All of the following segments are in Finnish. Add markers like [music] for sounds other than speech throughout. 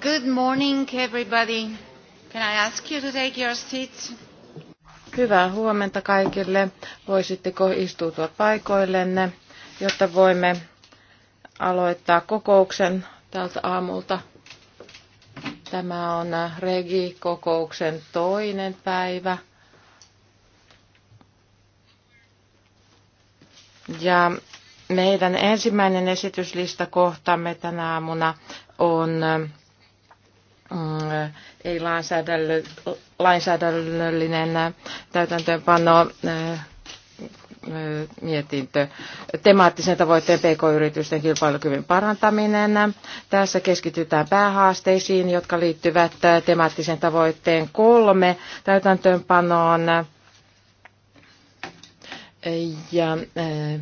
Good morning everybody. Can I ask you to take your seats? Hyvää huomenta kaikille. Voisitteko istua paikoillenne, jotta voimme aloittaa kokouksen tältä aamulta. Tämä on äh, Regi-kokouksen toinen päivä. Ja meidän ensimmäinen esityslistakohtamme tänä aamuna on äh, Mm, ei lainsäädännöllinen täytäntöönpano äh, äh, mietintö. Temaattisen tavoitteen pk-yritysten kilpailukyvyn parantaminen. Tässä keskitytään päähaasteisiin, jotka liittyvät äh, temaattisen tavoitteen kolme täytäntöönpanoon. Ja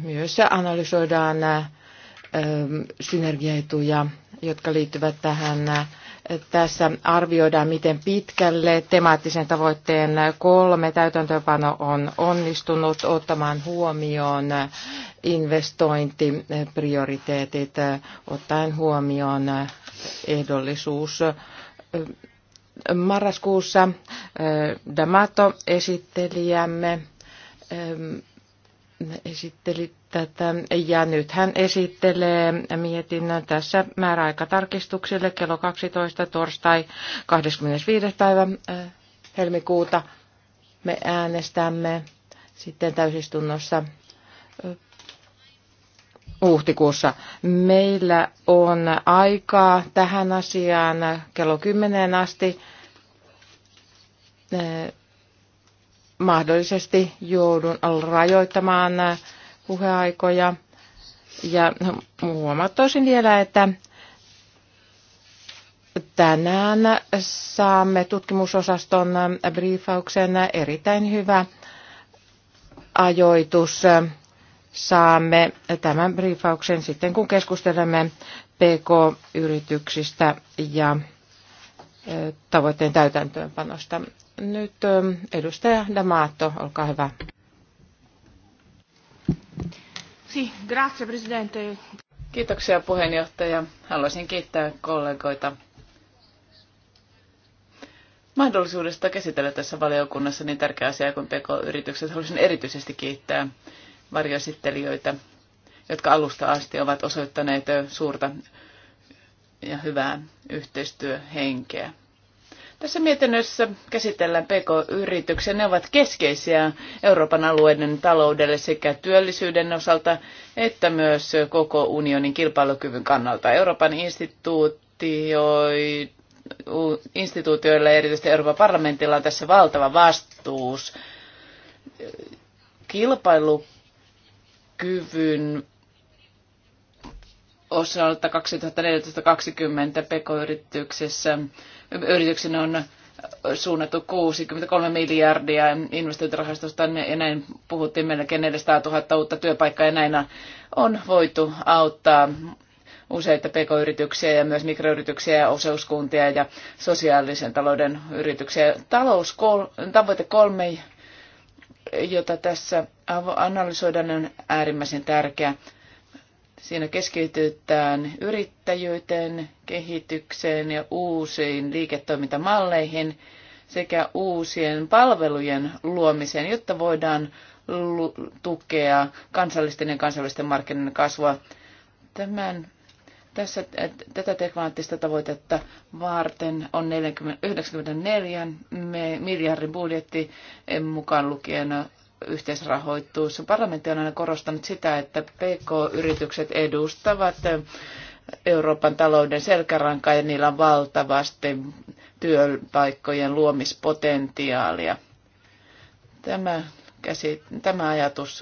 myös analysoidaan synergiaetuja, jotka liittyvät tähän tässä arvioidaan, miten pitkälle temaattisen tavoitteen kolme täytäntöpano on onnistunut ottamaan huomioon investointiprioriteetit, ottaen huomioon ehdollisuus. Marraskuussa Damato esittelijämme esitteli tätä ja nyt hän esittelee mietinnön tässä määräaikatarkistuksille kello 12 torstai 25. päivä äh, helmikuuta. Me äänestämme sitten täysistunnossa äh, huhtikuussa. Meillä on aikaa tähän asiaan kello 10 asti äh, mahdollisesti joudun rajoittamaan puheaikoja. Ja huomauttaisin vielä, että tänään saamme tutkimusosaston briefauksen erittäin hyvä ajoitus. Saamme tämän briefauksen sitten, kun keskustelemme PK-yrityksistä ja tavoitteen täytäntöönpanosta nyt ähm, edustaja Damato, olkaa hyvä. Si, Kiitoksia puheenjohtaja. Haluaisin kiittää kollegoita mahdollisuudesta käsitellä tässä valiokunnassa niin tärkeä asia kuin PK-yritykset. Haluaisin erityisesti kiittää varjoesittelijöitä, jotka alusta asti ovat osoittaneet suurta ja hyvää yhteistyöhenkeä. Tässä mietinnössä käsitellään PK-yrityksiä. Ne ovat keskeisiä Euroopan alueiden taloudelle sekä työllisyyden osalta että myös koko unionin kilpailukyvyn kannalta. Euroopan instituutioilla ja erityisesti Euroopan parlamentilla on tässä valtava vastuus kilpailukyvyn osalta 2014-2020 pk-yrityksessä yrityksen on suunnattu 63 miljardia investointirahastosta ja näin puhuttiin melkein 400 000 uutta työpaikkaa ja näin on voitu auttaa useita pk-yrityksiä ja myös mikroyrityksiä ja osuuskuntia ja sosiaalisen talouden yrityksiä. Talous kol, tavoite kolme, jota tässä analysoidaan, on äärimmäisen tärkeä. Siinä keskitytään yrittäjyyteen, kehitykseen ja uusiin liiketoimintamalleihin sekä uusien palvelujen luomiseen, jotta voidaan tukea kansallisten ja kansallisten markkinoiden kasvua. Tämän, tässä, tätä teknologista tavoitetta varten on 40, 94 miljardin budjetti mukaan lukien yhteisrahoitus. Parlamentti on aina korostanut sitä, että PK-yritykset edustavat Euroopan talouden selkärankaa ja niillä on valtavasti työpaikkojen luomispotentiaalia. Tämä, käsi, tämä ajatus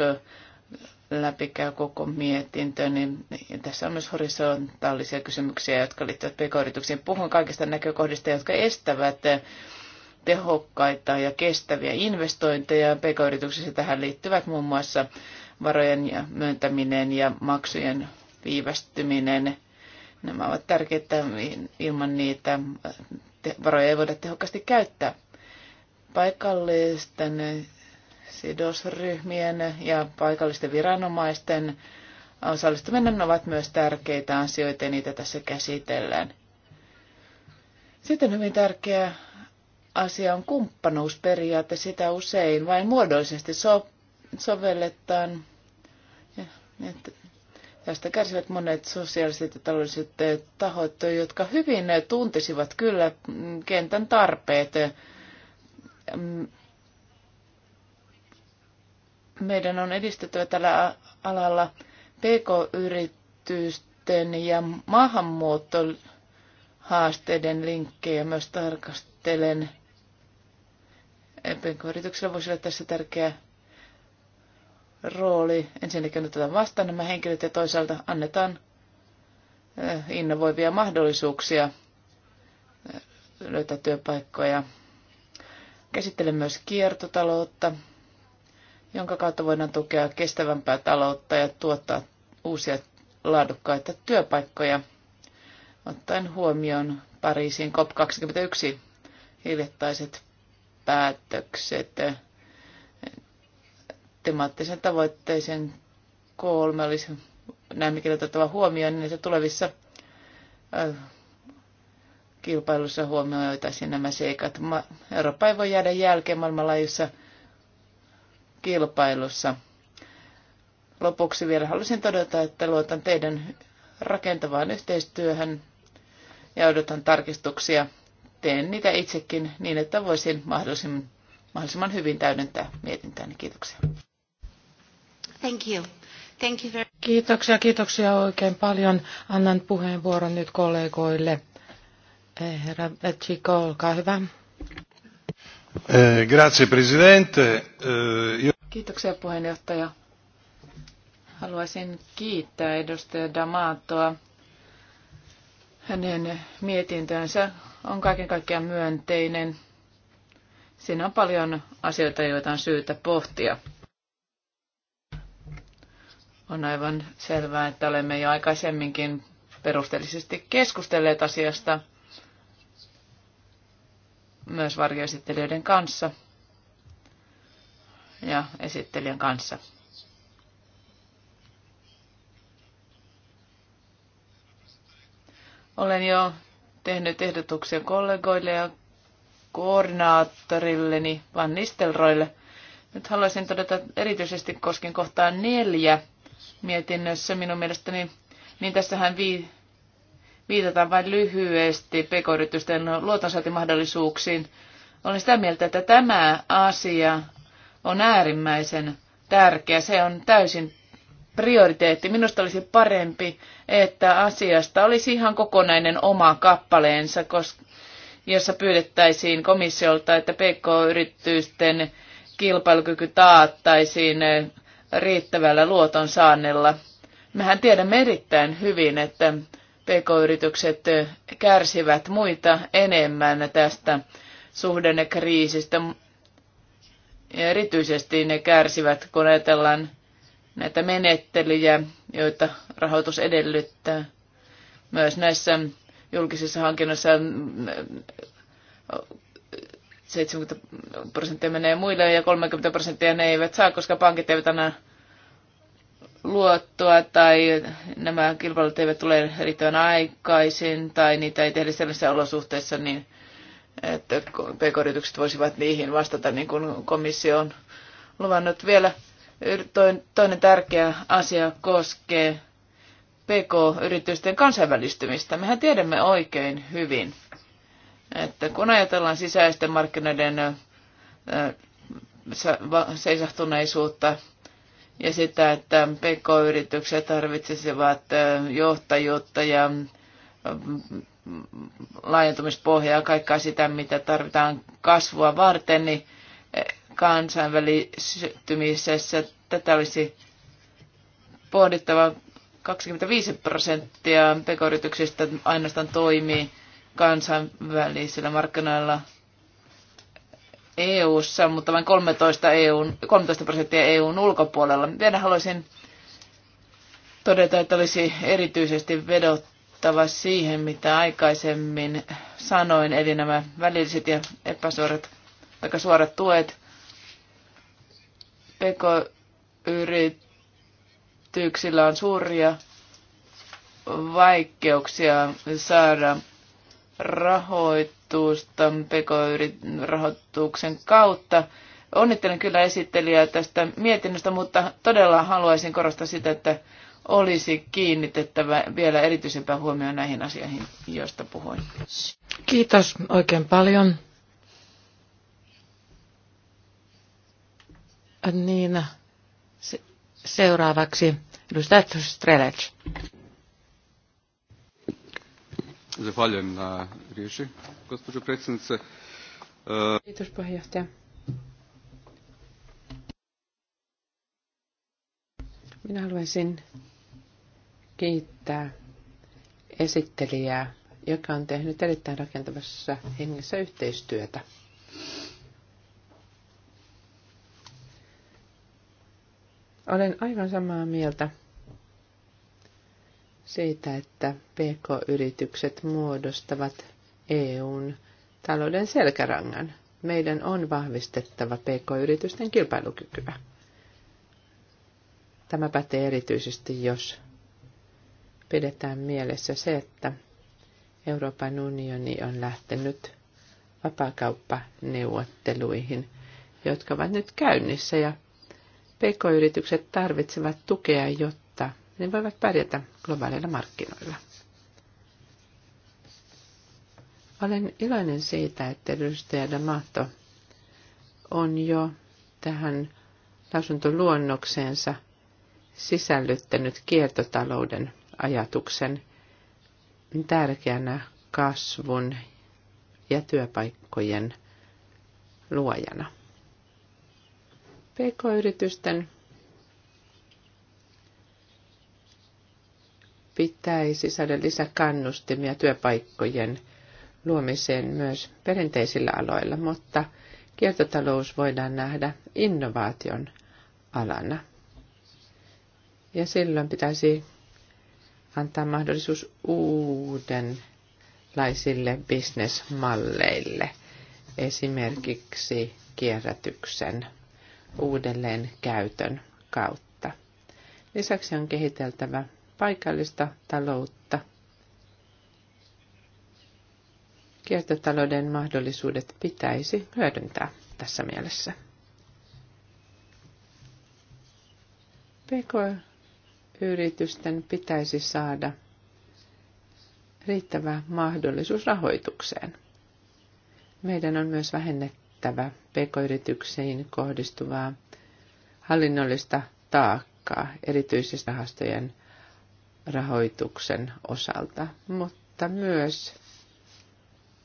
läpikäy koko mietintö, niin tässä on myös horisontaalisia kysymyksiä, jotka liittyvät pk-yrityksiin. Puhun kaikista näkökohdista, jotka estävät tehokkaita ja kestäviä investointeja. PK-yrityksissä tähän liittyvät muun muassa varojen myöntäminen ja maksujen viivästyminen. Nämä ovat tärkeitä, ilman niitä varoja ei voida tehokkaasti käyttää. Paikallisten sidosryhmien ja paikallisten viranomaisten osallistuminen ovat myös tärkeitä asioita ja niitä tässä käsitellään. Sitten hyvin tärkeä asia on kumppanuusperiaate. Sitä usein vain muodollisesti so- sovelletaan. Ja, että tästä kärsivät monet sosiaaliset ja taloudelliset eh, tahot, jotka hyvin tuntisivat kyllä mm, kentän tarpeet. Mm, meidän on edistettävä tällä alalla pk-yritysten ja maahanmuuttohaasteiden linkkejä myös tarkastelen PK-yrityksellä voisi olla tässä tärkeä rooli. Ensinnäkin otetaan vastaan nämä henkilöt ja toisaalta annetaan eh, innovoivia mahdollisuuksia eh, löytää työpaikkoja. Käsittelen myös kiertotaloutta, jonka kautta voidaan tukea kestävämpää taloutta ja tuottaa uusia laadukkaita työpaikkoja, ottaen huomioon Pariisin COP21 hiljattaiset päätökset temaattisen tavoitteisen kolme olisi näin otettava huomioon, niin että tulevissa äh, kilpailussa huomioitaisiin nämä seikat. Eurooppa ei voi jäädä jälkeen maailmanlaajuisessa kilpailussa. Lopuksi vielä haluaisin todeta, että luotan teidän rakentavaan yhteistyöhön ja odotan tarkistuksia teen niitä itsekin niin, että voisin mahdollisimman, mahdollisimman hyvin täydentää mietintääni Kiitoksia. Thank you. Thank you very... Kiitoksia, kiitoksia oikein paljon. Annan puheenvuoron nyt kollegoille. Eh, herra Chico, olkaa hyvä. Eh, grazie, Presidente. Eh, kiitoksia puheenjohtaja. Haluaisin kiittää edustaja Damatoa hänen mietintönsä on kaiken kaikkiaan myönteinen. Siinä on paljon asioita, joita on syytä pohtia. On aivan selvää, että olemme jo aikaisemminkin perusteellisesti keskustelleet asiasta myös varjoesittelijöiden kanssa ja esittelijän kanssa. Olen jo tehnyt ehdotuksia kollegoille ja koordinaattorilleni Van Nistelroille. Nyt haluaisin todeta erityisesti koskien kohtaa neljä mietinnössä minun mielestäni, niin tässähän vii, viitataan vain lyhyesti pk-yritysten luotonsaantimahdollisuuksiin. Olen sitä mieltä, että tämä asia on äärimmäisen tärkeä. Se on täysin prioriteetti. Minusta olisi parempi, että asiasta olisi ihan kokonainen oma kappaleensa, jossa pyydettäisiin komissiolta, että PK-yritysten kilpailukyky taattaisiin riittävällä luoton saannella. Mehän tiedämme erittäin hyvin, että PK-yritykset kärsivät muita enemmän tästä suhdannekriisistä. Ja erityisesti ne kärsivät, kun ajatellaan näitä menettelyjä, joita rahoitus edellyttää. Myös näissä julkisissa hankinnoissa 70 mm, mm, prosenttia menee muille ja 30 prosenttia ne eivät saa, koska pankit eivät aina luottoa tai nämä kilpailut eivät tule riittävän aikaisin tai niitä ei tehdä sellaisissa olosuhteissa, niin että pk-yritykset voisivat niihin vastata niin kuin komissio on luvannut vielä Toinen tärkeä asia koskee PK-yritysten kansainvälistymistä. Mehän tiedämme oikein hyvin, että kun ajatellaan sisäisten markkinoiden seisahtuneisuutta ja sitä, että PK-yritykset tarvitsisivat johtajuutta ja laajentumispohjaa kaikkea sitä, mitä tarvitaan kasvua varten, niin kansainvälistymisessä. Tätä olisi pohdittava 25 prosenttia pekoyrityksistä ainoastaan toimii kansainvälisillä markkinoilla eu mutta vain 13, EUn, 13 prosenttia EUn ulkopuolella. Vielä haluaisin todeta, että olisi erityisesti vedottava siihen, mitä aikaisemmin sanoin, eli nämä välilliset ja epäsuorat aika suorat tuet PK-yrityksillä on suuria vaikeuksia saada rahoitusta PK-rahoituksen kautta. Onnittelen kyllä esittelijää tästä mietinnöstä, mutta todella haluaisin korostaa sitä, että olisi kiinnitettävä vielä erityisempää huomioon näihin asioihin, joista puhuin. Kiitos oikein paljon. Niin, se, seuraavaksi edustaja Strelec. Zahvaljujem na riječi, gospođo predsjednice. Kiitos puheenjohtaja. Minä haluaisin kiittää esittelijää, joka on tehnyt erittäin rakentavassa hengessä yhteistyötä Olen aivan samaa mieltä siitä, että PK-yritykset muodostavat EUn talouden selkärangan. Meidän on vahvistettava PK-yritysten kilpailukykyä. Tämä pätee erityisesti, jos pidetään mielessä se, että Euroopan unioni on lähtenyt vapaakauppaneuvotteluihin, jotka ovat nyt käynnissä ja PK-yritykset tarvitsevat tukea, jotta ne voivat pärjätä globaaleilla markkinoilla. Olen iloinen siitä, että edustaja Damato on jo tähän lausuntoluonnokseensa sisällyttänyt kiertotalouden ajatuksen tärkeänä kasvun ja työpaikkojen luojana. PK-yritysten pitäisi saada lisäkannustimia työpaikkojen luomiseen myös perinteisillä aloilla, mutta kiertotalous voidaan nähdä innovaation alana. Ja silloin pitäisi antaa mahdollisuus uudenlaisille bisnesmalleille, esimerkiksi kierrätyksen uudelleen käytön kautta. Lisäksi on kehiteltävä paikallista taloutta, kiertotalouden mahdollisuudet pitäisi hyödyntää tässä mielessä. PK-yritysten pitäisi saada riittävä mahdollisuus rahoitukseen. Meidän on myös vähennettävä merkittävä pk-yrityksiin kohdistuvaa hallinnollista taakkaa, erityisesti rahastojen rahoituksen osalta, mutta myös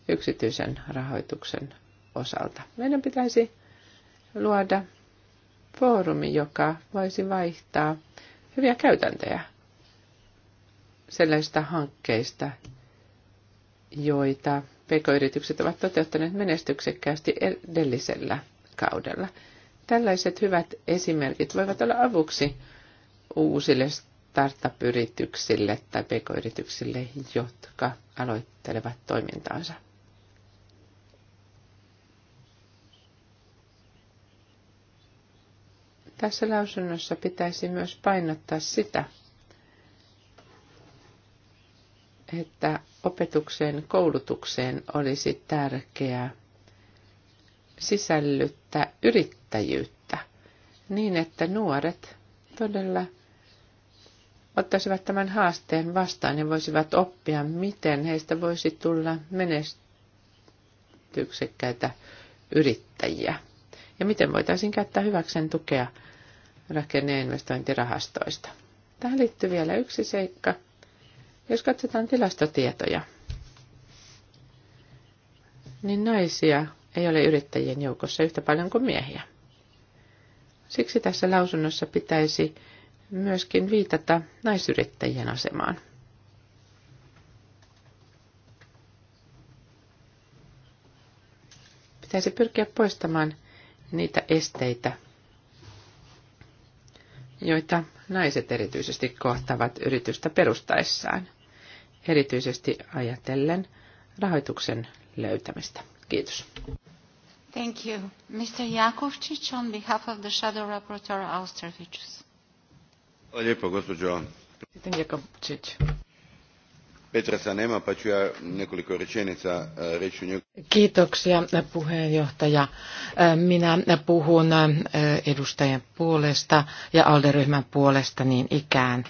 yksityisen rahoituksen osalta. Meidän pitäisi luoda foorumi, joka voisi vaihtaa hyviä käytäntöjä sellaisista hankkeista, joita pk-yritykset ovat toteuttaneet menestyksekkäästi edellisellä kaudella. Tällaiset hyvät esimerkit voivat olla avuksi uusille startup-yrityksille tai pk-yrityksille, jotka aloittelevat toimintaansa. Tässä lausunnossa pitäisi myös painottaa sitä, että opetukseen, koulutukseen olisi tärkeää sisällyttää yrittäjyyttä niin, että nuoret todella ottaisivat tämän haasteen vastaan ja voisivat oppia, miten heistä voisi tulla menestyksekkäitä yrittäjiä ja miten voitaisiin käyttää hyväksen tukea rakenneinvestointirahastoista. Tähän liittyy vielä yksi seikka – jos katsotaan tilastotietoja, niin naisia ei ole yrittäjien joukossa yhtä paljon kuin miehiä. Siksi tässä lausunnossa pitäisi myöskin viitata naisyrittäjien asemaan. Pitäisi pyrkiä poistamaan niitä esteitä, joita naiset erityisesti kohtavat yritystä perustaessaan erityisesti ajatellen rahoituksen löytämistä. Kiitos. Thank you. Mr. Jakovčić, on behalf of the shadow rapporteur Austervičius. Hvala gospođo. Sitten Jakovčić. Petra nema, pa ću ja nekoliko rečenica e, reći u njegu. Kiitoksia puheenjohtaja. E, minä puhun e, edustajan puolesta ja alderyhmän puolesta niin ikään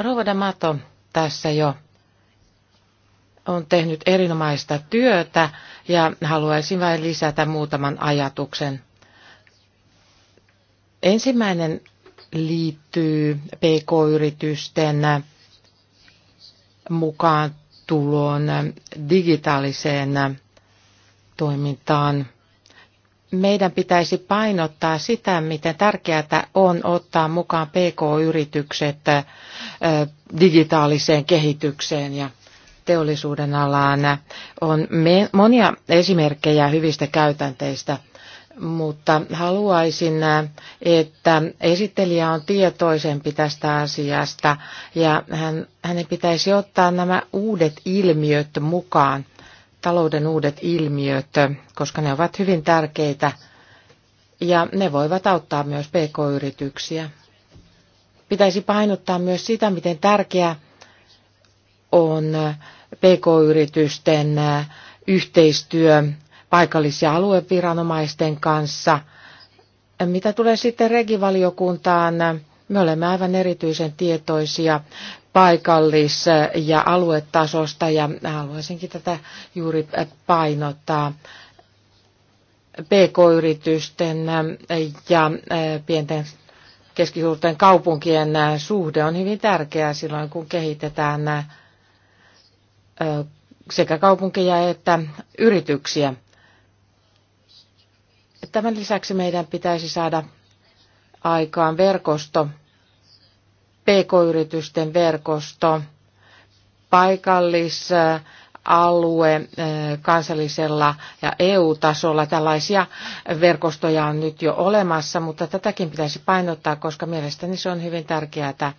Rouva D'Amato tässä jo on tehnyt erinomaista työtä ja haluaisin vain lisätä muutaman ajatuksen. Ensimmäinen liittyy pk-yritysten mukaan tuloon digitaaliseen toimintaan. Meidän pitäisi painottaa sitä, miten tärkeää on ottaa mukaan pk-yritykset digitaaliseen kehitykseen ja teollisuuden alaan. On monia esimerkkejä hyvistä käytänteistä, mutta haluaisin, että esittelijä on tietoisempi tästä asiasta ja hän, hänen pitäisi ottaa nämä uudet ilmiöt mukaan, talouden uudet ilmiöt, koska ne ovat hyvin tärkeitä ja ne voivat auttaa myös pk-yrityksiä pitäisi painottaa myös sitä, miten tärkeää on pk-yritysten yhteistyö paikallis- ja alueviranomaisten kanssa. Mitä tulee sitten regivaliokuntaan, me olemme aivan erityisen tietoisia paikallis- ja aluetasosta ja haluaisinkin tätä juuri painottaa. PK-yritysten ja pienten keskisuurten kaupunkien äh, suhde on hyvin tärkeää silloin, kun kehitetään äh, sekä kaupunkeja että yrityksiä. Tämän lisäksi meidän pitäisi saada aikaan verkosto, pk-yritysten verkosto, paikallis- äh, alue eh, kansallisella ja EU-tasolla. Tällaisia verkostoja on nyt jo olemassa, mutta tätäkin pitäisi painottaa, koska mielestäni se on hyvin tärkeää, että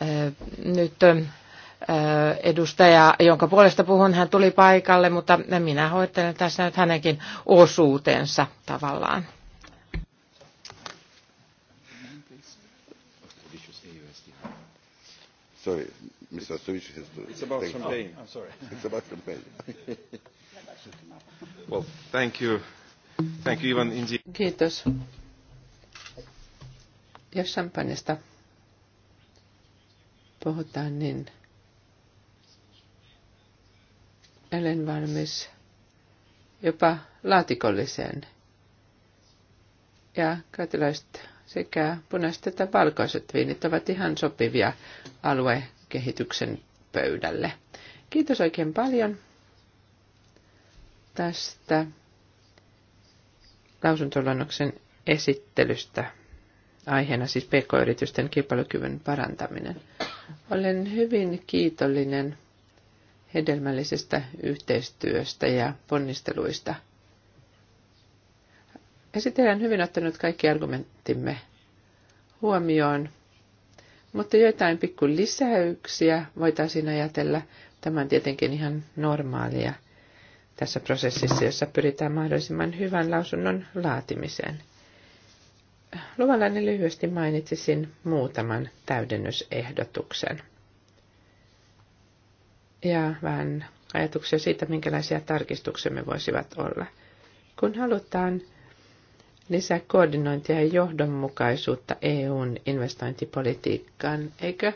eh, nyt eh, edustaja, jonka puolesta puhun, hän tuli paikalle, mutta minä hoitelen tässä nyt hänenkin osuutensa tavallaan. Sorry. Mr. Stoic has to. It's about champagne. Oh, I'm sorry. [laughs] It's about champagne. [laughs] well, thank you. Thank you, Ivan. Kiitos. Jos champagnesta puhutaan, niin olen valmis jopa laatikolliseen. Ja katilaiset sekä punaiset että valkoiset viinit ovat ihan sopivia alue kehityksen pöydälle. Kiitos oikein paljon tästä lausuntoluonnoksen esittelystä. Aiheena siis pk-yritysten kilpailukyvyn parantaminen. Olen hyvin kiitollinen hedelmällisestä yhteistyöstä ja ponnisteluista. Esittelijä hyvin ottanut kaikki argumenttimme huomioon mutta joitain pikku lisäyksiä voitaisiin ajatella. Tämä on tietenkin ihan normaalia tässä prosessissa, jossa pyritään mahdollisimman hyvän lausunnon laatimiseen. Luvallani lyhyesti mainitsisin muutaman täydennysehdotuksen. Ja vähän ajatuksia siitä, minkälaisia tarkistuksia me voisivat olla. Kun halutaan lisää koordinointia ja johdonmukaisuutta EUn investointipolitiikkaan, eikö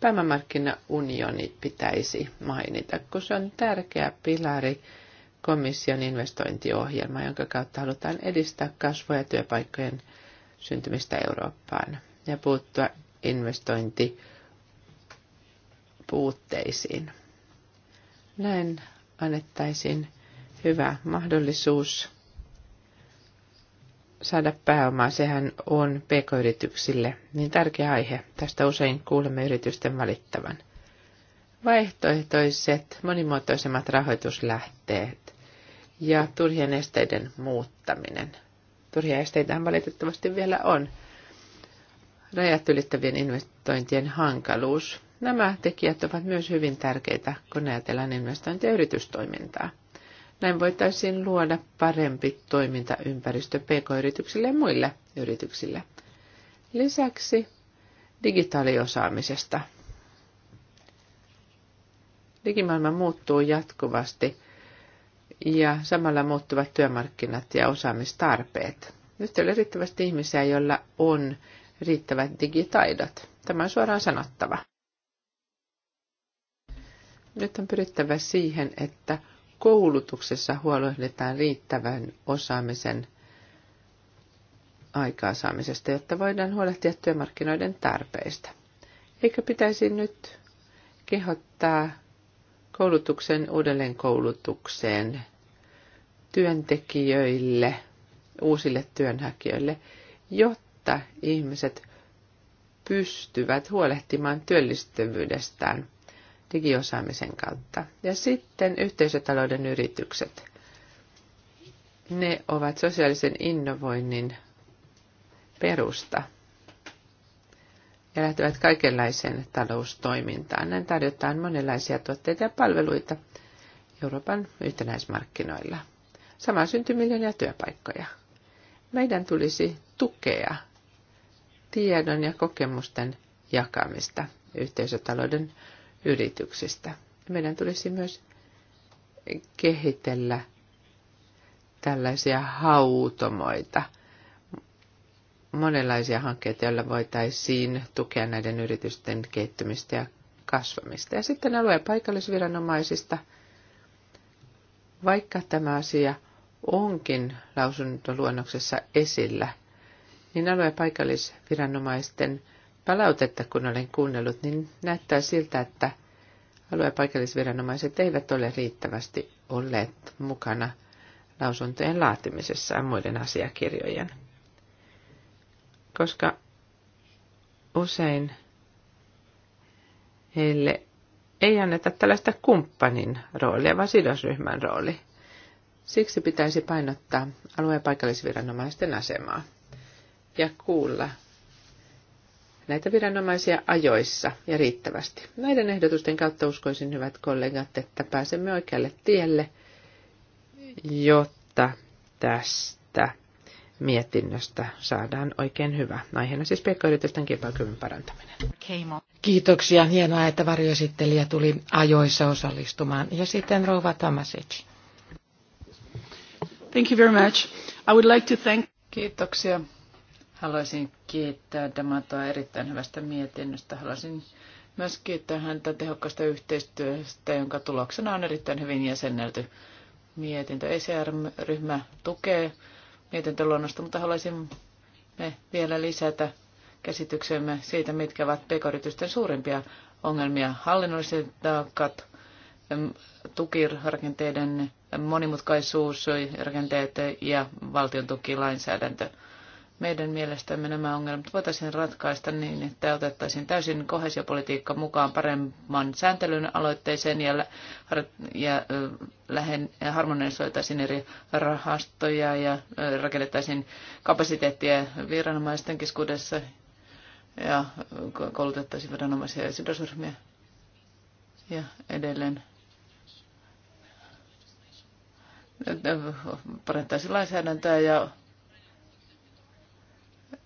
pääomamarkkinaunioni pitäisi mainita, kun se on tärkeä pilari komission investointiohjelma, jonka kautta halutaan edistää kasvua ja työpaikkojen syntymistä Eurooppaan ja puuttua investointipuutteisiin. Näin annettaisiin hyvä mahdollisuus saada pääomaa, sehän on pk-yrityksille niin tärkeä aihe. Tästä usein kuulemme yritysten valittavan. Vaihtoehtoiset, monimuotoisemmat rahoituslähteet ja turhien esteiden muuttaminen. Turhia esteitä valitettavasti vielä on. Rajat ylittävien investointien hankaluus. Nämä tekijät ovat myös hyvin tärkeitä, kun ajatellaan investointi- ja yritystoimintaa. Näin voitaisiin luoda parempi toimintaympäristö pk-yrityksille ja muille yrityksille. Lisäksi digitaaliosaamisesta. Digimaailma muuttuu jatkuvasti ja samalla muuttuvat työmarkkinat ja osaamistarpeet. Nyt ei ole riittävästi ihmisiä, joilla on riittävät digitaidot. Tämä on suoraan sanottava. Nyt on pyrittävä siihen, että koulutuksessa huolehditaan riittävän osaamisen aikaansaamisesta, jotta voidaan huolehtia työmarkkinoiden tarpeista. Eikö pitäisi nyt kehottaa koulutuksen uudelleenkoulutukseen työntekijöille, uusille työnhakijoille, jotta ihmiset pystyvät huolehtimaan työllistyvyydestään digiosaamisen kautta. Ja sitten yhteisötalouden yritykset. Ne ovat sosiaalisen innovoinnin perusta ja lähtevät kaikenlaiseen taloustoimintaan. Näin tarjotaan monenlaisia tuotteita ja palveluita Euroopan yhtenäismarkkinoilla. Sama syntyy miljoonia työpaikkoja. Meidän tulisi tukea tiedon ja kokemusten jakamista yhteisötalouden yrityksistä. Meidän tulisi myös kehitellä tällaisia hautomoita, monenlaisia hankkeita, joilla voitaisiin tukea näiden yritysten kehittymistä ja kasvamista. Ja sitten alueen paikallisviranomaisista, vaikka tämä asia onkin lausuntoluonnoksessa esillä, niin alueen ja paikallisviranomaisten palautetta, kun olen kuunnellut, niin näyttää siltä, että paikallisviranomaiset eivät ole riittävästi olleet mukana lausuntojen laatimisessa ja muiden asiakirjojen. Koska usein heille ei anneta tällaista kumppanin roolia, vaan sidosryhmän rooli. Siksi pitäisi painottaa alueen paikallisviranomaisten asemaa ja kuulla näitä viranomaisia ajoissa ja riittävästi. Näiden ehdotusten kautta uskoisin, hyvät kollegat, että pääsemme oikealle tielle, jotta tästä mietinnöstä saadaan oikein hyvä. Aiheena siis pk-yritysten kilpailukyvyn parantaminen. Kiitoksia. Hienoa, että varjoesittelijä tuli ajoissa osallistumaan. Ja sitten rouva Tamasic. Thank you very much. I would like to thank... Kiitoksia. Haluaisin kiittää Damatoa erittäin hyvästä mietinnöstä. Haluaisin myös kiittää häntä tehokkaasta yhteistyöstä, jonka tuloksena on erittäin hyvin jäsennelty mietintö. ECR-ryhmä tukee mietintöluonnosta, mutta haluaisin me vielä lisätä käsityksemme siitä, mitkä ovat pk suurimpia ongelmia. Hallinnolliset taakat, tukirakenteiden monimutkaisuus, rakenteet ja valtion tukilainsäädäntö. lainsäädäntö meidän mielestämme nämä ongelmat voitaisiin ratkaista niin, että otettaisiin täysin kohesiopolitiikka mukaan paremman sääntelyn aloitteeseen ja, ja, lähen, ja harmonisoitaisiin eri rahastoja ja rakennettaisiin kapasiteettia viranomaisten keskuudessa ja koulutettaisiin viranomaisia ja sidosryhmiä ja edelleen parantaisi lainsäädäntöä ja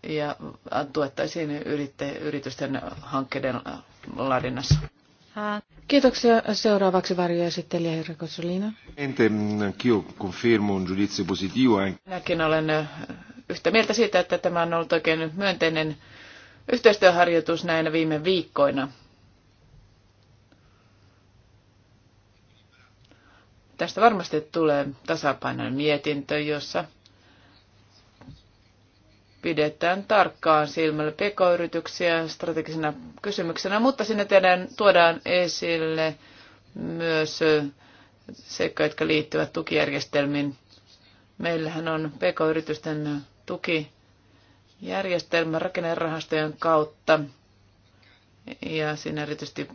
ja tuettaisiin yrittä, yritysten hankkeiden laadinnassa. Kiitoksia. Seuraavaksi varjoesittelijä Herra Kotsolina. Eh. Minäkin olen eh, yhtä mieltä siitä, että tämä on ollut oikein myönteinen yhteistyöharjoitus näinä viime viikkoina. Tästä varmasti tulee tasapainoinen mietintö, jossa pidetään tarkkaan silmällä pk-yrityksiä strategisena kysymyksenä, mutta sinne tehdään, tuodaan esille myös seikkoja, jotka liittyvät tukijärjestelmiin. Meillähän on pk-yritysten tukijärjestelmä rakennerahastojen kautta ja siinä erityisesti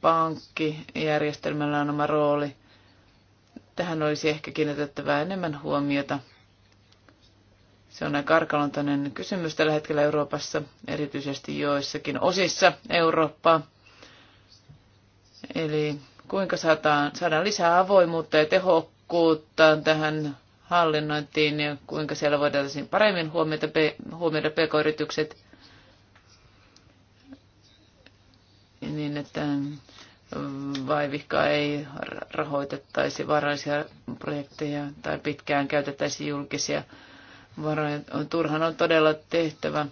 pankkijärjestelmällä on oma rooli. Tähän olisi ehkä kiinnitettävää enemmän huomiota. Se on aika arkaluontoinen kysymys tällä hetkellä Euroopassa, erityisesti joissakin osissa Eurooppaa. Eli kuinka saadaan, saadaan lisää avoimuutta ja tehokkuutta tähän hallinnointiin ja kuinka siellä voidaan paremmin huomioida, huomioida pk-yritykset niin, että vaivihkaa ei rahoitettaisi varallisia projekteja tai pitkään käytettäisi julkisia varoja. On turhan on todella tehtävä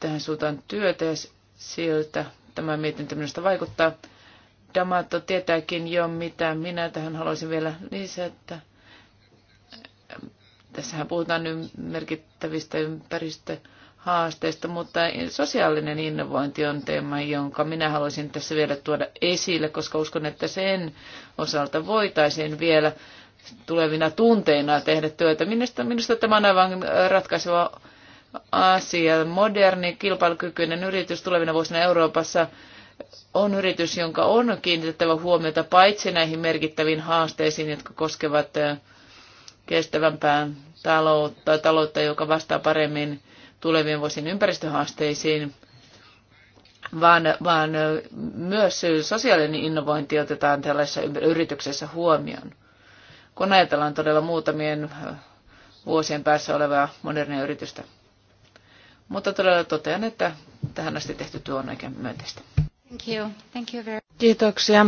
tähän suuntaan työtä ja siltä tämä mietintö minusta vaikuttaa. Damato tietääkin jo, mitä minä tähän haluaisin vielä lisätä. Tässähän puhutaan nyt merkittävistä ympäristöhaasteista, mutta sosiaalinen innovointi on teema, jonka minä haluaisin tässä vielä tuoda esille, koska uskon, että sen osalta voitaisiin vielä tulevina tunteina tehdä työtä. Minusta, minusta tämä on aivan ratkaiseva asia. Moderni, kilpailukykyinen yritys tulevina vuosina Euroopassa on yritys, jonka on kiinnitettävä huomiota paitsi näihin merkittäviin haasteisiin, jotka koskevat eh, kestävämpää taloutta, taloutta, joka vastaa paremmin tulevien vuosien ympäristöhaasteisiin, vaan, vaan eh, myös sosiaalinen innovointi otetaan tällaisessa yrityksessä huomioon kun ajatellaan todella muutamien vuosien päässä olevaa modernia yritystä. Mutta todella totean, että tähän asti tehty työ on oikein myönteistä. Thank you. Thank you very... Kiitoksia.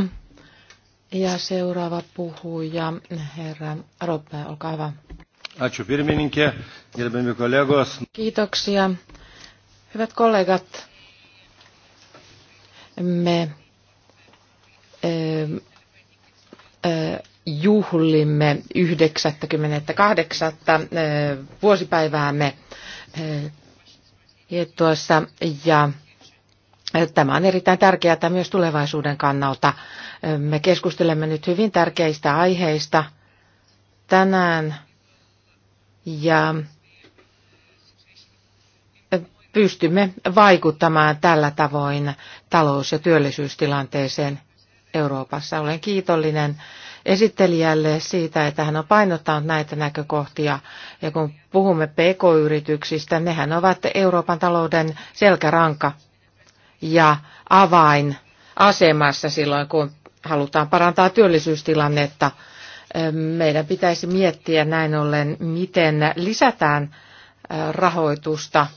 Ja seuraava puhuja, herra Roppe, olkaa hyvä. Ačiū pirmininkė, gerbiami kollegos. Kiitoksia. Hyvät kollegat, me ö, ö, juhlimme 98. vuosipäiväämme tuossa ja Tämä on erittäin tärkeää myös tulevaisuuden kannalta. Me keskustelemme nyt hyvin tärkeistä aiheista tänään ja pystymme vaikuttamaan tällä tavoin talous- ja työllisyystilanteeseen Euroopassa. Olen kiitollinen esittelijälle siitä, että hän on painottanut näitä näkökohtia. Ja kun puhumme PK-yrityksistä, nehän ovat Euroopan talouden selkäranka ja avain asemassa silloin, kun halutaan parantaa työllisyystilannetta. Meidän pitäisi miettiä näin ollen, miten lisätään rahoitusta –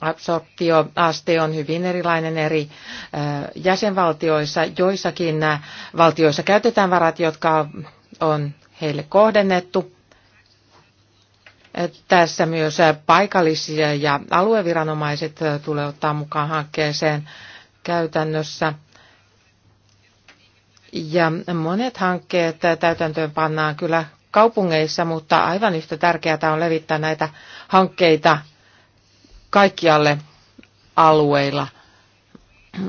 absorptioaste on hyvin erilainen eri jäsenvaltioissa. Joissakin valtioissa käytetään varat, jotka on heille kohdennettu. Tässä myös paikallisia ja alueviranomaiset tulee ottaa mukaan hankkeeseen käytännössä. Ja monet hankkeet täytäntöön pannaan kyllä kaupungeissa, mutta aivan yhtä tärkeää on levittää näitä hankkeita kaikkialle alueilla.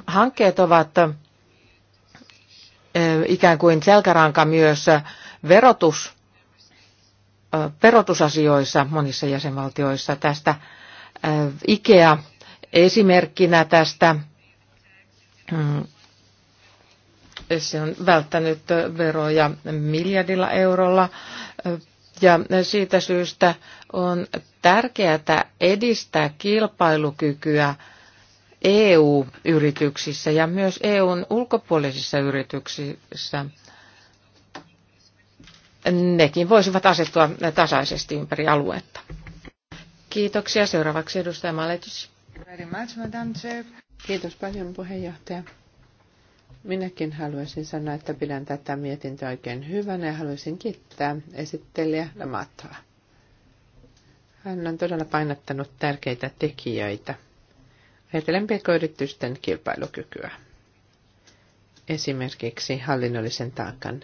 Hankkeet ovat ikään kuin selkäranka myös verotus, verotusasioissa monissa jäsenvaltioissa. Tästä IKEA esimerkkinä tästä mm, se on välttänyt veroja miljardilla eurolla. Ja siitä syystä on tärkeää edistää kilpailukykyä EU-yrityksissä ja myös EUn ulkopuolisissa yrityksissä. Nekin voisivat asettua tasaisesti ympäri aluetta. Kiitoksia. Seuraavaksi edustaja Maletus. Kiitos paljon puheenjohtaja. Minäkin haluaisin sanoa, että pidän tätä mietintöä oikein hyvänä ja haluaisin kiittää esittelijä Lamatoa. Hän on todella painottanut tärkeitä tekijöitä. Ajatellen pk-yritysten kilpailukykyä. Esimerkiksi hallinnollisen taakan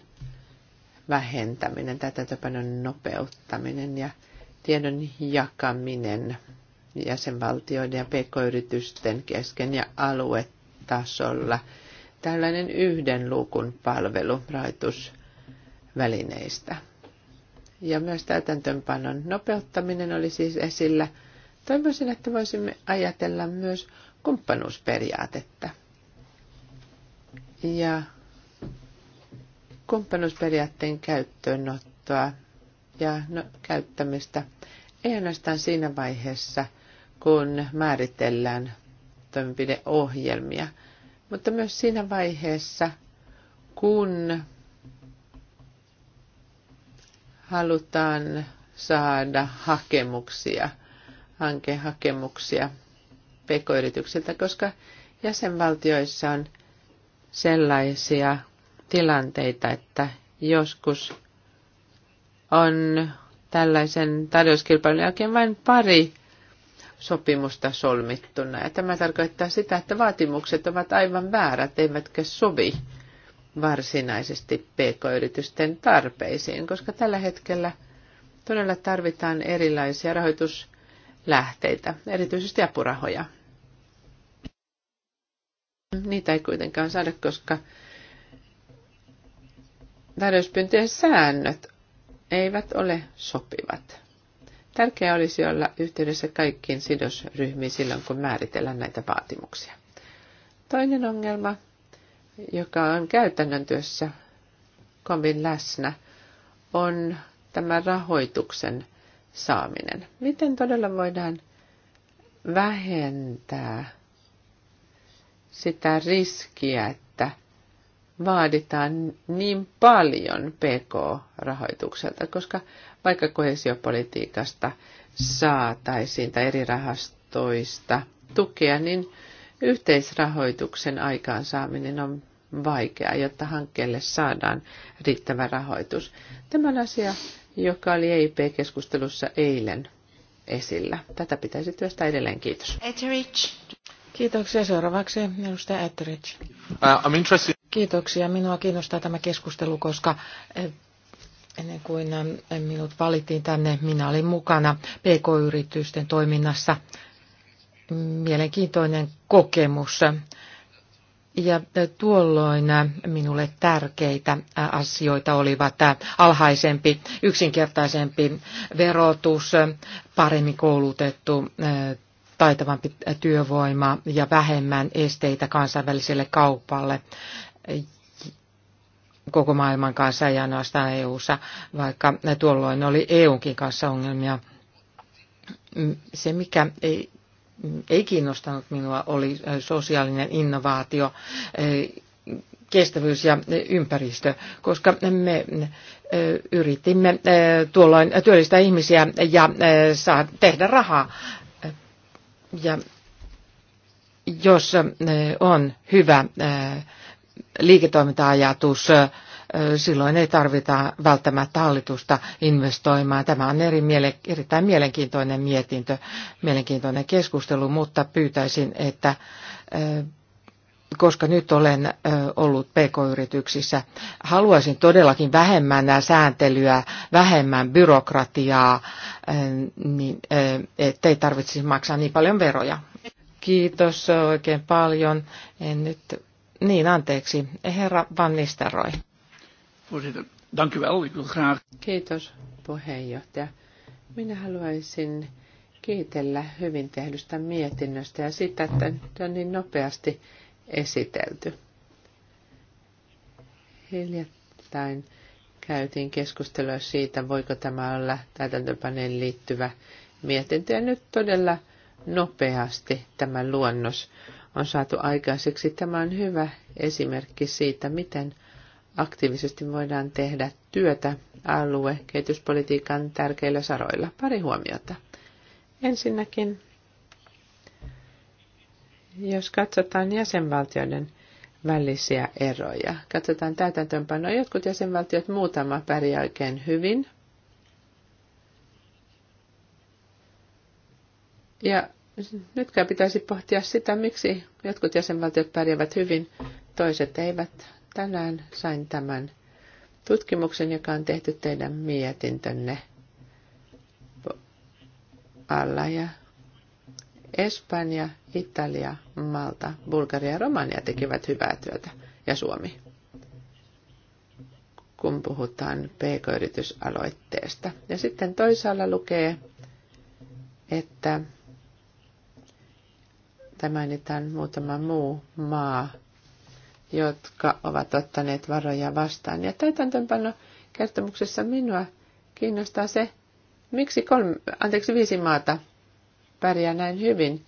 vähentäminen, täytäntöpanon nopeuttaminen ja tiedon jakaminen jäsenvaltioiden ja pk-yritysten kesken ja aluetasolla – tällainen yhden luukun palvelu raitusvälineistä. Ja myös täytäntöönpanon nopeuttaminen oli siis esillä. Toivoisin, että voisimme ajatella myös kumppanuusperiaatetta. Ja kumppanuusperiaatteen käyttöönottoa ja no, käyttämistä ei ainoastaan siinä vaiheessa, kun määritellään toimenpideohjelmia – mutta myös siinä vaiheessa, kun halutaan saada hakemuksia, hankehakemuksia pk-yrityksiltä, koska jäsenvaltioissa on sellaisia tilanteita, että joskus on tällaisen tarjouskilpailun jälkeen vain pari sopimusta solmittuna. Ja tämä tarkoittaa sitä, että vaatimukset ovat aivan väärät, eivätkä sovi varsinaisesti pk-yritysten tarpeisiin, koska tällä hetkellä todella tarvitaan erilaisia rahoituslähteitä, erityisesti apurahoja. Niitä ei kuitenkaan saada, koska tarjouspyyntöjen säännöt eivät ole sopivat. Tärkeää olisi olla yhteydessä kaikkiin sidosryhmiin silloin, kun määritellään näitä vaatimuksia. Toinen ongelma, joka on käytännön työssä kovin läsnä, on tämä rahoituksen saaminen. Miten todella voidaan vähentää sitä riskiä, että vaaditaan niin paljon PK-rahoitukselta, koska vaikka kohesiopolitiikasta saataisiin tai eri rahastoista tukea, niin yhteisrahoituksen aikaansaaminen on vaikeaa, jotta hankkeelle saadaan riittävä rahoitus. Tämä on asia, joka oli EIP-keskustelussa eilen esillä. Tätä pitäisi työstää edelleen. Kiitos. Etterich, Kiitoksia. Seuraavaksi edustaja Etteridge. Uh, I'm interested. Kiitoksia. Minua kiinnostaa tämä keskustelu, koska eh, Ennen kuin ähm, minut valittiin tänne, minä olin mukana PK-yritysten toiminnassa. Mielenkiintoinen kokemus. Ja tuolloin äh, minulle tärkeitä äh, asioita olivat äh, alhaisempi, yksinkertaisempi verotus, paremmin koulutettu taitavampi työvoima ja vähemmän esteitä kansainväliselle kaupalle koko maailman kanssa, ja ainoastaan EU-ssa, vaikka tuolloin oli EUnkin kanssa ongelmia. Mm, se, mikä ei, mm, ei kiinnostanut minua, oli sosiaalinen innovaatio, kestävyys ja ympäristö, koska me mm, yritimme tuolloin työllistää ihmisiä ja saa tehdä rahaa. Ja jos on hyvä liiketoiminta-ajatus, silloin ei tarvita välttämättä hallitusta investoimaan. Tämä on eri miele, erittäin mielenkiintoinen mietintö, mielenkiintoinen keskustelu, mutta pyytäisin, että koska nyt olen ollut pk-yrityksissä, haluaisin todellakin vähemmän sääntelyä, vähemmän byrokratiaa, niin ettei tarvitsisi maksaa niin paljon veroja. Kiitos oikein paljon. En nyt niin, anteeksi. Herra Van Nistelrooy. Kiitos, puheenjohtaja. Minä haluaisin kiitellä hyvin tehdystä mietinnöstä ja sitä, että se on niin nopeasti esitelty. Hiljattain käytiin keskustelua siitä, voiko tämä olla täytäntöpaneen liittyvä mietintö. Ja nyt todella nopeasti tämä luonnos on saatu aikaiseksi. Tämä on hyvä esimerkki siitä, miten aktiivisesti voidaan tehdä työtä alue kehityspolitiikan tärkeillä saroilla. Pari huomiota. Ensinnäkin, jos katsotaan jäsenvaltioiden välisiä eroja, katsotaan täytäntöönpanoa, jotkut jäsenvaltiot muutama pärjää oikein hyvin. Ja nytkään pitäisi pohtia sitä, miksi jotkut jäsenvaltiot pärjäävät hyvin, toiset eivät. Tänään sain tämän tutkimuksen, joka on tehty teidän mietintönne alla. Ja Espanja, Italia, Malta, Bulgaria ja Romania tekevät hyvää työtä ja Suomi, kun puhutaan pk-yritysaloitteesta. Ja sitten toisaalla lukee, että tai mainitaan muutama muu maa, jotka ovat ottaneet varoja vastaan. Ja täytäntöönpano kertomuksessa minua kiinnostaa se, miksi kolme, anteeksi, viisi maata pärjää näin hyvin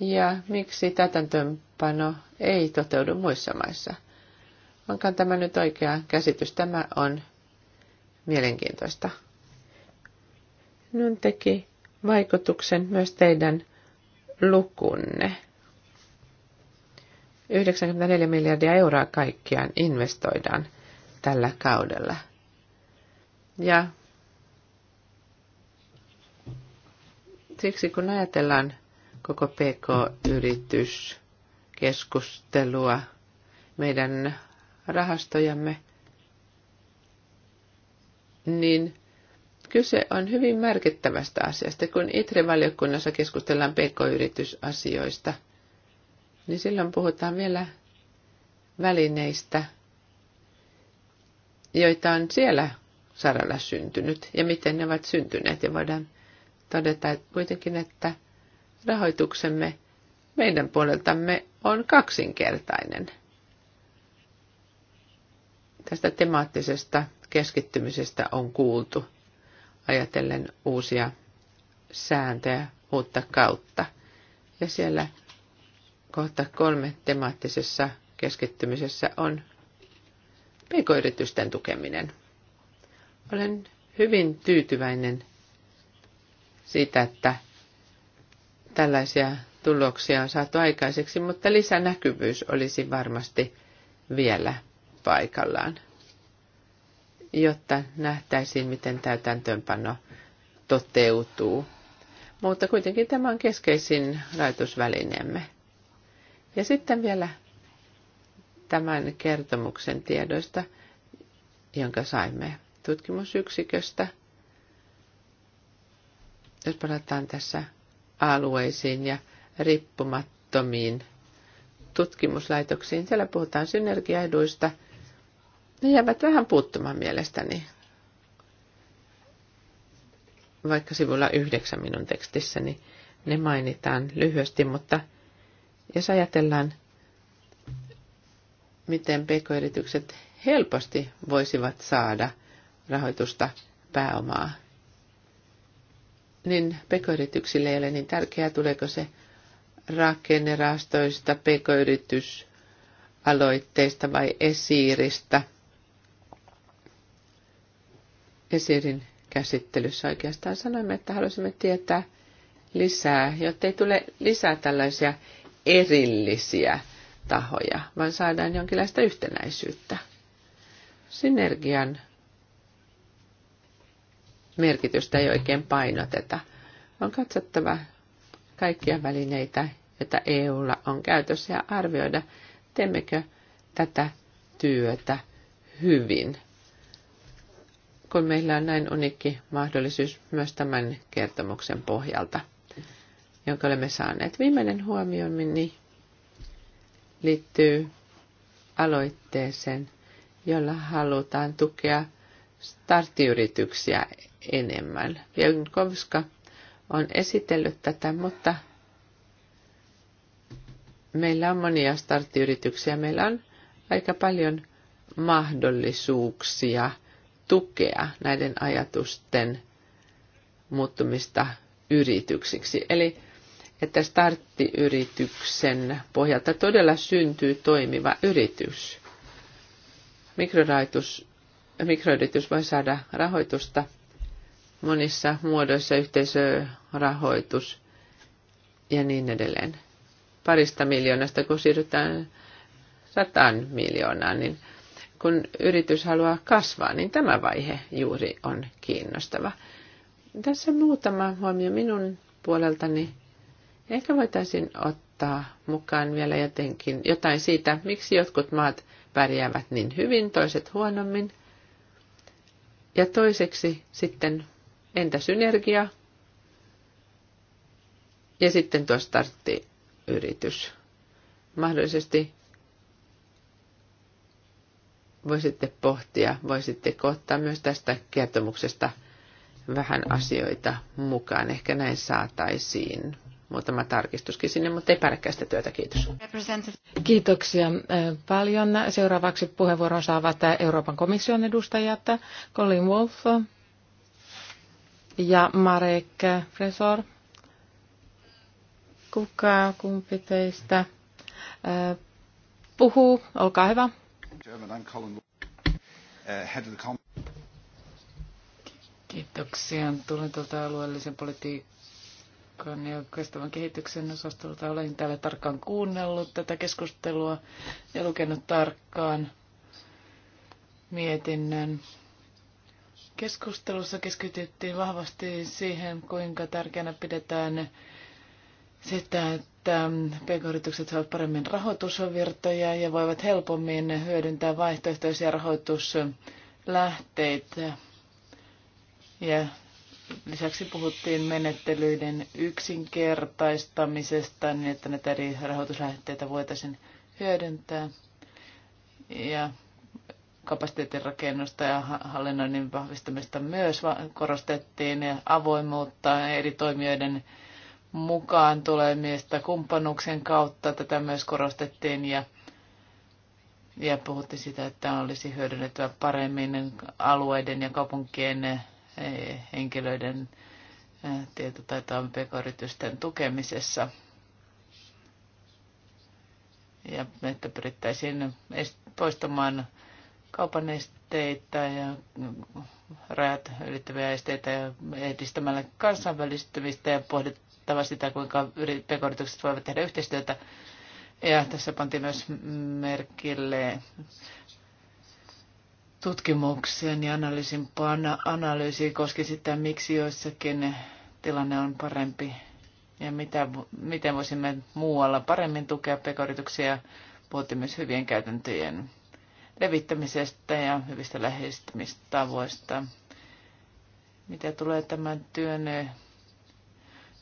ja miksi täytäntöönpano ei toteudu muissa maissa. Onko tämä nyt oikea käsitys? Tämä on mielenkiintoista. Nyt teki vaikutuksen myös teidän lukunne. 94 miljardia euroa kaikkiaan investoidaan tällä kaudella. Ja siksi kun ajatellaan koko PK-yrityskeskustelua, meidän rahastojamme, niin Kyse on hyvin merkittävästä asiasta. Kun ITRE-valiokunnassa keskustellaan pk-yritysasioista, niin silloin puhutaan vielä välineistä, joita on siellä saralla syntynyt ja miten ne ovat syntyneet. Ja voidaan todeta että kuitenkin, että rahoituksemme meidän puoleltamme on kaksinkertainen tästä temaattisesta keskittymisestä on kuultu ajatellen uusia sääntöjä uutta kautta. Ja siellä kohta kolme temaattisessa keskittymisessä on pk-yritysten tukeminen. Olen hyvin tyytyväinen siitä, että tällaisia tuloksia on saatu aikaiseksi, mutta lisänäkyvyys olisi varmasti vielä paikallaan jotta nähtäisiin, miten täytäntöönpano toteutuu. Mutta kuitenkin tämä on keskeisin laitosvälineemme. Ja sitten vielä tämän kertomuksen tiedoista, jonka saimme tutkimusyksiköstä. Jos palataan tässä alueisiin ja riippumattomiin tutkimuslaitoksiin, siellä puhutaan synergiaeduista – ne jäävät vähän puuttumaan mielestäni. Vaikka sivulla yhdeksän minun tekstissäni ne mainitaan lyhyesti, mutta jos ajatellaan, miten pk-yritykset helposti voisivat saada rahoitusta pääomaa, niin pk-yrityksille ei ole niin tärkeää, tuleeko se rakennerastoista, pk-yritysaloitteista vai esiiristä – esirin käsittelyssä oikeastaan sanoimme, että haluaisimme tietää lisää, jotta ei tule lisää tällaisia erillisiä tahoja, vaan saadaan jonkinlaista yhtenäisyyttä. Synergian merkitystä ei oikein painoteta. On katsottava kaikkia välineitä, joita EUlla on käytössä ja arvioida, teemmekö tätä työtä hyvin kun meillä on näin unikki mahdollisuus myös tämän kertomuksen pohjalta, jonka olemme saaneet. Viimeinen minni liittyy aloitteeseen, jolla halutaan tukea starttiyrityksiä enemmän. Pienkovska on esitellyt tätä, mutta meillä on monia starttiyrityksiä. Meillä on aika paljon mahdollisuuksia – tukea näiden ajatusten muuttumista yrityksiksi. Eli että starttiyrityksen pohjalta todella syntyy toimiva yritys. Mikrorahoitus, mikroyritys voi saada rahoitusta monissa muodoissa, yhteisörahoitus ja niin edelleen. Parista miljoonasta, kun siirrytään sataan miljoonaan, niin – kun yritys haluaa kasvaa, niin tämä vaihe juuri on kiinnostava. Tässä muutama huomio minun puoleltani. Ehkä voitaisiin ottaa mukaan vielä jotenkin jotain siitä, miksi jotkut maat pärjäävät niin hyvin, toiset huonommin. Ja toiseksi sitten entä synergia? Ja sitten tuo starttiyritys. Mahdollisesti voisitte pohtia, voisitte koottaa myös tästä kertomuksesta vähän asioita mukaan. Ehkä näin saataisiin muutama tarkistuskin sinne, mutta ei päällekkäistä työtä. Kiitos. Kiitoksia äh, paljon. Seuraavaksi puheenvuoron saavat Euroopan komission edustajat Colin Wolf ja Marek Fresor. Kuka kumpi teistä äh, puhuu? Olkaa hyvä. Uh, Kiitoksia. Tulen tuolta alueellisen politiikan ja kestävän kehityksen osastolta. Olen täällä tarkkaan kuunnellut tätä keskustelua ja lukenut tarkkaan mietinnön. Keskustelussa keskityttiin vahvasti siihen, kuinka tärkeänä pidetään sitä, että pk-yritykset saavat paremmin rahoitusvirtoja ja voivat helpommin hyödyntää vaihtoehtoisia rahoituslähteitä. Ja lisäksi puhuttiin menettelyiden yksinkertaistamisesta niin, että näitä eri rahoituslähteitä voitaisiin hyödyntää. Ja kapasiteetin rakennusta ja hallinnoinnin vahvistamista myös korostettiin ja avoimuutta eri toimijoiden mukaan tulemista kumppanuksen kautta. Tätä myös korostettiin ja, ja puhuttiin sitä, että olisi hyödynnettävä paremmin alueiden ja kaupunkien eh, henkilöiden eh, tietotaitoa pk-yritysten tukemisessa. Ja että pyrittäisiin poistamaan kaupan esteitä ja rajat ylittäviä esteitä ja edistämällä kansainvälistymistä ja tarkoittava sitä, kuinka pk voivat tehdä yhteistyötä. Ja tässä pantiin myös merkille tutkimuksen ja analyysin analyysi koski sitä, miksi joissakin tilanne on parempi ja mitä, miten voisimme muualla paremmin tukea pekorituksia. Puhuttiin myös hyvien käytäntöjen levittämisestä ja hyvistä lähestymistavoista. Mitä tulee tämän työn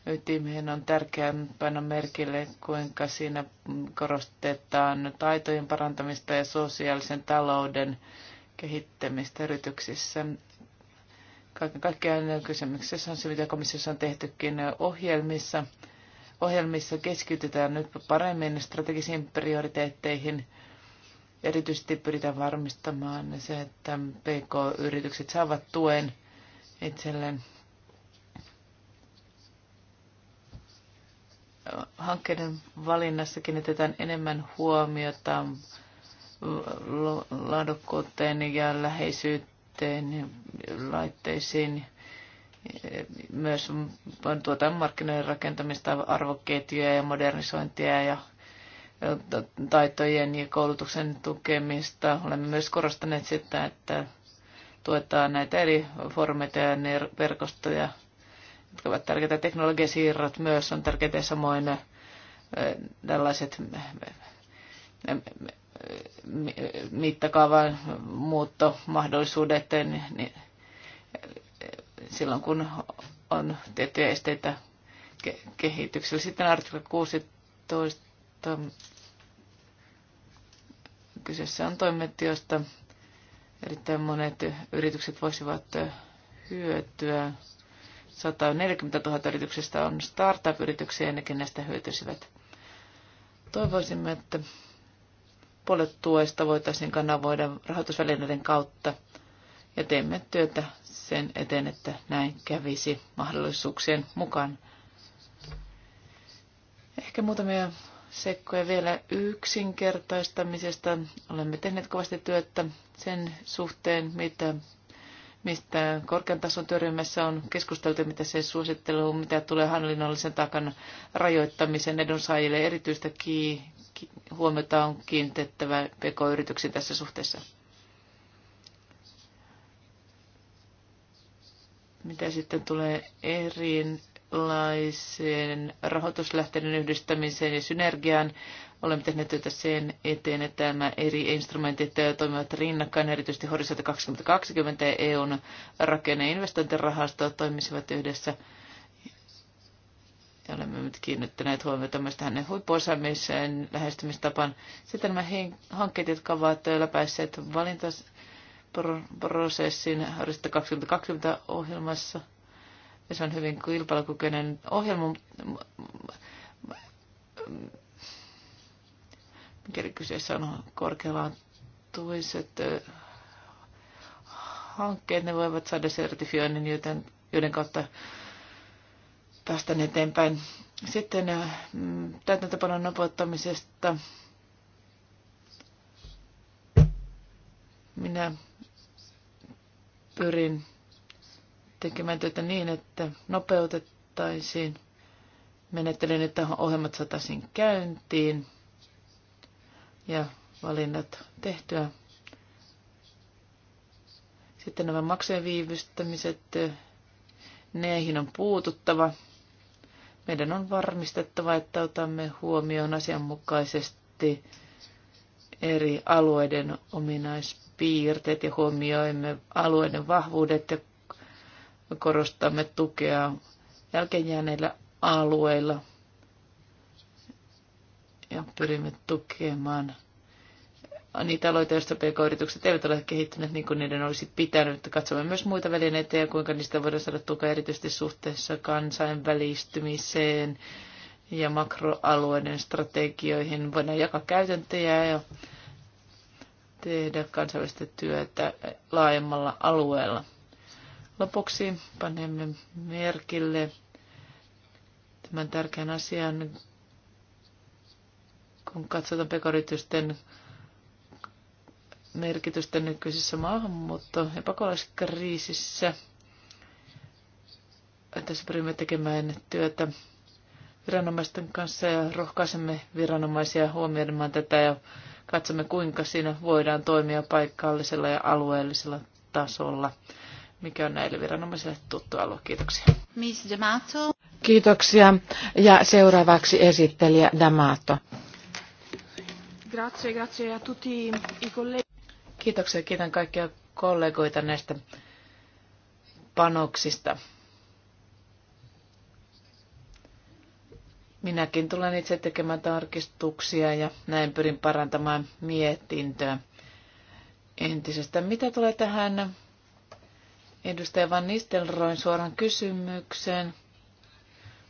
ytimeen on tärkeää panna merkille, kuinka siinä korostetaan taitojen parantamista ja sosiaalisen talouden kehittämistä yrityksissä. Kaiken kaikkiaan kysymyksessä on se, mitä komissiossa on tehtykin ohjelmissa. Ohjelmissa keskitytään nyt paremmin strategisiin prioriteetteihin. Erityisesti pyritään varmistamaan se, että PK-yritykset saavat tuen itselleen hankkeiden valinnassa kiinnitetään enemmän huomiota laadukkuuteen ja läheisyyteen, laitteisiin, myös tuotaan markkinoiden rakentamista, arvoketjuja ja modernisointia ja taitojen ja koulutuksen tukemista. Olemme myös korostaneet sitä, että tuetaan näitä eri foorumeita ja verkostoja jotka ovat tärkeitä. Teknologiasiirrot myös on tärkeitä samoin tällaiset mittakaavan muuttomahdollisuudet niin, niin silloin, kun on tiettyjä esteitä kehityksellä. Sitten artikla 16 kyseessä on toimet, joista erittäin monet yritykset voisivat hyötyä. 140 000 yrityksestä on startup-yrityksiä, ja nekin näistä hyötyisivät. Toivoisimme, että puolet tuesta voitaisiin kanavoida rahoitusvälineiden kautta, ja teemme työtä sen eteen, että näin kävisi mahdollisuuksien mukaan. Ehkä muutamia sekkoja vielä yksinkertaistamisesta. Olemme tehneet kovasti työtä sen suhteen, mitä mistä korkean tason työryhmässä on keskusteltu, mitä se suosittelu, mitä tulee hallinnollisen takan rajoittamisen edunsaajille. Erityistä ki- ki- huomiota on kiinnitettävä pk-yrityksiin tässä suhteessa. Mitä sitten tulee erilaiseen rahoituslähteiden yhdistämiseen ja synergiaan, Olemme tehneet työtä sen eteen, että nämä eri instrumentit toimivat rinnakkain, erityisesti Horisontti 2020 ja EUn rakenne- ja toimisivat yhdessä. Ja olemme nyt kiinnittäneet huomiota myös tähän huippuosaamiseen lähestymistapaan. Sitten nämä hankkeet, jotka ovat läpäisseet valintaprosessin Horisontti 2020 ohjelmassa – ja se on hyvin kilpailukykyinen ohjelma kyseessä on korkealaatuiset hankkeet, ne voivat saada sertifioinnin, joten, joiden kautta päästään eteenpäin. Sitten mm, täytäntöpanon nopeuttamisesta. Minä pyrin tekemään työtä niin, että nopeutettaisiin menettelyyn, että ohjelmat saataisiin käyntiin – ja valinnat tehtyä. Sitten nämä maksujen viivystämiset, neihin on puututtava. Meidän on varmistettava, että otamme huomioon asianmukaisesti eri alueiden ominaispiirteet ja huomioimme alueiden vahvuudet ja korostamme tukea jääneillä alueilla – ja pyrimme tukemaan niitä aloita, joista pk-yritykset eivät ole kehittyneet niin kuin niiden olisi pitänyt. Katsomme myös muita välineitä ja kuinka niistä voidaan saada tukea erityisesti suhteessa kansainvälistymiseen ja makroalueiden strategioihin. Voidaan jakaa käytäntöjä ja tehdä kansainvälistä työtä laajemmalla alueella. Lopuksi panemme merkille tämän tärkeän asian kun katsotaan pekoritysten merkitystä nykyisessä maahanmuutto- ja pakolaiskriisissä. Tässä pyrimme tekemään työtä viranomaisten kanssa ja rohkaisemme viranomaisia huomioimaan tätä ja katsomme, kuinka siinä voidaan toimia paikallisella ja alueellisella tasolla, mikä on näille viranomaisille tuttu alue. Kiitoksia. Miss Damato. Kiitoksia. Ja seuraavaksi esittelijä Damato. Grazie, grazie a tutti i colleghi. Kiitoksia, kiitän kaikkia kollegoita näistä panoksista. Minäkin tulen itse tekemään tarkistuksia ja näin pyrin parantamaan mietintöä entisestä. Mitä tulee tähän edustaja Van Nistelroin suoran kysymykseen?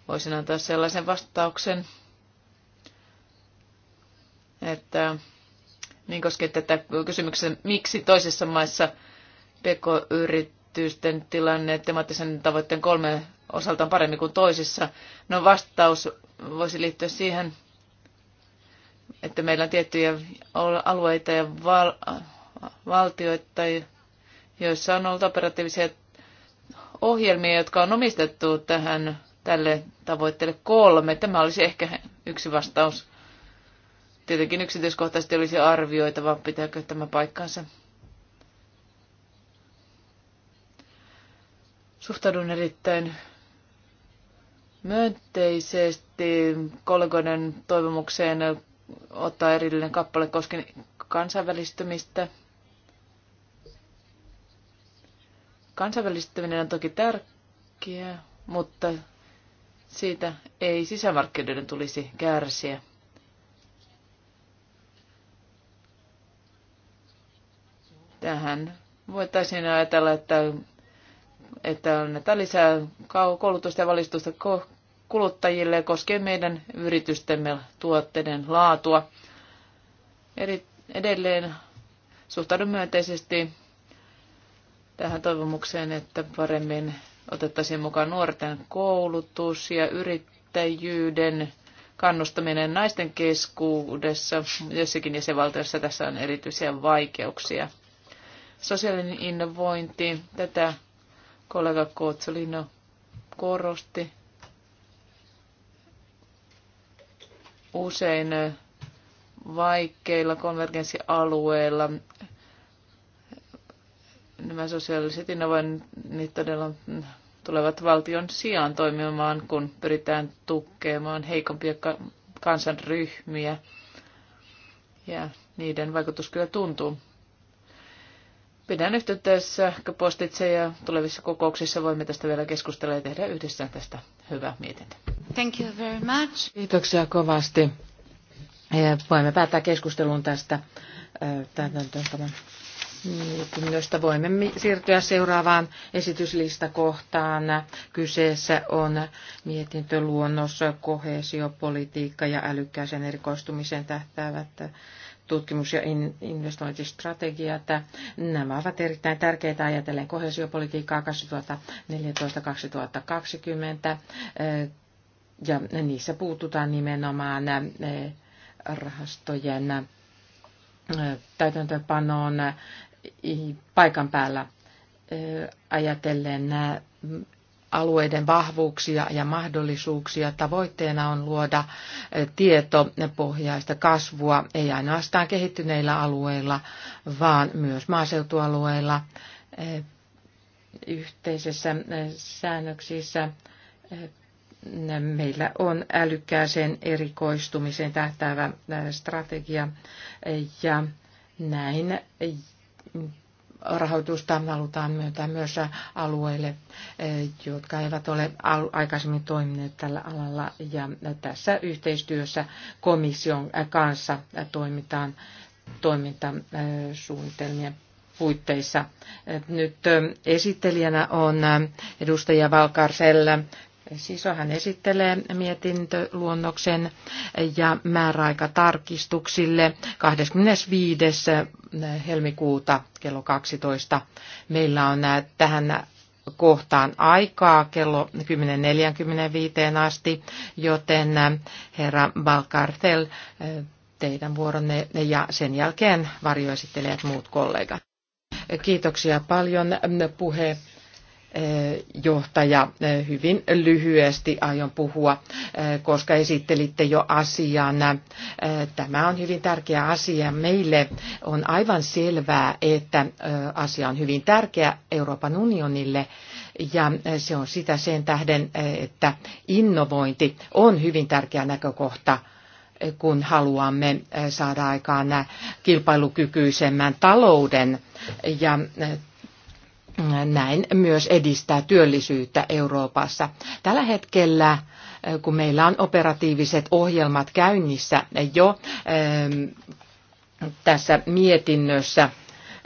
Voisin antaa sellaisen vastauksen, että niin koskee tätä kysymyksessä, miksi toisessa maissa pk-yritysten tilanne temaattisen tavoitteen kolme osaltaan paremmin kuin toisissa. No vastaus voisi liittyä siihen, että meillä on tiettyjä alueita ja val- valtioita, joissa on ollut operatiivisia ohjelmia, jotka on omistettu tähän tälle tavoitteelle kolme. Tämä olisi ehkä yksi vastaus. Tietenkin yksityiskohtaisesti olisi arvioitava, pitääkö tämä paikkansa. Suhtaudun erittäin myönteisesti kollegoiden toivomukseen ottaa erillinen kappale koskien kansainvälistymistä. Kansainvälistyminen on toki tärkeää, mutta siitä ei sisämarkkinoiden tulisi kärsiä. Tähän voitaisiin ajatella, että, että annetaan lisää koulutusta ja valistusta kuluttajille koskee meidän yritystemme tuotteiden laatua. Eri, edelleen suhtaudun myönteisesti tähän toivomukseen, että paremmin otettaisiin mukaan nuorten koulutus ja yrittäjyyden kannustaminen naisten keskuudessa. Jossakin jäsenvaltiossa tässä on erityisiä vaikeuksia. Sosiaalinen innovointi, tätä kollega Kotsolino korosti. Usein vaikeilla konvergenssialueilla nämä sosiaaliset innovoinnit todella tulevat valtion sijaan toimimaan, kun pyritään tukemaan heikompia kansanryhmiä. Ja niiden vaikutus kyllä tuntuu pidän yhteyttä sähköpostitse ja tulevissa kokouksissa voimme tästä vielä keskustella ja tehdä yhdessä tästä hyvä mietintö. Thank you very much. Kiitoksia kovasti. Voimme päättää keskustelun tästä täytäntöönpanon mietinnöstä. Voimme siirtyä seuraavaan esityslistakohtaan. Kyseessä on mietintöluonnos, kohesiopolitiikka ja älykkääseen erikoistumiseen tähtäävät tutkimus- ja investointistrategiat. Nämä ovat erittäin tärkeitä ajatellen kohesiopolitiikkaa 2014-2020 eh, ja niissä puututaan nimenomaan eh, rahastojen eh, täytäntöpanoon paikan päällä ajatellen alueiden vahvuuksia ja mahdollisuuksia. Tavoitteena on luoda eh, tietopohjaista kasvua, ei ainoastaan kehittyneillä alueilla, vaan myös maaseutualueilla eh, yhteisessä eh, säännöksissä meillä on älykkääseen erikoistumiseen tähtäävä strategia ja näin rahoitusta halutaan myöntää myös alueille, eh, jotka eivät ole aikaisemmin toimineet tällä alalla. Ja tässä yhteistyössä komission kanssa toimitaan toimintasuunnitelmien puitteissa. Nyt eh, esittelijänä on eh, edustaja Valkarsella. Sisohan esittelee mietintöluonnoksen ja määräaika tarkistuksille 25. helmikuuta kello 12. Meillä on äh, tähän kohtaan aikaa kello 10.45 asti, joten äh, herra Balkartel, äh, teidän vuoronne ja sen jälkeen varjoesittelijät muut kollegat. Kiitoksia paljon puhe Eh, johtaja. Eh, hyvin lyhyesti aion puhua, eh, koska esittelitte jo asian. Tämä on hyvin tärkeä asia. Meille on aivan selvää, että asia on hyvin tärkeä Euroopan unionille ja se on sitä sen tähden, että innovointi on hyvin tärkeä näkökohta kun haluamme saada aikaan kilpailukykyisemmän talouden. Ja näin myös edistää työllisyyttä Euroopassa. Tällä hetkellä eh, kun meillä on operatiiviset ohjelmat käynnissä jo ehm, tässä mietinnössä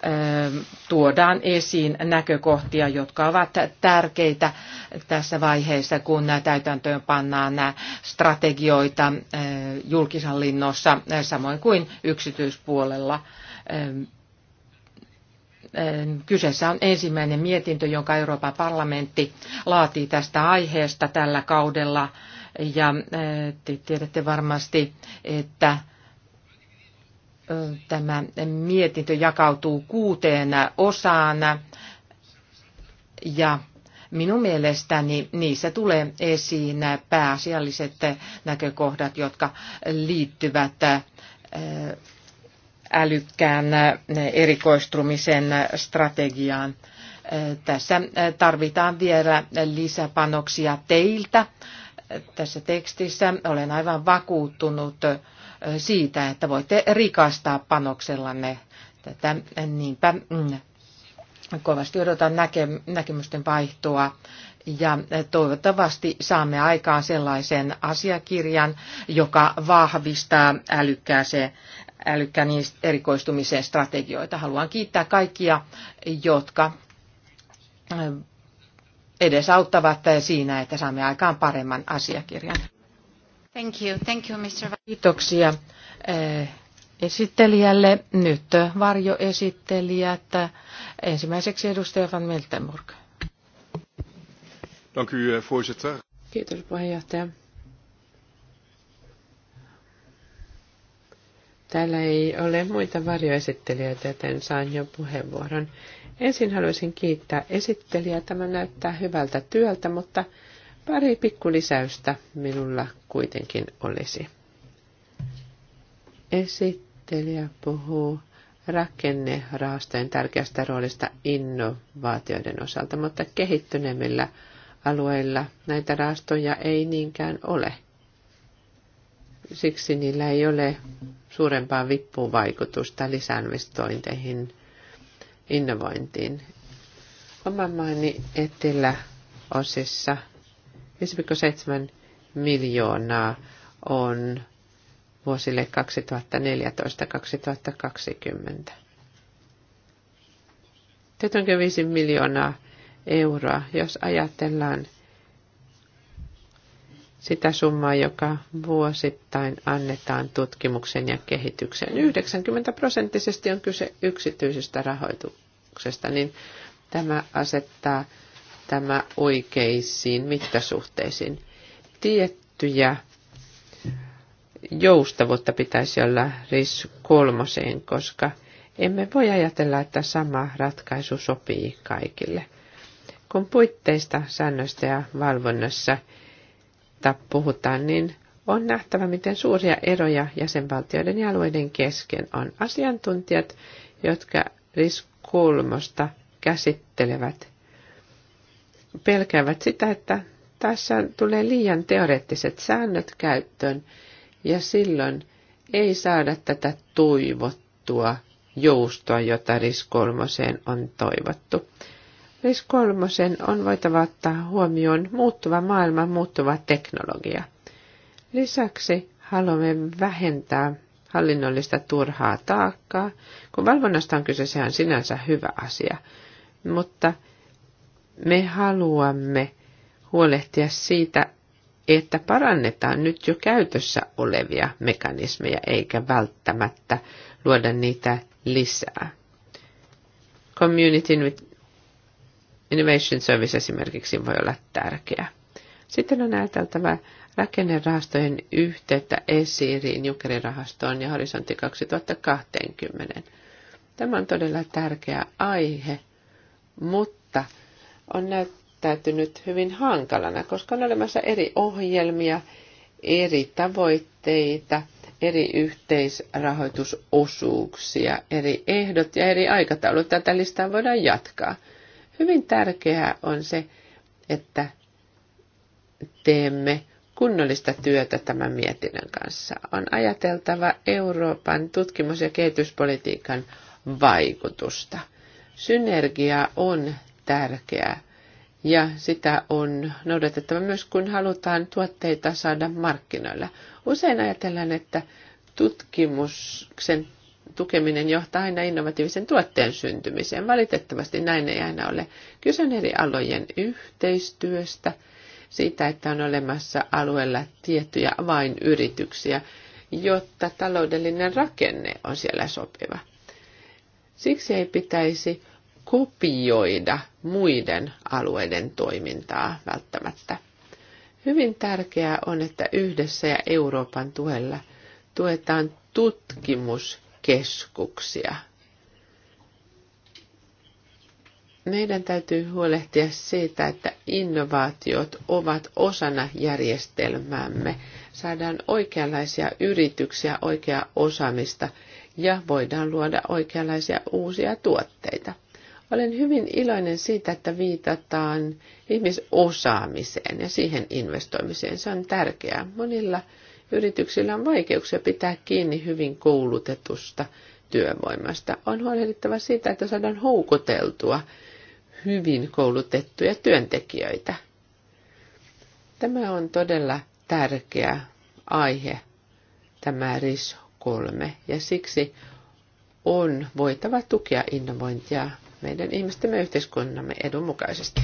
ehm, tuodaan esiin näkökohtia, jotka ovat tärkeitä tässä vaiheessa, kun täytäntöön pannaan nämä strategioita eh, julkishallinnossa, eh, samoin kuin yksityispuolella ehm, Kyseessä on ensimmäinen mietintö, jonka Euroopan parlamentti laatii tästä aiheesta tällä kaudella. Ja eh, te tiedätte varmasti, että tämä mietintö jakautuu kuuteen osaan. Ja minun mielestäni niissä tulee esiin pääasialliset näkökohdat, jotka liittyvät eh, älykkään äh, erikoistumisen äh, strategiaan. Äh, tässä tarvitaan vielä lisäpanoksia teiltä tässä tekstissä. Olen aivan vakuuttunut siitä, että voitte rikastaa panoksellanne tätä. Niinpä mm, kovasti odotan näkemysten vaihtoa ja toivottavasti saamme aikaan sellaisen asiakirjan, joka vahvistaa älykkääseen älykkään erikoistumisen strategioita. Haluan kiittää kaikkia, jotka eh, edesauttavat siinä, että saamme aikaan paremman asiakirjan. Thank you. Thank you, Mr. Kiitoksia eh, esittelijälle. Nyt varjoesittelijät. Ensimmäiseksi edustaja Van Miltenburg. Eh, Kiitos puheenjohtaja. Täällä ei ole muita varjoesittelijöitä, joten saan jo puheenvuoron. Ensin haluaisin kiittää esittelijää. Tämä näyttää hyvältä työltä, mutta pari pikkulisäystä minulla kuitenkin olisi. Esittelijä puhuu rakennerahastojen tärkeästä roolista innovaatioiden osalta, mutta kehittyneemmillä alueilla näitä rahastoja ei niinkään ole – Siksi niillä ei ole suurempaa vippuvaikutusta lisäinvestointeihin, innovointiin. Oma maani eteläosissa 5,7 miljoonaa on vuosille 2014-2020. Tietenkö 5 miljoonaa euroa, jos ajatellaan sitä summaa, joka vuosittain annetaan tutkimukseen ja kehitykseen. 90 prosenttisesti on kyse yksityisestä rahoituksesta, niin tämä asettaa tämä oikeisiin mittasuhteisiin. Tiettyjä joustavuutta pitäisi olla RIS kolmoseen, koska emme voi ajatella, että sama ratkaisu sopii kaikille. Kun puitteista, säännöistä ja valvonnassa – puhutaan, niin on nähtävä, miten suuria eroja jäsenvaltioiden ja alueiden kesken on. Asiantuntijat, jotka riskulmosta käsittelevät, pelkäävät sitä, että tässä tulee liian teoreettiset säännöt käyttöön ja silloin ei saada tätä toivottua joustoa, jota riskulmoseen on toivottu. RIS kolmosen on voitava ottaa huomioon muuttuva maailma, muuttuva teknologia. Lisäksi haluamme vähentää hallinnollista turhaa taakkaa. Kun valvonnasta on kyse, sehän sinänsä hyvä asia. Mutta me haluamme huolehtia siitä, että parannetaan nyt jo käytössä olevia mekanismeja, eikä välttämättä luoda niitä lisää. Community Innovation Service esimerkiksi voi olla tärkeä. Sitten on ajateltava rakennerahastojen yhteyttä esiriin, Junckerin rahastoon ja horisontti 2020. Tämä on todella tärkeä aihe, mutta on näyttäytynyt hyvin hankalana, koska on olemassa eri ohjelmia, eri tavoitteita, eri yhteisrahoitusosuuksia, eri ehdot ja eri aikataulut. Tätä listaa voidaan jatkaa – Hyvin tärkeää on se, että teemme kunnollista työtä tämän mietinnön kanssa. On ajateltava Euroopan tutkimus- ja kehityspolitiikan vaikutusta. Synergia on tärkeää ja sitä on noudatettava myös, kun halutaan tuotteita saada markkinoilla. Usein ajatellaan, että tutkimuksen tukeminen johtaa aina innovatiivisen tuotteen syntymiseen. Valitettavasti näin ei aina ole. Kyse on eri alojen yhteistyöstä, siitä, että on olemassa alueella tiettyjä main-yrityksiä, jotta taloudellinen rakenne on siellä sopiva. Siksi ei pitäisi kopioida muiden alueiden toimintaa välttämättä. Hyvin tärkeää on, että yhdessä ja Euroopan tuella tuetaan tutkimus- keskuksia. Meidän täytyy huolehtia siitä, että innovaatiot ovat osana järjestelmäämme. Saadaan oikeanlaisia yrityksiä, oikeaa osaamista ja voidaan luoda oikeanlaisia uusia tuotteita. Olen hyvin iloinen siitä, että viitataan ihmisosaamiseen ja siihen investoimiseen. Se on tärkeää. Monilla yrityksillä on vaikeuksia pitää kiinni hyvin koulutetusta työvoimasta. On huolehdittava siitä, että saadaan houkuteltua hyvin koulutettuja työntekijöitä. Tämä on todella tärkeä aihe, tämä RIS 3, ja siksi on voitava tukea innovointia meidän ihmistemme yhteiskunnamme edun mukaisesti.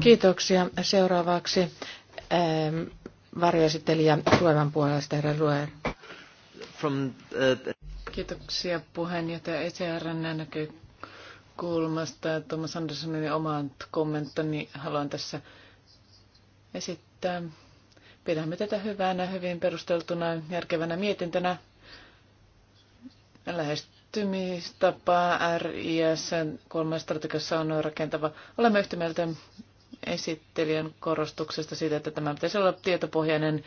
Kiitoksia. Seuraavaksi ähm, varjoesittelijä tulevan puolesta, herra Ruer. From, uh, Kiitoksia puheenjohtaja ECRn näkökulmasta. Thomas Anderssonin oman kommenttani haluan tässä esittää. Pidämme tätä hyvänä, hyvin perusteltuna, järkevänä mietintönä. Lähestymistapa RIS kolmas strategiassa on rakentava. Olemme yhtä mieltä esittelijän korostuksesta siitä, että tämä pitäisi olla tietopohjainen,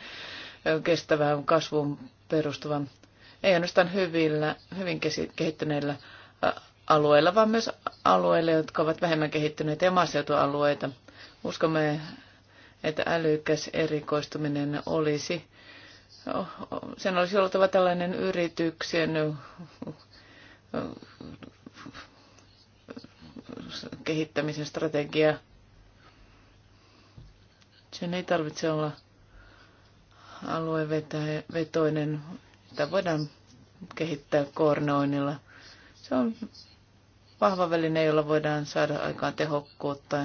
kestävään kasvuun perustuva, ei ainoastaan hyvillä, hyvin kehittyneillä alueilla, vaan myös alueilla, jotka ovat vähemmän kehittyneitä ja maaseutualueita. Uskomme, että älykäs erikoistuminen olisi, sen olisi oltava tällainen yrityksen kehittämisen strategia, sen ei tarvitse olla aluevetoinen, sitä voidaan kehittää koordinoinnilla. Se on vahva väline, jolla voidaan saada aikaan tehokkuutta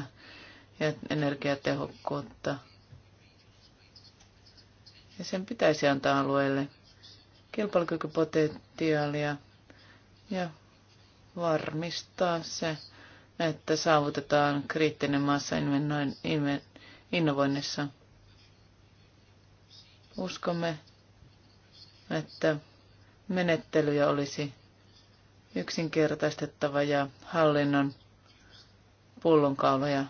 ja energiatehokkuutta. Ja sen pitäisi antaa alueelle kilpailukykypotentiaalia ja varmistaa se, että saavutetaan kriittinen massa innovoinnissa. Uskomme, että menettelyjä olisi yksinkertaistettava ja hallinnon pullonkauloja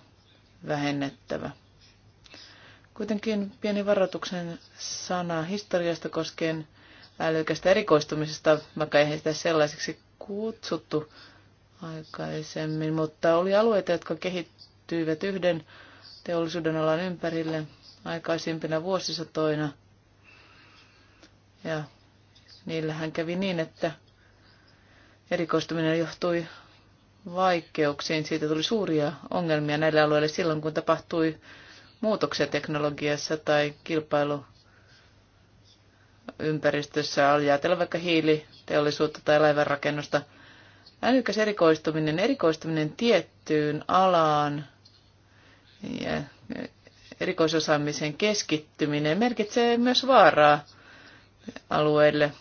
vähennettävä. Kuitenkin pieni varoituksen sana historiasta koskien älykästä erikoistumisesta, vaikka eihän sitä sellaiseksi kutsuttu aikaisemmin, mutta oli alueita, jotka kehittyivät yhden teollisuuden alan ympärille aikaisimpina vuosisatoina. Ja niillähän kävi niin, että erikoistuminen johtui vaikeuksiin. Siitä tuli suuria ongelmia näille alueille silloin, kun tapahtui muutoksia teknologiassa tai kilpailu ympäristössä, ajatella vaikka hiiliteollisuutta tai laivanrakennusta. Älykäs erikoistuminen, erikoistuminen tiettyyn alaan ja erikoisosaamisen keskittyminen merkitsee myös vaaraa alueelle.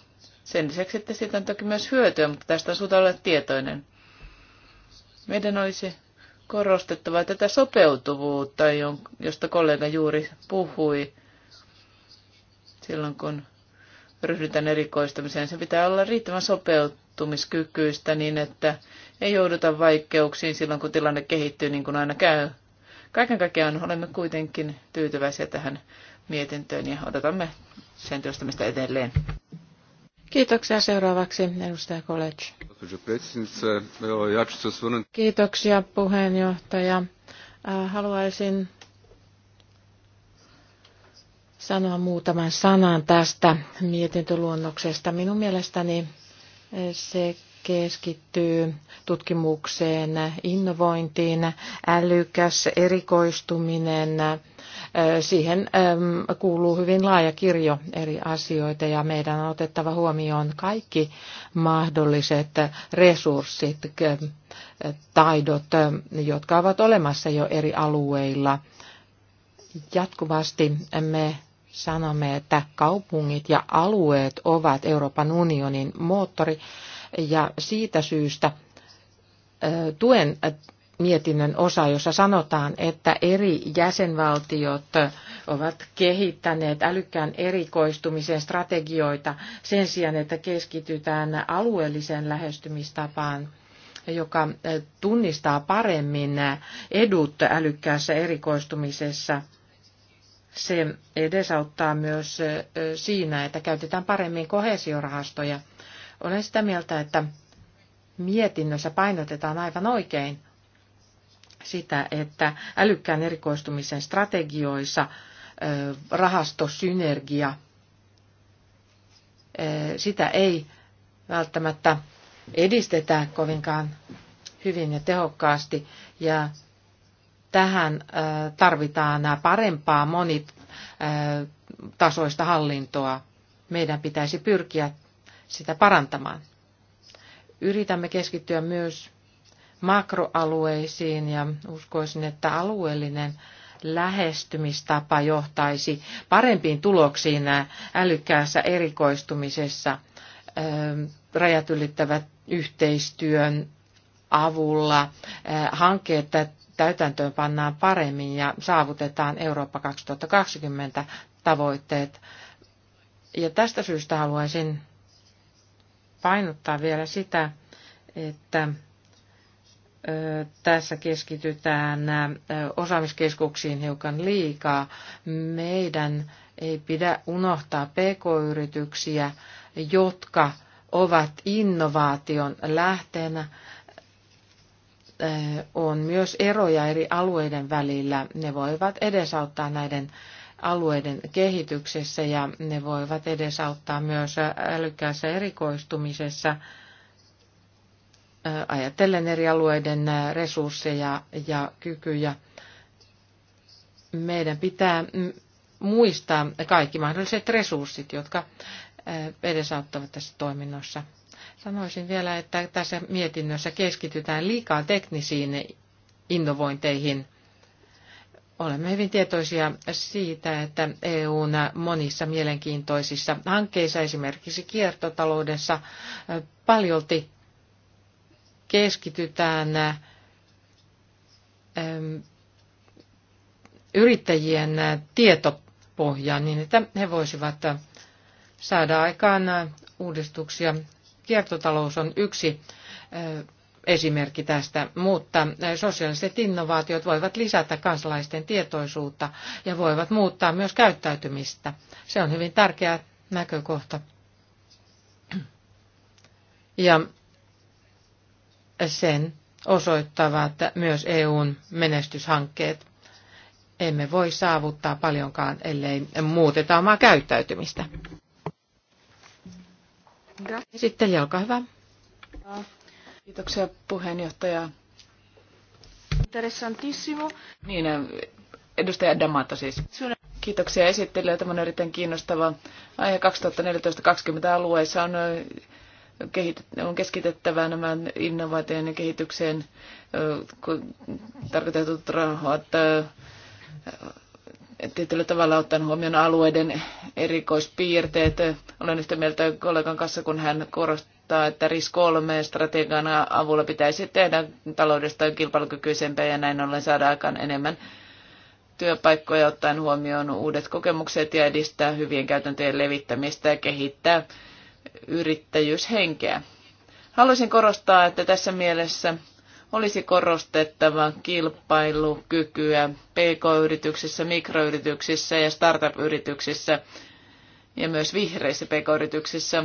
Sen lisäksi, että siitä on toki myös hyötyä, mutta tästä on syytä olla tietoinen. Meidän olisi korostettava tätä sopeutuvuutta, josta kollega juuri puhui silloin, kun ryhdytään erikoistumiseen, Se pitää olla riittävän sopeutumiskykyistä niin, että ei jouduta vaikeuksiin silloin, kun tilanne kehittyy niin kuin aina käy Kaiken kaikkiaan olemme kuitenkin tyytyväisiä tähän mietintöön ja odotamme sen työstämistä edelleen. Kiitoksia seuraavaksi edustaja College. Kiitoksia puheenjohtaja. Äh, haluaisin sanoa muutaman sanan tästä mietintöluonnoksesta. Minun mielestäni se keskittyy tutkimukseen, innovointiin, älykäs erikoistuminen. Siihen kuuluu hyvin laaja kirjo eri asioita ja meidän on otettava huomioon kaikki mahdolliset resurssit, taidot, jotka ovat olemassa jo eri alueilla. Jatkuvasti me sanomme, että kaupungit ja alueet ovat Euroopan unionin moottori ja siitä syystä tuen mietinnön osa, jossa sanotaan, että eri jäsenvaltiot ovat kehittäneet älykkään erikoistumisen strategioita sen sijaan, että keskitytään alueelliseen lähestymistapaan joka tunnistaa paremmin edut älykkäässä erikoistumisessa. Se edesauttaa myös siinä, että käytetään paremmin kohesiorahastoja – olen sitä mieltä, että mietinnössä painotetaan aivan oikein sitä, että älykkään erikoistumisen strategioissa rahastosynergia, sitä ei välttämättä edistetä kovinkaan hyvin ja tehokkaasti. Ja tähän tarvitaan parempaa monitasoista hallintoa. Meidän pitäisi pyrkiä sitä parantamaan. Yritämme keskittyä myös makroalueisiin ja uskoisin, että alueellinen lähestymistapa johtaisi parempiin tuloksiin älykkäässä erikoistumisessa ähm, rajat ylittävät yhteistyön avulla äh, hankkeet täytäntöön pannaan paremmin ja saavutetaan Eurooppa 2020 tavoitteet. Ja tästä syystä haluaisin painottaa vielä sitä, että tässä keskitytään osaamiskeskuksiin hiukan liikaa. Meidän ei pidä unohtaa pk-yrityksiä, jotka ovat innovaation lähteenä. On myös eroja eri alueiden välillä. Ne voivat edesauttaa näiden alueiden kehityksessä ja ne voivat edesauttaa myös älykkäässä erikoistumisessa ajatellen eri alueiden resursseja ja kykyjä. Meidän pitää mm, muistaa kaikki mahdolliset resurssit, jotka edesauttavat tässä toiminnossa. Sanoisin vielä, että tässä mietinnössä keskitytään liikaa teknisiin innovointeihin – Olemme hyvin tietoisia siitä, että EUn monissa mielenkiintoisissa hankkeissa, esimerkiksi kiertotaloudessa, paljolti keskitytään ähm, yrittäjien tietopohjaan niin, että he voisivat saada aikaan uudistuksia. Kiertotalous on yksi äh, esimerkki tästä, mutta sosiaaliset innovaatiot voivat lisätä kansalaisten tietoisuutta ja voivat muuttaa myös käyttäytymistä. Se on hyvin tärkeä näkökohta. Ja sen osoittavat myös EUn menestyshankkeet. Emme voi saavuttaa paljonkaan, ellei muuteta omaa käyttäytymistä. Sitten olkaa hyvä. Kiitoksia puheenjohtaja. Interessantissimo. Niin, edustaja Damata siis. Kiitoksia esittelyä. Tämä on erittäin kiinnostava aihe 2014-2020 alueissa on äh, on keskitettävä nämä innovaatioiden kehitykseen äh, tarkoitetut rahat äh, tietyllä tavalla ottaen huomioon alueiden erikoispiirteet. Olen yhtä mieltä kollegan kanssa, kun hän korosti ehdottaa, että RIS 3 strategian avulla pitäisi tehdä taloudesta kilpailukykyisempää ja näin ollen saada aikaan enemmän työpaikkoja ottaen huomioon uudet kokemukset ja edistää hyvien käytäntöjen levittämistä ja kehittää yrittäjyyshenkeä. Haluaisin korostaa, että tässä mielessä olisi korostettava kilpailukykyä pk-yrityksissä, mikroyrityksissä ja startup-yrityksissä ja myös vihreissä pk-yrityksissä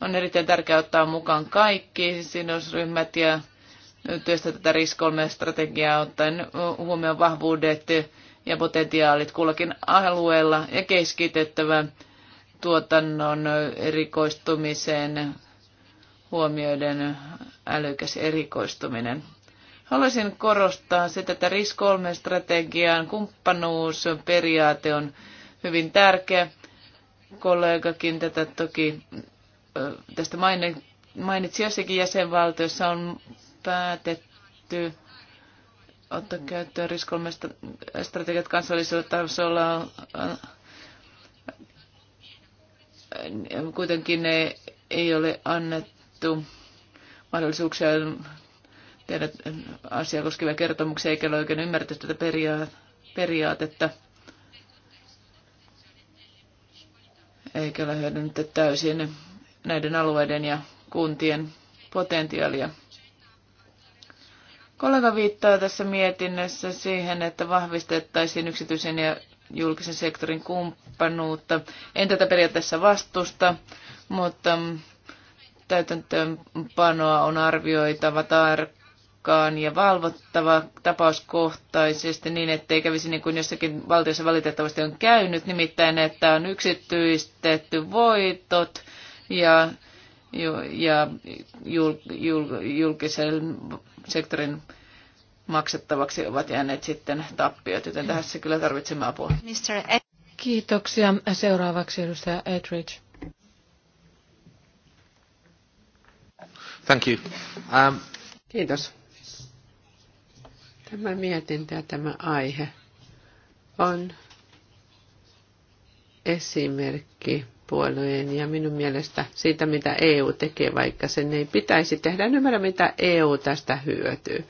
on erittäin tärkeää ottaa mukaan kaikki sidosryhmät ja työstää tätä RIS 3 strategiaa ottaen huomioon vahvuudet ja potentiaalit kullakin alueella ja keskitettävä tuotannon erikoistumiseen huomioiden älykäs erikoistuminen. Haluaisin korostaa sitä, että RIS 3 strategian kumppanuusperiaate on hyvin tärkeä. Kollegakin tätä toki tästä mainitsi jossakin jäsenvaltiossa on päätetty ottaa käyttöön riskolme strategiat kansallisella tasolla. Kuitenkin ne ei ole annettu mahdollisuuksia tehdä asiaa koskevia kertomuksia, eikä ole oikein ymmärretty tätä periaatetta. Eikä ole hyödynnetty täysin näiden alueiden ja kuntien potentiaalia. Kollega viittaa tässä mietinnössä siihen, että vahvistettaisiin yksityisen ja julkisen sektorin kumppanuutta. En tätä periaatteessa vastusta, mutta täytäntöönpanoa on arvioitava tarkkaan ja valvottava tapauskohtaisesti niin, ettei kävisi niin kuin jossakin valtiossa valitettavasti on käynyt, nimittäin että on yksityistetty voitot ja, ja jul, jul, julkisen sektorin maksettavaksi ovat jääneet sitten tappiot, joten tässä kyllä tarvitsemme apua. Mr. Kiitoksia. Seuraavaksi edustaja Edridge. Thank you. Um, Kiitos. Tämä mietintä ja tämä aihe on esimerkki puolueen ja minun mielestä siitä, mitä EU tekee, vaikka sen ei pitäisi tehdä. En ymmärrä, mitä EU tästä hyötyy.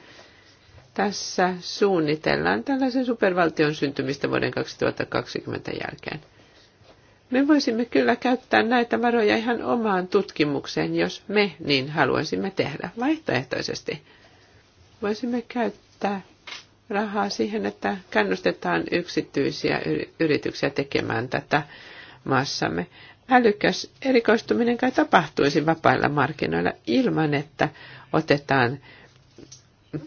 Tässä suunnitellaan tällaisen supervaltion syntymistä vuoden 2020 jälkeen. Me voisimme kyllä käyttää näitä varoja ihan omaan tutkimukseen, jos me niin haluaisimme tehdä vaihtoehtoisesti. Voisimme käyttää rahaa siihen, että kannustetaan yksityisiä yrityksiä tekemään tätä maassamme. Älykäs erikoistuminen kai tapahtuisi vapailla markkinoilla ilman, että otetaan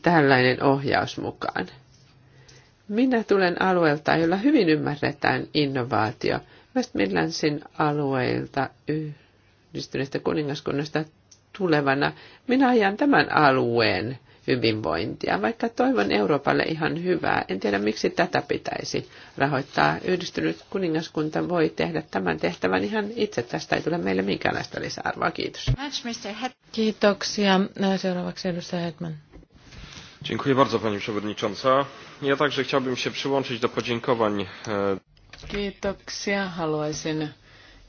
tällainen ohjaus mukaan. Minä tulen alueelta, jolla hyvin ymmärretään innovaatio. West Midlandsin alueilta yhdistyneestä kuningaskunnasta tulevana minä ajan tämän alueen hyvinvointia, vaikka toivon Euroopalle ihan hyvää. En tiedä, miksi tätä pitäisi rahoittaa. Yhdistynyt kuningaskunta voi tehdä tämän tehtävän ihan itse. Tästä ei tule meille minkäänlaista lisäarvoa. Kiitos. Kiitoksia. Seuraavaksi edustaja Hetman. Dziękuję bardzo Pani Przewodnicząca. Ja także chciałbym się przyłączyć do podziękowań. E, Kiitoksia. Haluaisin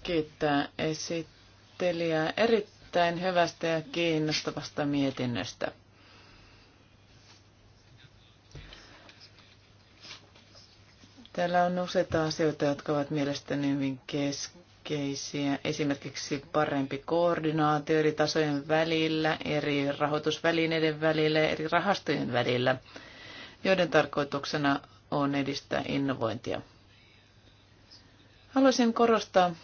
kiittää esittelijää erittäin hyvästä ja kiinnostavasta mietinnöstä. Täällä on useita asioita, jotka ovat mielestäni hyvin keskeisiä. Esimerkiksi parempi koordinaatio eri tasojen välillä, eri rahoitusvälineiden välillä ja eri rahastojen välillä, joiden tarkoituksena on edistää innovointia. Haluaisin korostaa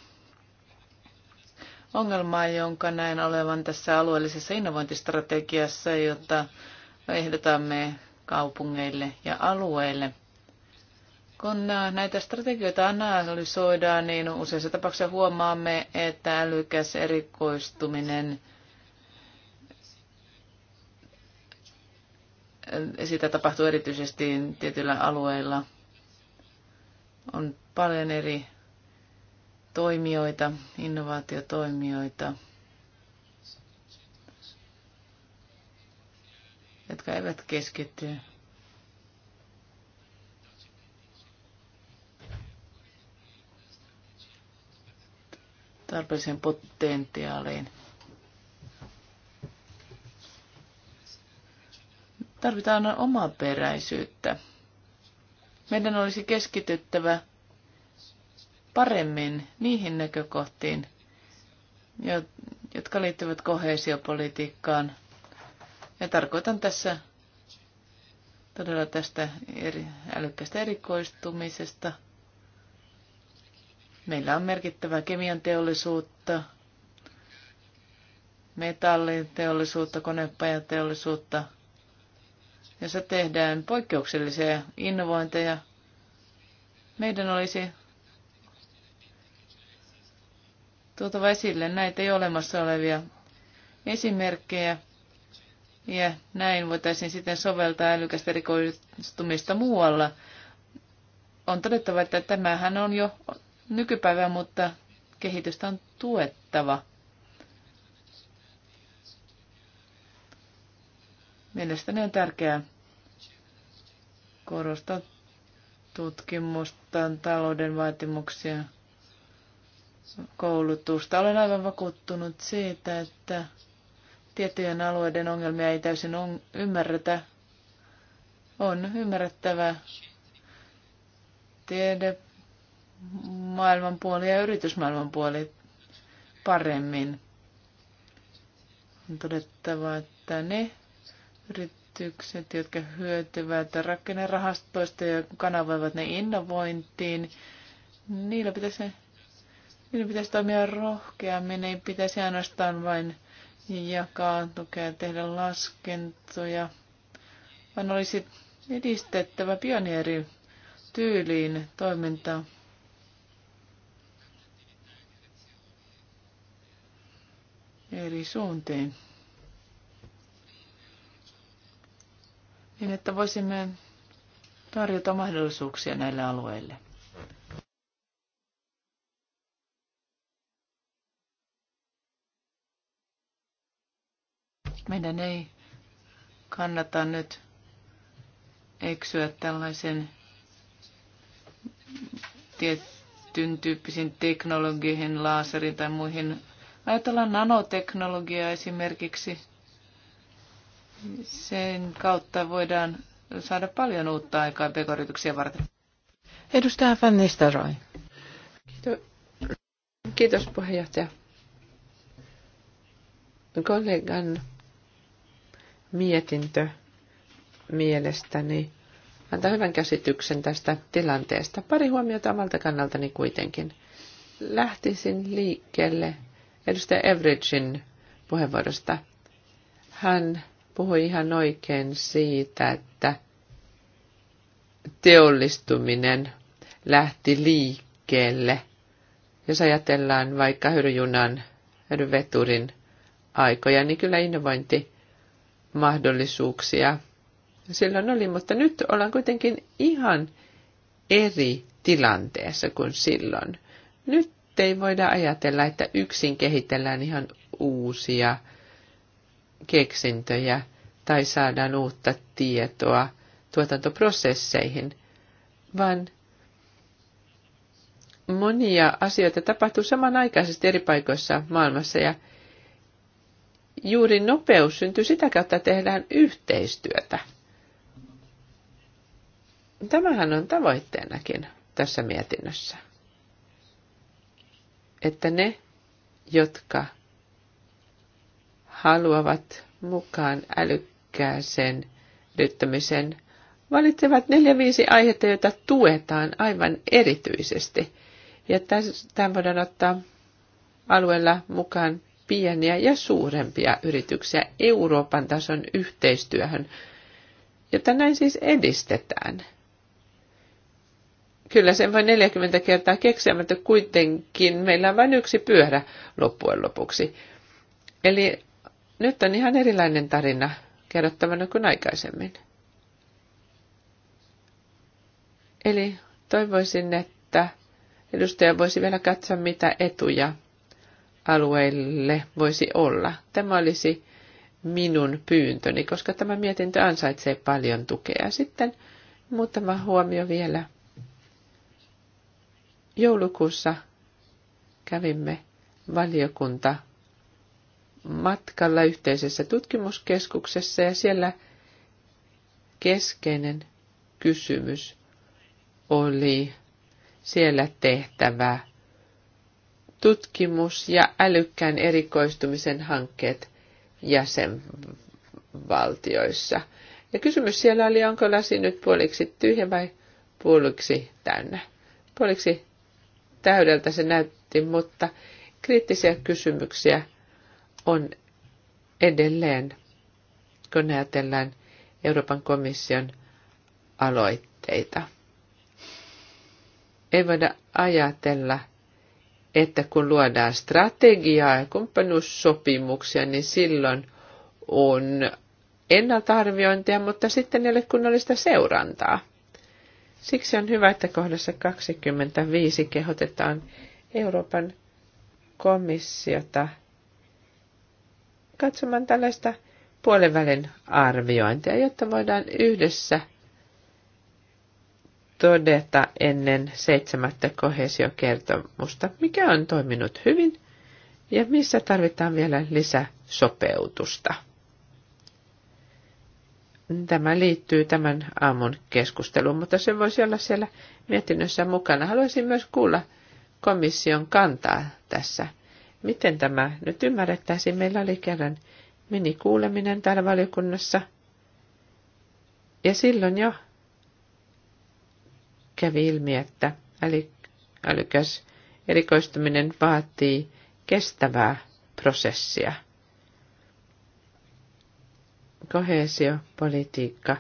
ongelmaa, jonka näen olevan tässä alueellisessa innovointistrategiassa, jota ehdotamme kaupungeille ja alueille – kun näitä strategioita analysoidaan, niin useissa tapauksissa huomaamme, että älykäs erikoistuminen sitä tapahtuu erityisesti tietyillä alueilla. On paljon eri toimijoita, innovaatiotoimijoita, jotka eivät keskity Tarpeeseen potentiaaliin. Tarvitaan omaa peräisyyttä. Meidän olisi keskityttävä paremmin niihin näkökohtiin, jotka liittyvät kohesiopolitiikkaan. Ja tarkoitan tässä todella tästä eri, älykkästä erikoistumisesta – Meillä on merkittävää kemian teollisuutta, metalliteollisuutta, konepajateollisuutta, jossa tehdään poikkeuksellisia innovointeja. Meidän olisi tuotava esille näitä jo olemassa olevia esimerkkejä, ja näin voitaisiin sitten soveltaa älykästä erikoistumista muualla. On todettava, että tämähän on jo nykypäivää, mutta kehitystä on tuettava. Mielestäni on tärkeää korostaa tutkimusta, talouden vaatimuksia, koulutusta. Olen aivan vakuuttunut siitä, että tiettyjen alueiden ongelmia ei täysin on, ymmärretä. On ymmärrettävä tiede maailmanpuoli ja yritysmaailmanpuoli paremmin. On todettava, että ne yritykset, jotka hyötyvät rakennerahastoista ja kanavoivat ne innovointiin, niillä pitäisi, niillä pitäisi toimia rohkeammin, ei pitäisi ainoastaan vain jakaa tukea, tehdä laskentoja, vaan olisi edistettävä pioneerityyliin toimintaa. eri suuntiin. Niin, että voisimme tarjota mahdollisuuksia näille alueille. Meidän ei kannata nyt eksyä tällaisen tietyn tyyppisiin teknologioihin, laaseriin tai muihin Ajatellaan nanoteknologiaa esimerkiksi. Sen kautta voidaan saada paljon uutta aikaa pk varten. Edustaja Van Nistelrooy. Kiitos. Kiitos puheenjohtaja. Kollegan mietintö mielestäni antaa hyvän käsityksen tästä tilanteesta. Pari huomiota omalta kannaltani kuitenkin. Lähtisin liikkeelle edustaja Everidgein puheenvuorosta. Hän puhui ihan oikein siitä, että teollistuminen lähti liikkeelle. Jos ajatellaan vaikka hyrjunan, hyryveturin aikoja, niin kyllä innovointi mahdollisuuksia silloin oli, mutta nyt ollaan kuitenkin ihan eri tilanteessa kuin silloin. Nyt ettei voida ajatella, että yksin kehitellään ihan uusia keksintöjä tai saadaan uutta tietoa tuotantoprosesseihin, vaan monia asioita tapahtuu samanaikaisesti eri paikoissa maailmassa ja juuri nopeus syntyy sitä kautta, tehdään yhteistyötä. Tämähän on tavoitteenakin tässä mietinnössä että ne, jotka haluavat mukaan älykkääseen ryttämisen, valitsevat neljä viisi aihetta, joita tuetaan aivan erityisesti. Ja tämän voidaan ottaa alueella mukaan pieniä ja suurempia yrityksiä Euroopan tason yhteistyöhön, jota näin siis edistetään – kyllä sen vain 40 kertaa keksiä, mutta kuitenkin meillä on vain yksi pyörä loppujen lopuksi. Eli nyt on ihan erilainen tarina kerrottavana kuin aikaisemmin. Eli toivoisin, että edustaja voisi vielä katsoa, mitä etuja alueille voisi olla. Tämä olisi minun pyyntöni, koska tämä mietintö ansaitsee paljon tukea. Sitten muutama huomio vielä Joulukuussa kävimme valiokunta matkalla yhteisessä tutkimuskeskuksessa ja siellä keskeinen kysymys oli siellä tehtävä tutkimus ja älykkään erikoistumisen hankkeet jäsenvaltioissa. Ja kysymys siellä oli, onko lasi nyt puoliksi tyhjä vai puoliksi täynnä. Puoliksi täydeltä se näytti, mutta kriittisiä kysymyksiä on edelleen, kun ajatellaan Euroopan komission aloitteita. Ei voida ajatella, että kun luodaan strategiaa ja kumppanuussopimuksia, niin silloin on ennaltaarviointia, mutta sitten ei ole kunnollista seurantaa. Siksi on hyvä, että kohdassa 25 kehotetaan Euroopan komissiota katsomaan tällaista puolivälin arviointia, jotta voidaan yhdessä todeta ennen seitsemättä kohesiokertomusta, mikä on toiminut hyvin ja missä tarvitaan vielä lisäsopeutusta. Tämä liittyy tämän aamun keskusteluun, mutta se voisi olla siellä mietinnössä mukana. Haluaisin myös kuulla komission kantaa tässä. Miten tämä nyt ymmärrettäisiin? Meillä oli kerran minikuuleminen täällä valiokunnassa. Ja silloin jo kävi ilmi, että älykäs erikoistuminen vaatii kestävää prosessia – kohesiopolitiikka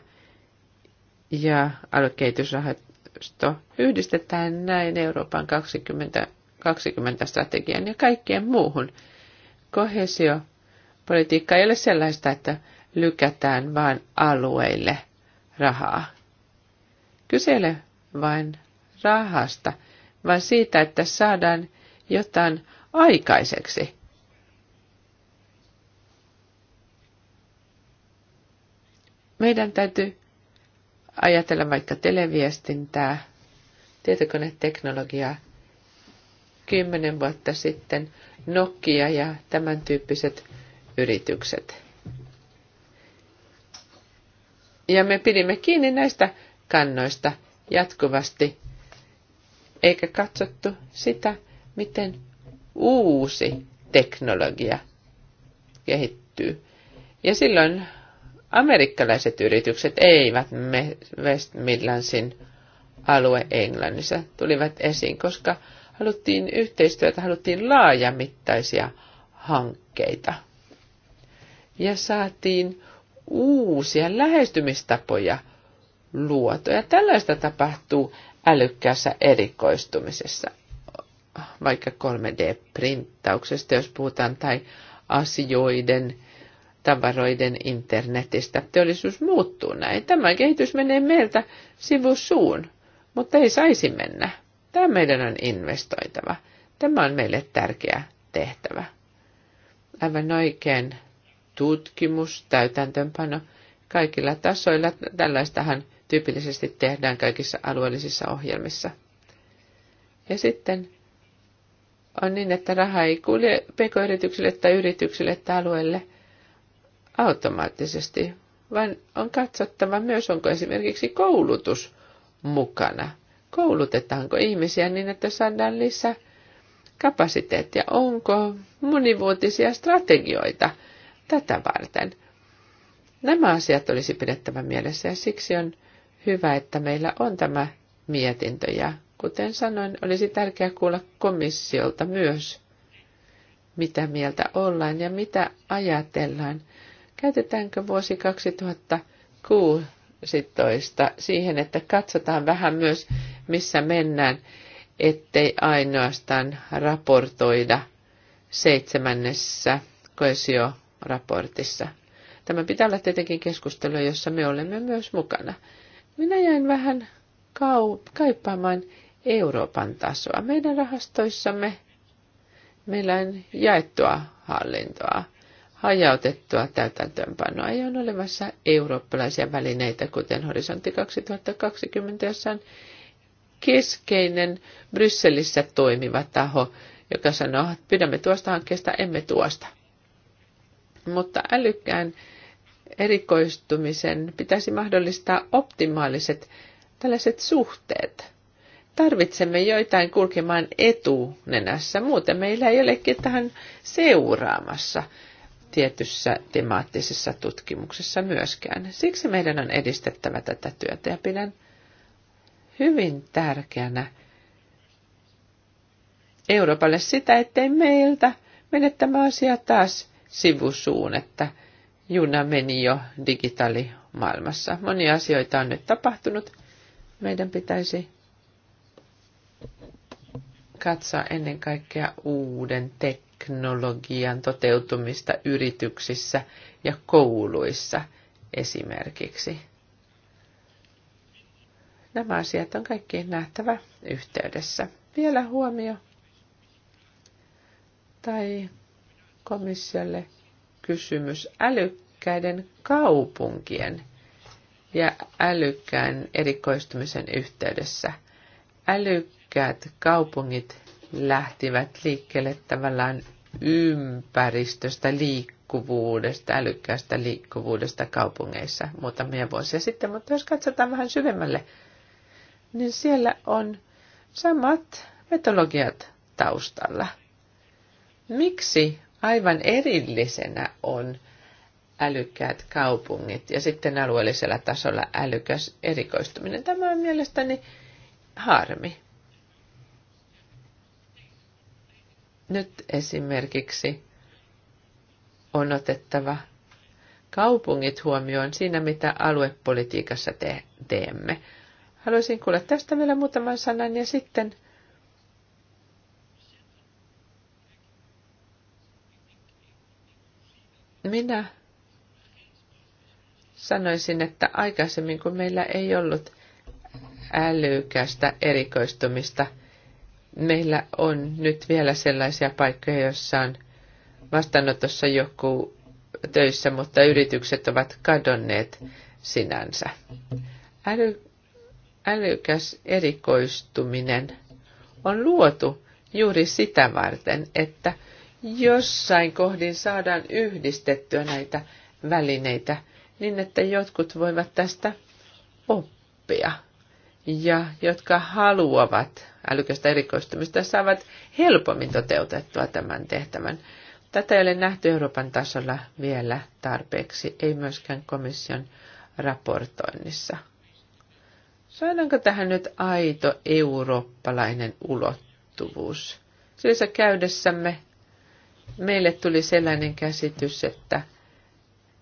ja aluekehitysrahasto yhdistetään näin Euroopan 2020 strategian ja kaikkien muuhun. Kohesiopolitiikka ei ole sellaista, että lykätään vain alueille rahaa. Kyse ei ole vain rahasta, vaan siitä, että saadaan jotain aikaiseksi Meidän täytyy ajatella vaikka televiestintää, tietokoneteknologiaa. Kymmenen vuotta sitten Nokia ja tämän tyyppiset yritykset. Ja me pidimme kiinni näistä kannoista jatkuvasti, eikä katsottu sitä, miten uusi teknologia kehittyy. Ja silloin amerikkalaiset yritykset eivät West Midlandsin alue Englannissa tulivat esiin, koska haluttiin yhteistyötä, haluttiin laajamittaisia hankkeita. Ja saatiin uusia lähestymistapoja luotoja. Tällaista tapahtuu älykkäässä erikoistumisessa, vaikka 3D-printtauksesta, jos puhutaan, tai asioiden tavaroiden internetistä. Teollisuus muuttuu näin. Tämä kehitys menee meiltä sivusuun, mutta ei saisi mennä. Tämä meidän on investoitava. Tämä on meille tärkeä tehtävä. Aivan oikein tutkimus, täytäntöönpano kaikilla tasoilla. Tällaistahan tyypillisesti tehdään kaikissa alueellisissa ohjelmissa. Ja sitten on niin, että raha ei kulje pk-yrityksille tai yrityksille tai alueelle – automaattisesti, vaan on katsottava myös, onko esimerkiksi koulutus mukana. Koulutetaanko ihmisiä niin, että saadaan lisää kapasiteettia, onko monivuotisia strategioita tätä varten. Nämä asiat olisi pidettävä mielessä ja siksi on hyvä, että meillä on tämä mietintö ja kuten sanoin, olisi tärkeää kuulla komissiolta myös, mitä mieltä ollaan ja mitä ajatellaan Käytetäänkö vuosi 2016 siihen, että katsotaan vähän myös, missä mennään, ettei ainoastaan raportoida seitsemännessä koesioraportissa. Tämä pitää olla tietenkin keskustelu, jossa me olemme myös mukana. Minä jäin vähän kau- kaipaamaan Euroopan tasoa. Meidän rahastoissamme meillä on jaettua hallintoa hajautettua täytäntöönpanoa ja on olemassa eurooppalaisia välineitä, kuten Horisontti 2020, jossa on keskeinen Brysselissä toimiva taho, joka sanoo, että pidämme tuosta hankkeesta, emme tuosta. Mutta älykkään erikoistumisen pitäisi mahdollistaa optimaaliset tällaiset suhteet. Tarvitsemme joitain kulkemaan etunenässä, muuten meillä ei ole ketään seuraamassa – tietyssä temaattisessa tutkimuksessa myöskään. Siksi meidän on edistettävä tätä työtä ja pidän hyvin tärkeänä Euroopalle sitä, ettei meiltä mene tämä asia taas sivusuun, että juna meni jo digitaalimaailmassa. Monia asioita on nyt tapahtunut. Meidän pitäisi katsoa ennen kaikkea uuden teknologian teknologian toteutumista yrityksissä ja kouluissa esimerkiksi. Nämä asiat on kaikki nähtävä yhteydessä. Vielä huomio tai komissiolle kysymys älykkäiden kaupunkien ja älykkään erikoistumisen yhteydessä. Älykkäät kaupungit lähtivät liikkeelle tavallaan ympäristöstä, liikkuvuudesta, älykkäästä liikkuvuudesta kaupungeissa muutamia vuosia sitten. Mutta jos katsotaan vähän syvemmälle, niin siellä on samat metologiat taustalla. Miksi aivan erillisenä on älykkäät kaupungit ja sitten alueellisella tasolla älykäs erikoistuminen? Tämä on mielestäni harmi. Nyt esimerkiksi on otettava kaupungit huomioon siinä, mitä aluepolitiikassa te- teemme. Haluaisin kuulla tästä vielä muutaman sanan ja sitten minä sanoisin, että aikaisemmin kun meillä ei ollut älykästä erikoistumista – meillä on nyt vielä sellaisia paikkoja, joissa on vastaanotossa joku töissä, mutta yritykset ovat kadonneet sinänsä. Äly, älykäs erikoistuminen on luotu juuri sitä varten, että jossain kohdin saadaan yhdistettyä näitä välineitä niin, että jotkut voivat tästä oppia ja jotka haluavat älykästä erikoistumista saavat helpommin toteutettua tämän tehtävän. Tätä ei ole nähty Euroopan tasolla vielä tarpeeksi, ei myöskään komission raportoinnissa. Saadaanko tähän nyt aito eurooppalainen ulottuvuus? Sillä käydessämme meille tuli sellainen käsitys, että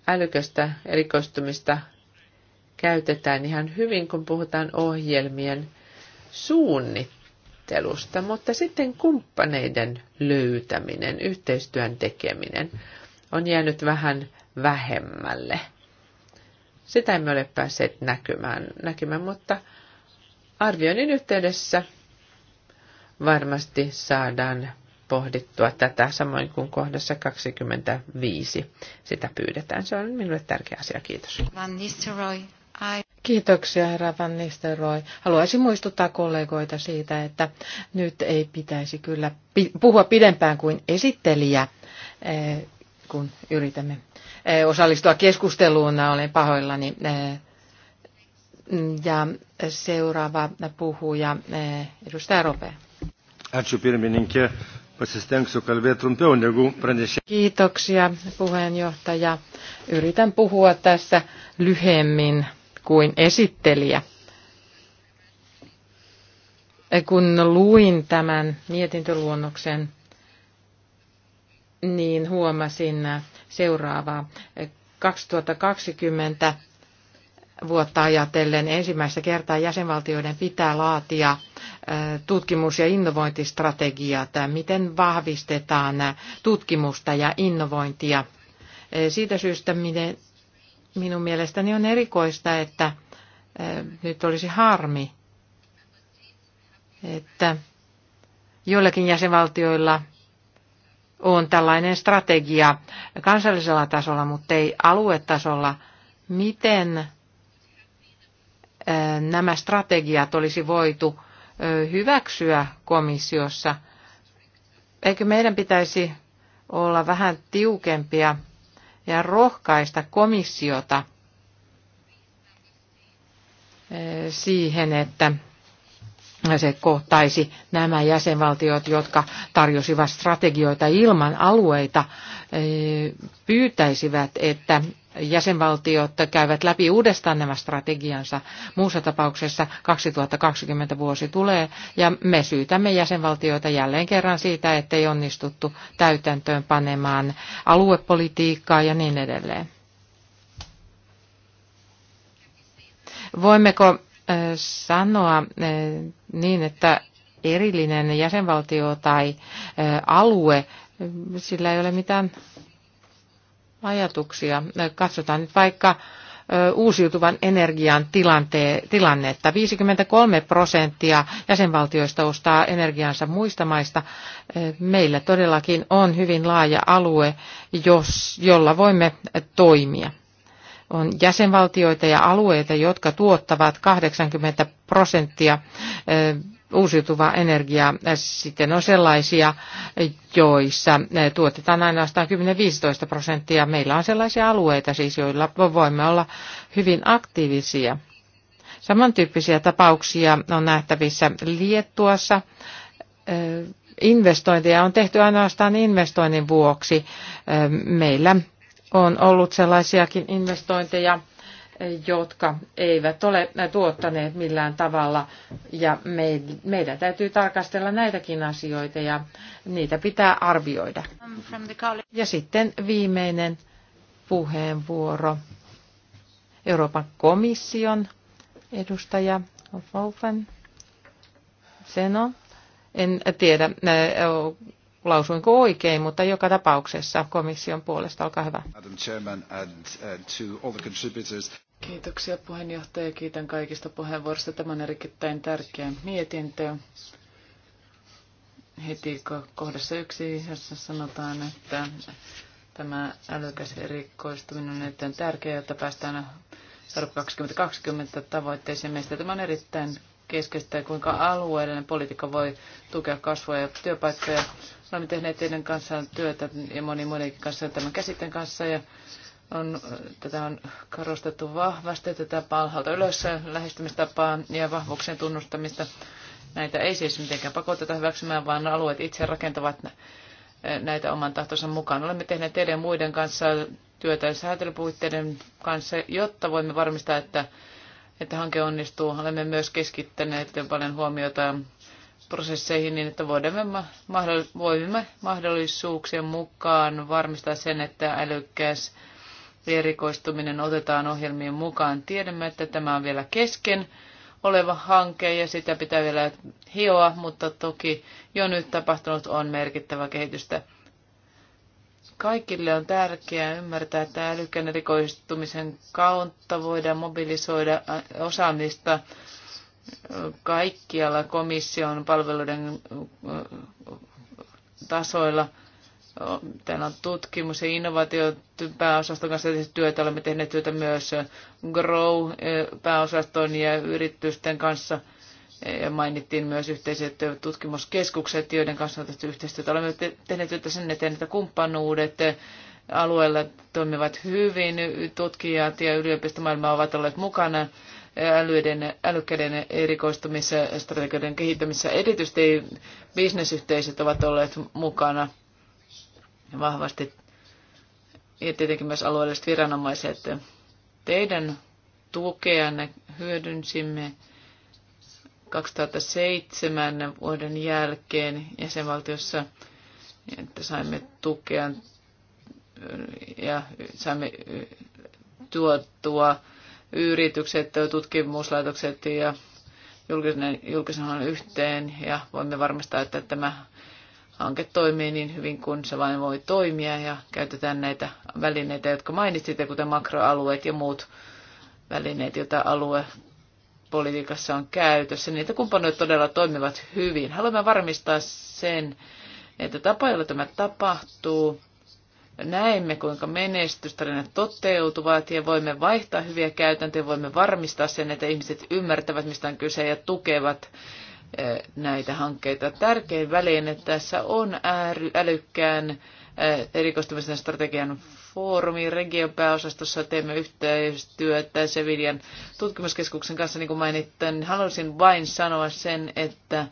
älykästä erikoistumista käytetään ihan hyvin, kun puhutaan ohjelmien suunnittelusta, mutta sitten kumppaneiden löytäminen, yhteistyön tekeminen on jäänyt vähän vähemmälle. Sitä emme ole päässeet näkymään, näkemään, mutta arvioinnin yhteydessä varmasti saadaan pohdittua tätä, samoin kuin kohdassa 25 sitä pyydetään. Se on minulle tärkeä asia. Kiitos. Van Nistelrooy. Kiitoksia, herra Van Nistelrooy. Haluaisin muistuttaa kollegoita siitä, että nyt ei pitäisi kyllä puhua pidempään kuin esittelijä, eh, kun yritämme eh, osallistua keskusteluun. Olen pahoillani. Eh, ja seuraava puhuja, edustaja Rope. Kiitoksia puheenjohtaja. Yritän puhua tässä lyhemmin kuin esittelijä. Kun luin tämän mietintöluonnoksen, niin huomasin seuraavaa. 2020 vuotta ajatellen ensimmäistä kertaa jäsenvaltioiden pitää laatia tutkimus- ja innovointistrategiat, miten vahvistetaan tutkimusta ja innovointia. Siitä syystä Minun mielestäni on erikoista, että nyt olisi harmi, että joillakin jäsenvaltioilla on tällainen strategia kansallisella tasolla, mutta ei aluetasolla. Miten nämä strategiat olisi voitu hyväksyä komissiossa? Eikö meidän pitäisi olla vähän tiukempia ja rohkaista komissiota eh, siihen, että se kohtaisi nämä jäsenvaltiot, jotka tarjosivat strategioita ilman alueita, eh, pyytäisivät, että jäsenvaltiot käyvät läpi uudestaan nämä strategiansa. Muussa tapauksessa 2020 vuosi tulee ja me syytämme jäsenvaltioita jälleen kerran siitä, ettei onnistuttu täytäntöön panemaan aluepolitiikkaa ja niin edelleen. Voimmeko sanoa niin, että erillinen jäsenvaltio tai alue, sillä ei ole mitään ajatuksia. Katsotaan nyt vaikka uusiutuvan energian tilante, tilannetta. 53 prosenttia jäsenvaltioista ostaa energiansa muista maista. Meillä todellakin on hyvin laaja alue, jos, jolla voimme toimia. On jäsenvaltioita ja alueita, jotka tuottavat 80 prosenttia Uusiutuva energia sitten on sellaisia, joissa tuotetaan ainoastaan 10-15 prosenttia. Meillä on sellaisia alueita siis, joilla voimme olla hyvin aktiivisia. Samantyyppisiä tapauksia on nähtävissä Liettuassa. Investointeja on tehty ainoastaan investoinnin vuoksi. Meillä on ollut sellaisiakin investointeja, jotka eivät ole tuottaneet millään tavalla. Ja meidän täytyy tarkastella näitäkin asioita ja niitä pitää arvioida. Ja sitten viimeinen puheenvuoro. Euroopan komission edustaja Wolfen. Seno. En tiedä, lausuinko oikein, mutta joka tapauksessa komission puolesta, olkaa hyvä. Uh, Kiitoksia puheenjohtaja, kiitän kaikista puheenvuorosta Tämä on erittäin tärkeä mietintö. Heti kohdassa yksi, jossa sanotaan, että tämä älykäs erikoistuminen on erittäin tärkeää, jotta päästään 2020 tavoitteeseen. Meistä tämä on erittäin keskeistä, kuinka alueellinen politiikka voi tukea kasvua ja työpaikkoja. Olemme tehneet teidän kanssa työtä ja moni monikin kanssa tämän käsitteen kanssa ja on, tätä on korostettu vahvasti, tätä palhalta ylös lähestymistapaa ja vahvuuksien tunnustamista. Näitä ei siis mitenkään pakoteta hyväksymään, vaan alueet itse rakentavat näitä oman tahtonsa mukaan. Olemme tehneet teidän muiden kanssa työtä säätelypuitteiden kanssa, jotta voimme varmistaa, että, että hanke onnistuu. Olemme myös keskittäneet paljon huomiota prosesseihin niin, että voimme mahdollisuuksien mukaan varmistaa sen, että älykkäs erikoistuminen otetaan ohjelmiin mukaan. Tiedämme, että tämä on vielä kesken oleva hanke ja sitä pitää vielä hioa, mutta toki jo nyt tapahtunut on merkittävä kehitystä. Kaikille on tärkeää ymmärtää, että älykkään erikoistumisen kautta voidaan mobilisoida äh, osaamista kaikkialla komission palveluiden tasoilla. Täällä on tutkimus- ja innovaatiopääosaston kanssa työtä. Olemme tehneet työtä myös Grow-pääosaston ja yritysten kanssa. Ja mainittiin myös yhteiset tutkimuskeskukset, joiden kanssa on tehty yhteistyötä. Olemme tehneet työtä sen eteen, että kumppanuudet alueella toimivat hyvin. Tutkijat ja yliopistomaailma ovat olleet mukana älyiden, älykkäiden erikoistumisstrategioiden kehittämisessä. Erityisesti bisnesyhteisöt ovat olleet mukana vahvasti ja tietenkin myös alueelliset viranomaiset. Teidän tukeanne hyödynsimme 2007 vuoden jälkeen jäsenvaltiossa, että saimme tukea ja saimme tuottua yritykset, tutkimuslaitokset ja julkisen, julkisen yhteen ja voimme varmistaa, että tämä hanke toimii niin hyvin kuin se vain voi toimia ja käytetään näitä välineitä, jotka mainitsit, kuten makroalueet ja muut välineet, joita alue politiikassa on käytössä. Niitä kumppanuudet todella toimivat hyvin. Haluamme varmistaa sen, että tapa, jolla tämä tapahtuu, näemme, kuinka menestystarinat toteutuvat ja voimme vaihtaa hyviä käytäntöjä, voimme varmistaa sen, että ihmiset ymmärtävät, mistä on kyse ja tukevat eh, näitä hankkeita. Tärkein väline tässä on äly, älykkään eh, erikoistumisen strategian foorumi. Region pääosastossa teemme yhteistyötä Sevillian tutkimuskeskuksen kanssa, niin kuin mainittain. Haluaisin vain sanoa sen, että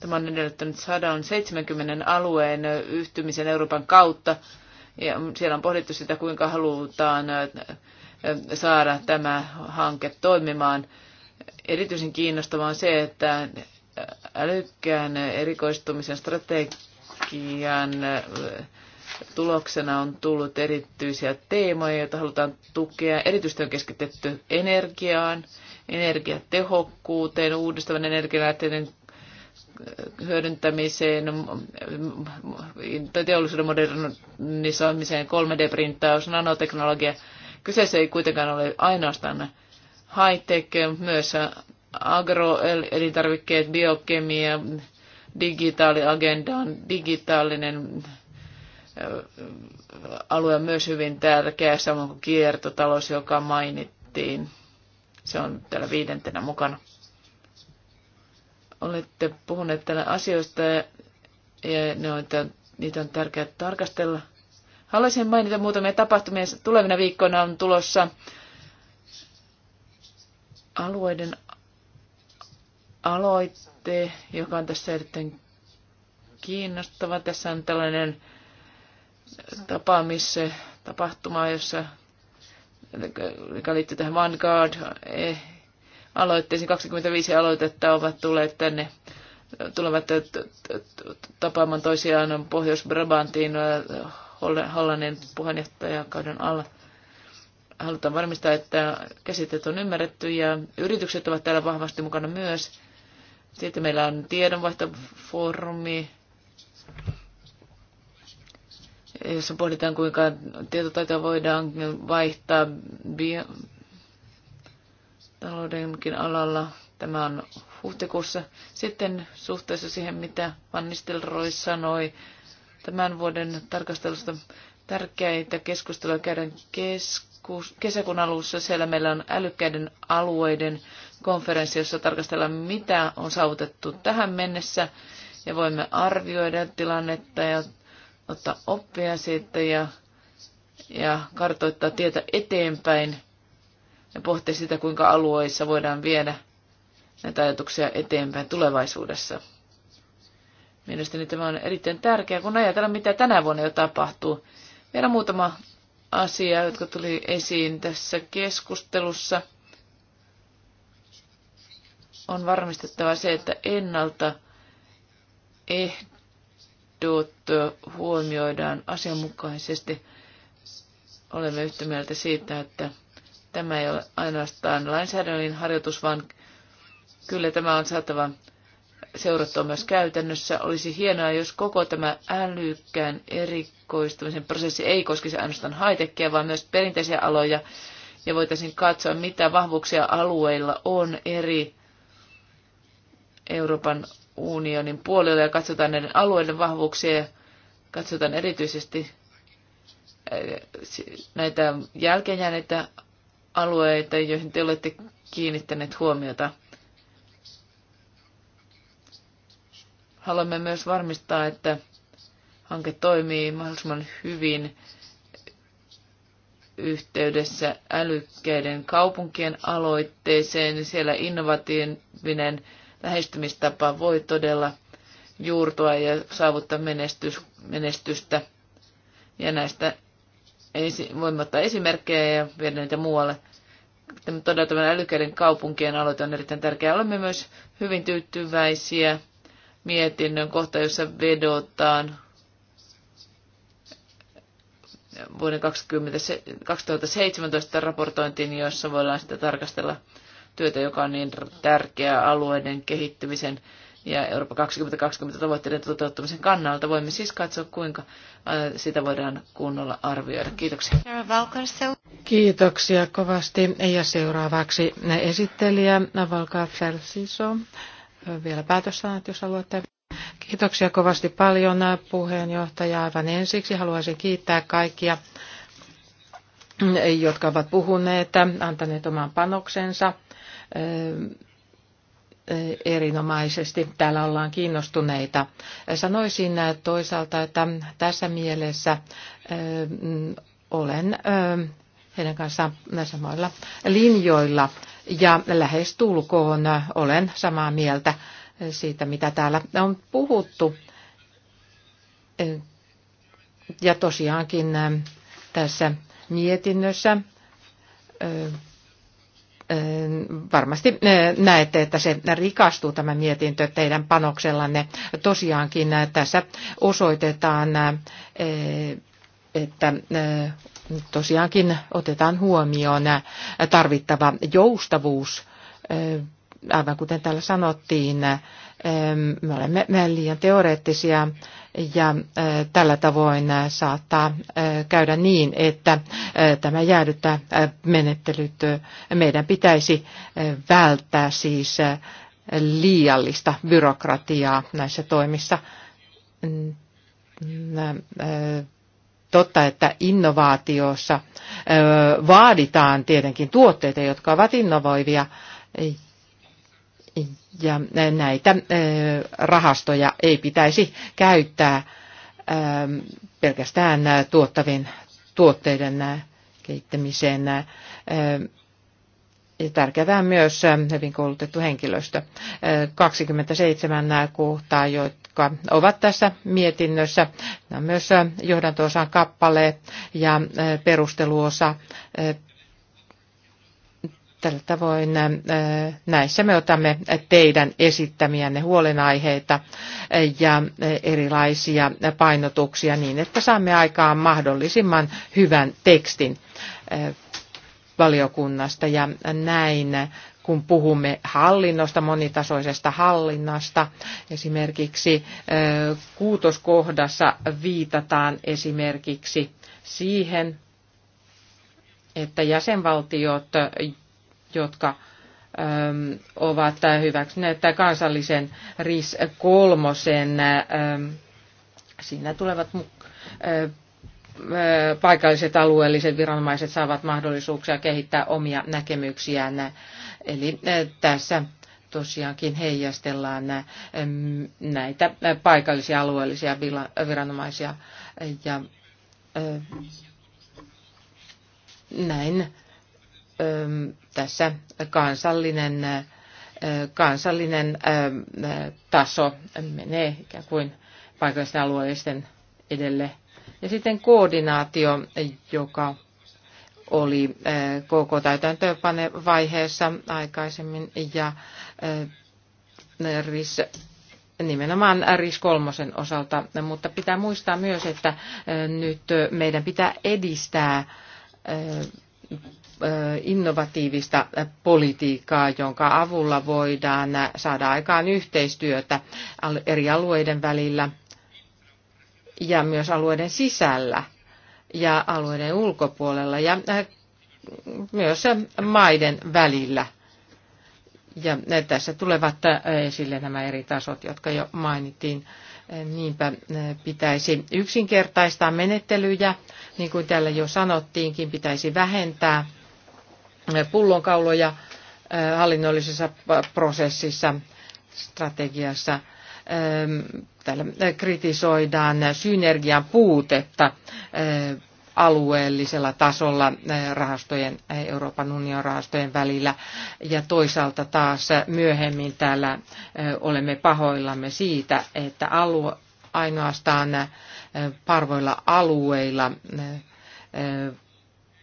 Tämä on edellyttänyt 170 alueen yhtymisen Euroopan kautta. Ja siellä on pohdittu sitä, kuinka halutaan saada tämä hanke toimimaan. Erityisen kiinnostavaa on se, että älykkään erikoistumisen strategian tuloksena on tullut erityisiä teemoja, joita halutaan tukea. Erityisesti on keskitetty energiaan, energiatehokkuuteen, uudistavan energialähteiden hyödyntämiseen, teollisuuden modernisoimiseen, 3D-printtaus, nanoteknologia. Kyseessä ei kuitenkaan ole ainoastaan high-tech, myös agroelintarvikkeet, biokemia, digitaaliagenda on digitaalinen alue on myös hyvin tärkeä, samoin kuin kiertotalous, joka mainittiin. Se on täällä viidentenä mukana olette puhuneet täällä asioista ja ne on, niitä on tärkeää tarkastella. Haluaisin mainita muutamia tapahtumia. Tulevina viikkoina on tulossa alueiden aloitte, joka on tässä erittäin kiinnostava. Tässä on tällainen tapaamistapahtuma, jossa, joka liittyy tähän Vanguard eh, aloitteisiin. 25 aloitetta ovat tulleet tänne tulevat tapaamaan toisiaan Pohjois-Brabantiin eh, Hollannin puheenjohtajakauden alla. Halutaan varmistaa, että käsitteet on ymmärretty ja yritykset ovat täällä vahvasti mukana myös. Sitten meillä on tiedonvaihtofoorumi, jossa pohditaan, kuinka tietotaitoa voidaan vaihtaa taloudenkin alalla. Tämä on huhtikuussa. Sitten suhteessa siihen, mitä Van Nistelrooy sanoi tämän vuoden tarkastelusta tärkeitä keskusteluja käydään keskus, kesäkuun alussa. Siellä meillä on älykkäiden alueiden konferenssi, jossa tarkastellaan, mitä on saavutettu tähän mennessä. Ja voimme arvioida tilannetta ja ottaa oppia siitä ja, ja kartoittaa tietä eteenpäin ja pohtia sitä, kuinka alueissa voidaan viedä näitä ajatuksia eteenpäin tulevaisuudessa. Mielestäni tämä on erittäin tärkeää, kun ajatellaan, mitä tänä vuonna jo tapahtuu. Vielä muutama asia, jotka tuli esiin tässä keskustelussa. On varmistettava se, että ennalta ehdot huomioidaan asianmukaisesti. Olemme yhtä mieltä siitä, että Tämä ei ole ainoastaan lainsäädännöllinen harjoitus, vaan kyllä tämä on saatava seurattua myös käytännössä. Olisi hienoa, jos koko tämä älykkään erikoistumisen prosessi ei koskisi ainoastaan high vaan myös perinteisiä aloja, ja voitaisiin katsoa, mitä vahvuuksia alueilla on eri Euroopan unionin puolella, ja katsotaan näiden alueiden vahvuuksia, ja katsotaan erityisesti näitä jälkeenjääneitä alueita, joihin te olette kiinnittäneet huomiota. Haluamme myös varmistaa, että hanke toimii mahdollisimman hyvin yhteydessä älykkäiden kaupunkien aloitteeseen. Siellä innovatiivinen lähestymistapa voi todella juurtua ja saavuttaa menestystä. Ja näistä esi- voimme ottaa esimerkkejä ja viedä niitä muualle. Tämä todella tämän älykäiden kaupunkien aloite on erittäin tärkeää. Olemme myös hyvin tyytyväisiä mietinnön kohta, jossa vedotaan vuoden 20, 2017 raportointiin, jossa voidaan sitä tarkastella työtä, joka on niin tärkeää alueiden kehittymisen ja Eurooppa 2020 tavoitteiden toteuttamisen kannalta. Voimme siis katsoa, kuinka äh, sitä voidaan kunnolla arvioida. Kiitoksia. Kiitoksia kovasti. Ja seuraavaksi esittelijä Valka Felsiso. Vielä päätössanat, jos haluatte. Kiitoksia kovasti paljon puheenjohtaja. Aivan ensiksi haluaisin kiittää kaikkia, jotka ovat puhuneet, antaneet oman panoksensa erinomaisesti. Täällä ollaan kiinnostuneita. Sanoisin toisaalta, että tässä mielessä olen heidän kanssaan samoilla linjoilla ja lähestulkoon olen samaa mieltä siitä, mitä täällä on puhuttu. Ja tosiaankin tässä mietinnössä Varmasti näette, että se rikastuu tämä mietintö teidän panoksellanne. Tosiaankin tässä osoitetaan, että tosiaankin otetaan huomioon tarvittava joustavuus aivan kuten täällä sanottiin, me olemme liian teoreettisia ja tällä tavoin saattaa käydä niin, että tämä jäädyttää menettelyt. Meidän pitäisi välttää siis liiallista byrokratiaa näissä toimissa. Mm, mm, totta, että innovaatiossa vaaditaan tietenkin tuotteita, jotka ovat innovoivia ja näitä rahastoja ei pitäisi käyttää pelkästään tuottavien tuotteiden kehittämiseen. Tärkeää on myös hyvin koulutettu henkilöstö. 27 kohtaa, jotka ovat tässä mietinnössä. Nämä on myös johdanto kappale ja perusteluosa Tällä tavoin äh, näissä me otamme teidän esittämiänne huolenaiheita ja äh, erilaisia painotuksia niin, että saamme aikaan mahdollisimman hyvän tekstin äh, valiokunnasta ja näin kun puhumme hallinnosta, monitasoisesta hallinnasta. Esimerkiksi kuutoskohdassa viitataan esimerkiksi siihen, että jäsenvaltiot jotka ähm, ovat hyväksyneet kansallisen RIS kolmosen. Ähm, siinä tulevat äh, äh, paikalliset alueelliset viranomaiset saavat mahdollisuuksia kehittää omia näkemyksiään. Eli äh, tässä tosiaankin heijastellaan näitä paikallisia alueellisia viranomaisia ja näin tässä kansallinen, kansallinen taso menee ikään kuin paikallisten alueellisten edelle. Ja sitten koordinaatio, joka oli koko täytäntöönpanevaiheessa aikaisemmin ja RIS, nimenomaan RIS kolmosen osalta, mutta pitää muistaa myös, että nyt meidän pitää edistää innovatiivista politiikkaa, jonka avulla voidaan saada aikaan yhteistyötä eri alueiden välillä ja myös alueiden sisällä ja alueiden ulkopuolella ja myös maiden välillä. Ja tässä tulevat esille nämä eri tasot, jotka jo mainittiin. Niinpä pitäisi yksinkertaistaa menettelyjä, niin kuin täällä jo sanottiinkin, pitäisi vähentää Äh, pullonkauloja äh, hallinnollisessa prosessissa, strategiassa. Ähm, täällä äh, kritisoidaan synergian puutetta alueellisella tasolla rahastojen, Euroopan unionin rahastojen välillä. Ja toisaalta taas myöhemmin täällä olemme pahoillamme siitä, että alue, ainoastaan parvoilla alueilla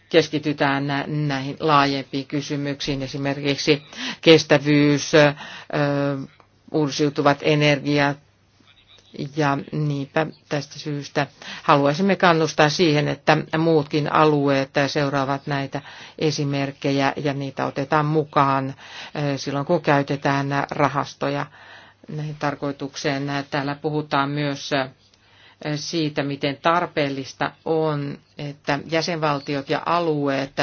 keskitytään näihin laajempiin kysymyksiin, esimerkiksi kestävyys, uusiutuvat energiat, ja niinpä tästä syystä haluaisimme kannustaa siihen, että muutkin alueet seuraavat näitä esimerkkejä ja niitä otetaan mukaan silloin, kun käytetään rahastoja näihin tarkoitukseen. Täällä puhutaan myös siitä, miten tarpeellista on, että jäsenvaltiot ja alueet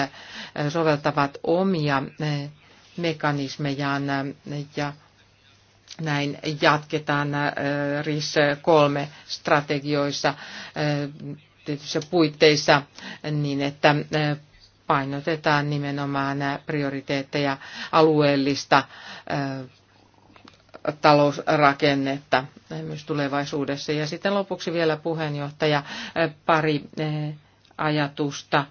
soveltavat omia eh, mekanismejaan eh, ja näin jatketaan eh, RIS 3 strategioissa tietyissä puitteissa niin, että painotetaan nimenomaan prioriteetteja alueellista talousrakennetta myös tulevaisuudessa. Ja sitten lopuksi vielä puheenjohtaja eh, pari eh, ajatusta.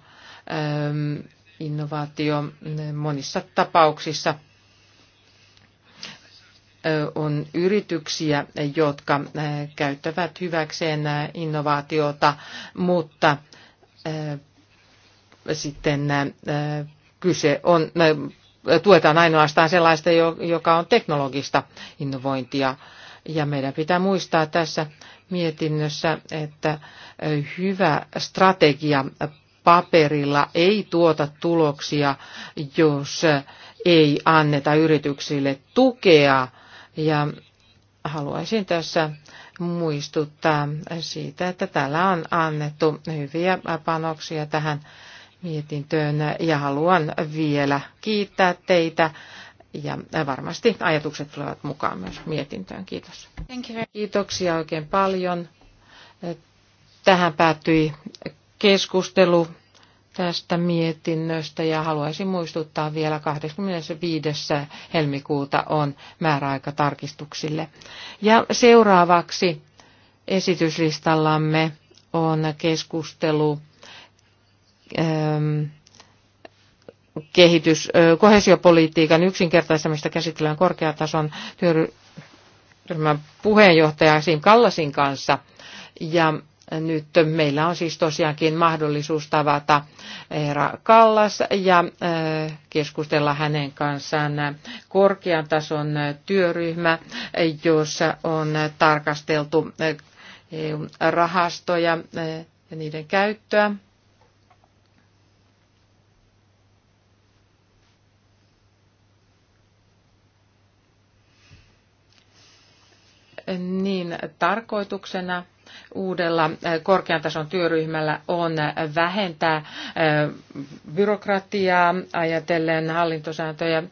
Ehm, innovaatio eh, monissa tapauksissa on yrityksiä, jotka käyttävät hyväkseen innovaatiota, mutta sitten kyse on tuetaan ainoastaan sellaista, joka on teknologista innovointia. Ja meidän pitää muistaa tässä mietinnössä, että hyvä strategia paperilla ei tuota tuloksia, jos ei anneta yrityksille tukea. Ja haluaisin tässä muistuttaa siitä, että täällä on annettu hyviä panoksia tähän mietintöön ja haluan vielä kiittää teitä ja varmasti ajatukset tulevat mukaan myös mietintöön. Kiitos. Kiitoksia oikein paljon. Tähän päättyi keskustelu tästä mietinnöstä ja haluaisin muistuttaa vielä 25. helmikuuta on määräaika tarkistuksille. Ja seuraavaksi esityslistallamme on keskustelu Ähm, kehitys, kohesiopolitiikan yksinkertaistamista käsitellään korkeatason työryhmän puheenjohtaja Sim Kallasin kanssa. Ja nyt meillä on siis tosiaankin mahdollisuus tavata Eera Kallas ja keskustella hänen kanssaan korkean tason työryhmä, jossa on tarkasteltu e rahastoja ja niiden käyttöä niin tarkoituksena uudella korkean tason työryhmällä on vähentää byrokratiaa ajatellen hallintosääntöjä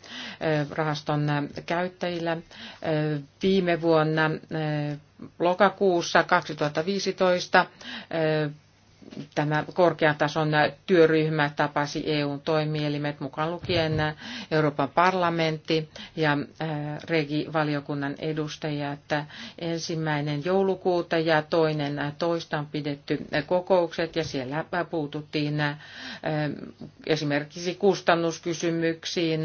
rahaston käyttäjillä. Viime vuonna lokakuussa 2015 tämä korkean tason työryhmä tapasi EUn toimielimet mukaan lukien Euroopan parlamentti ja äh, regivaliokunnan että Ensimmäinen joulukuuta ja toinen toista on pidetty kokoukset ja siellä puututtiin äh, esimerkiksi kustannuskysymyksiin,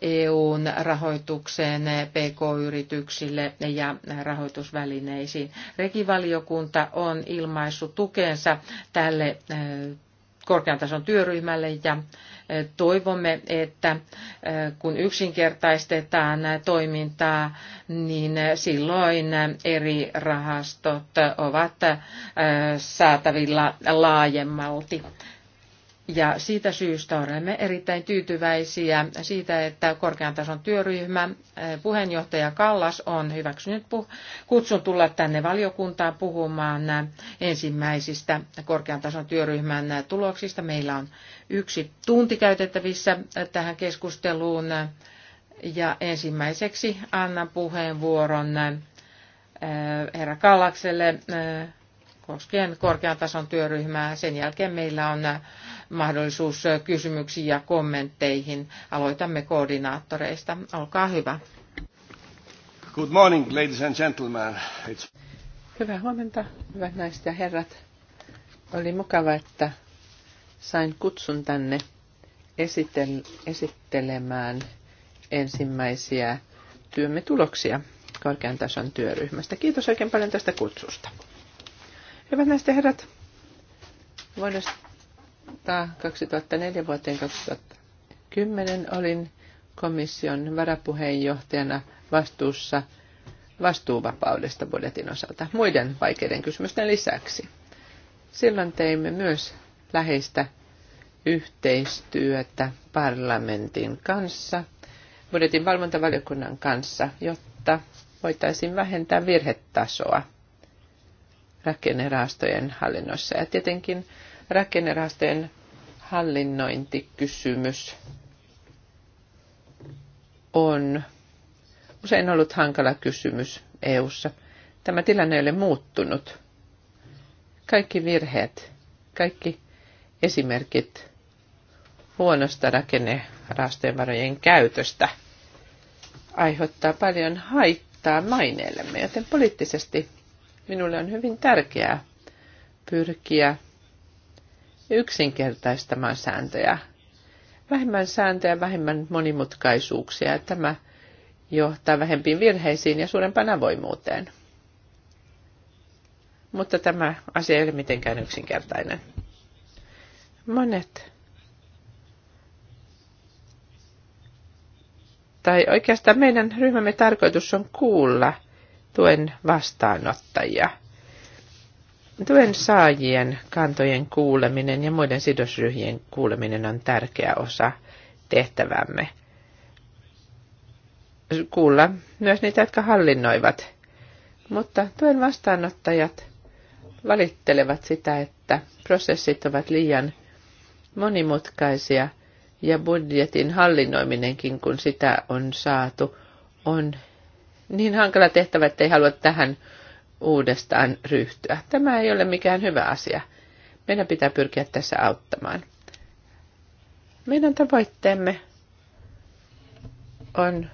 EUn rahoitukseen PK-yrityksille ja rahoitusvälineisiin. Regivaliokunta on ilmaissut tukeensa tälle korkean tason työryhmälle ja toivomme, että kun yksinkertaistetaan toimintaa, niin silloin eri rahastot ovat saatavilla laajemmalti ja siitä syystä olemme erittäin tyytyväisiä siitä, että korkean tason työryhmä, eh, puheenjohtaja Kallas on hyväksynyt kutsun tulla tänne valiokuntaan puhumaan eh, ensimmäisistä korkean tason työryhmän eh, tuloksista. Meillä on yksi tunti käytettävissä tähän keskusteluun. Ja ensimmäiseksi annan puheenvuoron herra Kallakselle koskien korkean tason työryhmää. Sen jälkeen meillä on äh, mahdollisuus äh, kysymyksiin ja kommentteihin. Aloitamme koordinaattoreista. Olkaa hyvä. Good morning, ladies and gentlemen. It's... Hyvää huomenta, hyvät naiset ja herrat. Oli mukava, että sain kutsun tänne esitel- esittelemään ensimmäisiä työmme tuloksia korkean tason työryhmästä. Kiitos oikein paljon tästä kutsusta. Hyvät näistä herrat, vuodesta 2004 vuoteen 2010 olin komission varapuheenjohtajana vastuussa vastuuvapaudesta budjetin osalta muiden vaikeiden kysymysten lisäksi. Silloin teimme myös läheistä yhteistyötä parlamentin kanssa, budjetin valvontavaliokunnan kanssa, jotta voitaisiin vähentää virhetasoa – rakennerahastojen hallinnoissa. Ja tietenkin rakennerahastojen hallinnointikysymys on usein ollut hankala kysymys EU:ssa. Tämä tilanne ei ole muuttunut. Kaikki virheet, kaikki esimerkit huonosta rakennerahastojen varojen käytöstä aiheuttaa paljon haittaa maineellemme, joten poliittisesti Minulle on hyvin tärkeää pyrkiä yksinkertaistamaan sääntöjä. Vähemmän sääntöjä, vähemmän monimutkaisuuksia. Tämä johtaa vähempiin virheisiin ja suurempaan avoimuuteen. Mutta tämä asia ei ole mitenkään yksinkertainen. Monet tai oikeastaan meidän ryhmämme tarkoitus on kuulla – tuen vastaanottajia. Tuen saajien kantojen kuuleminen ja muiden sidosryhmien kuuleminen on tärkeä osa tehtävämme. Kuulla myös niitä, jotka hallinnoivat. Mutta tuen vastaanottajat valittelevat sitä, että prosessit ovat liian monimutkaisia ja budjetin hallinnoiminenkin, kun sitä on saatu, on niin hankala tehtävä, että ei halua tähän uudestaan ryhtyä. Tämä ei ole mikään hyvä asia. Meidän pitää pyrkiä tässä auttamaan. Meidän tavoitteemme on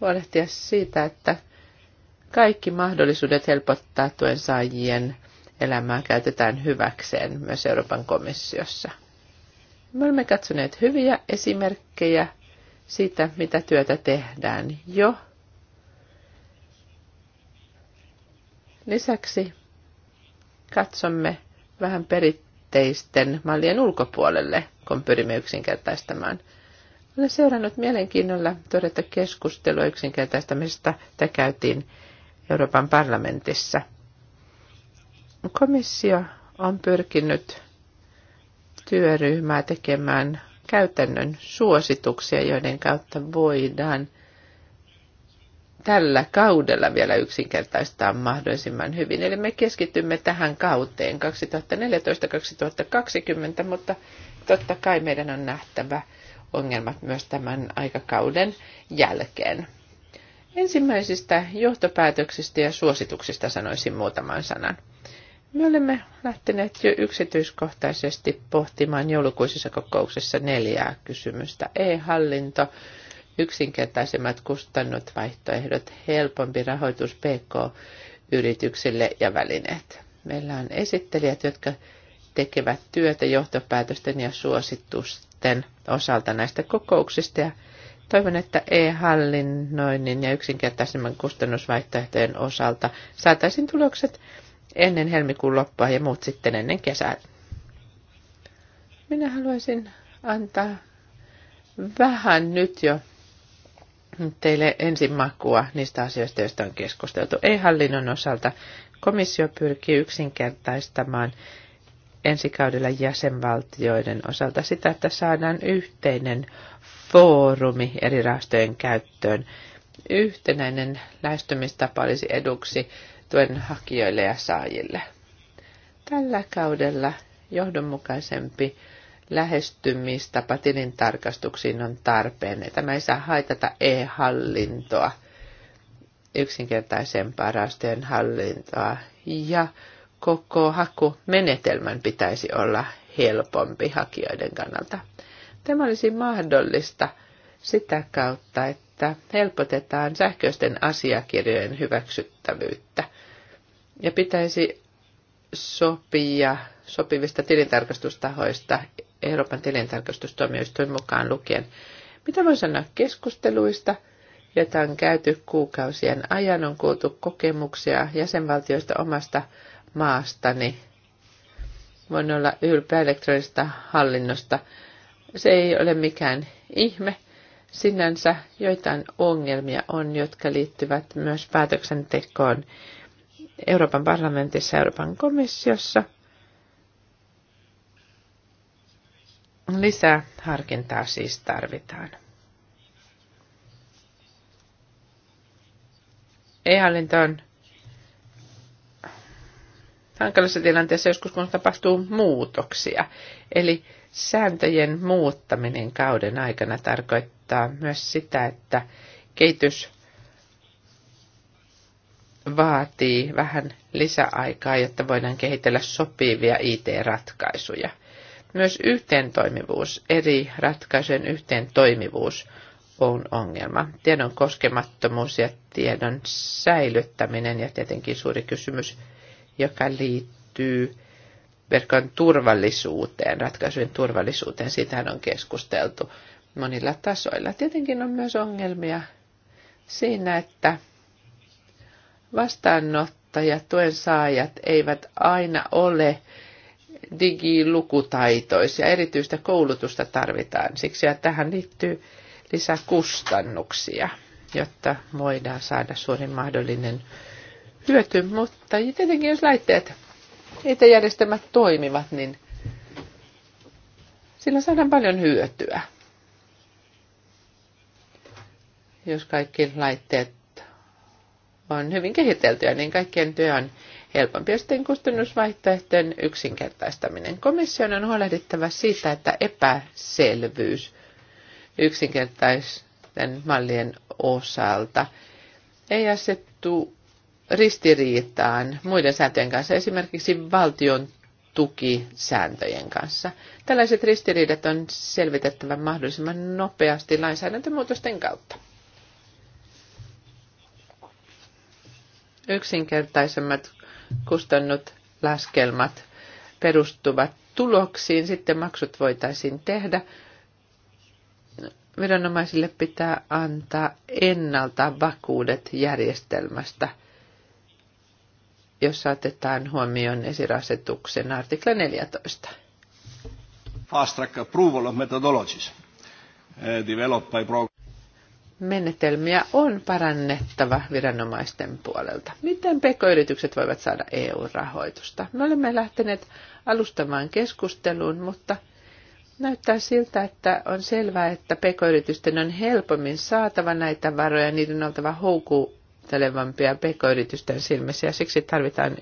huolehtia siitä, että kaikki mahdollisuudet helpottaa tuen saajien elämää käytetään hyväkseen myös Euroopan komissiossa. Me olemme katsoneet hyviä esimerkkejä – sitä, mitä työtä tehdään jo. Lisäksi katsomme vähän perinteisten mallien ulkopuolelle, kun pyrimme yksinkertaistamaan. Olen seurannut mielenkiinnolla todeta keskustelua yksinkertaistamisesta, mitä käytiin Euroopan parlamentissa. Komissio on pyrkinyt työryhmää tekemään käytännön suosituksia, joiden kautta voidaan tällä kaudella vielä yksinkertaistaa mahdollisimman hyvin. Eli me keskitymme tähän kauteen 2014-2020, mutta totta kai meidän on nähtävä ongelmat myös tämän aikakauden jälkeen. Ensimmäisistä johtopäätöksistä ja suosituksista sanoisin muutaman sanan. Me olemme lähteneet jo yksityiskohtaisesti pohtimaan joulukuisessa kokouksessa neljää kysymystä. E-hallinto, yksinkertaisemmat vaihtoehdot, helpompi rahoitus PK-yrityksille ja välineet. Meillä on esittelijät, jotka tekevät työtä johtopäätösten ja suositusten osalta näistä kokouksista ja Toivon, että e-hallinnoinnin ja yksinkertaisemman kustannusvaihtoehtojen osalta saataisiin tulokset ennen helmikuun loppua ja muut sitten ennen kesää. Minä haluaisin antaa vähän nyt jo teille ensin makua niistä asioista, joista on keskusteltu. Ei-hallinnon osalta komissio pyrkii yksinkertaistamaan ensi kaudella jäsenvaltioiden osalta sitä, että saadaan yhteinen foorumi eri rahastojen käyttöön. Yhtenäinen lähestymistapa olisi eduksi tuen hakijoille ja saajille. Tällä kaudella johdonmukaisempi lähestymistapa tilintarkastuksiin on tarpeen. Tämä ei saa haitata e-hallintoa, yksinkertaisempaa rastojen hallintoa ja koko hakumenetelmän pitäisi olla helpompi hakijoiden kannalta. Tämä olisi mahdollista sitä kautta, että että helpotetaan sähköisten asiakirjojen hyväksyttävyyttä. Ja pitäisi sopia sopivista tilintarkastustahoista Euroopan tilintarkastustuomioistuin mukaan lukien. Mitä voin sanoa keskusteluista, joita on käyty kuukausien ajan, on kuultu kokemuksia jäsenvaltioista omasta maastani. Voin olla ylpeä elektronista hallinnosta. Se ei ole mikään ihme, sinänsä joitain ongelmia on, jotka liittyvät myös päätöksentekoon Euroopan parlamentissa, Euroopan komissiossa. Lisää harkintaa siis tarvitaan. E-hallinto on hankalassa tilanteessa joskus, kun tapahtuu muutoksia. Eli sääntöjen muuttaminen kauden aikana tarkoittaa, tarkoittaa myös sitä, että kehitys vaatii vähän lisäaikaa, jotta voidaan kehitellä sopivia IT-ratkaisuja. Myös yhteentoimivuus, eri ratkaisujen yhteentoimivuus on ongelma. Tiedon koskemattomuus ja tiedon säilyttäminen ja tietenkin suuri kysymys, joka liittyy verkon turvallisuuteen, ratkaisujen turvallisuuteen, siitähän on keskusteltu monilla tasoilla. Tietenkin on myös ongelmia siinä, että vastaanottajat, tuen saajat eivät aina ole digilukutaitoisia. Erityistä koulutusta tarvitaan siksi, että tähän liittyy lisäkustannuksia, jotta voidaan saada suurin mahdollinen hyöty. Mutta tietenkin jos laitteet, niitä järjestelmät toimivat, niin sillä saadaan paljon hyötyä jos kaikki laitteet on hyvin kehiteltyä, niin kaikkien työ on helpompi. Ja sitten kustannusvaihtoehtojen yksinkertaistaminen. Komission on huolehdittava siitä, että epäselvyys yksinkertaisten mallien osalta ei asettu ristiriitaan muiden sääntöjen kanssa, esimerkiksi valtion tukisääntöjen kanssa. Tällaiset ristiriidat on selvitettävä mahdollisimman nopeasti lainsäädäntömuutosten kautta. yksinkertaisemmat kustannut laskelmat perustuvat tuloksiin, sitten maksut voitaisiin tehdä. Viranomaisille pitää antaa ennalta vakuudet järjestelmästä, jossa otetaan huomioon esirasetuksen artikla 14. Fast track approval of methodologies. Eh, Develop by menetelmiä on parannettava viranomaisten puolelta. Miten pk-yritykset voivat saada EU-rahoitusta? Me olemme lähteneet alustamaan keskusteluun, mutta näyttää siltä, että on selvää, että pk-yritysten on helpommin saatava näitä varoja, niiden on oltava houkuttelevampia pk-yritysten silmissä ja siksi tarvitaan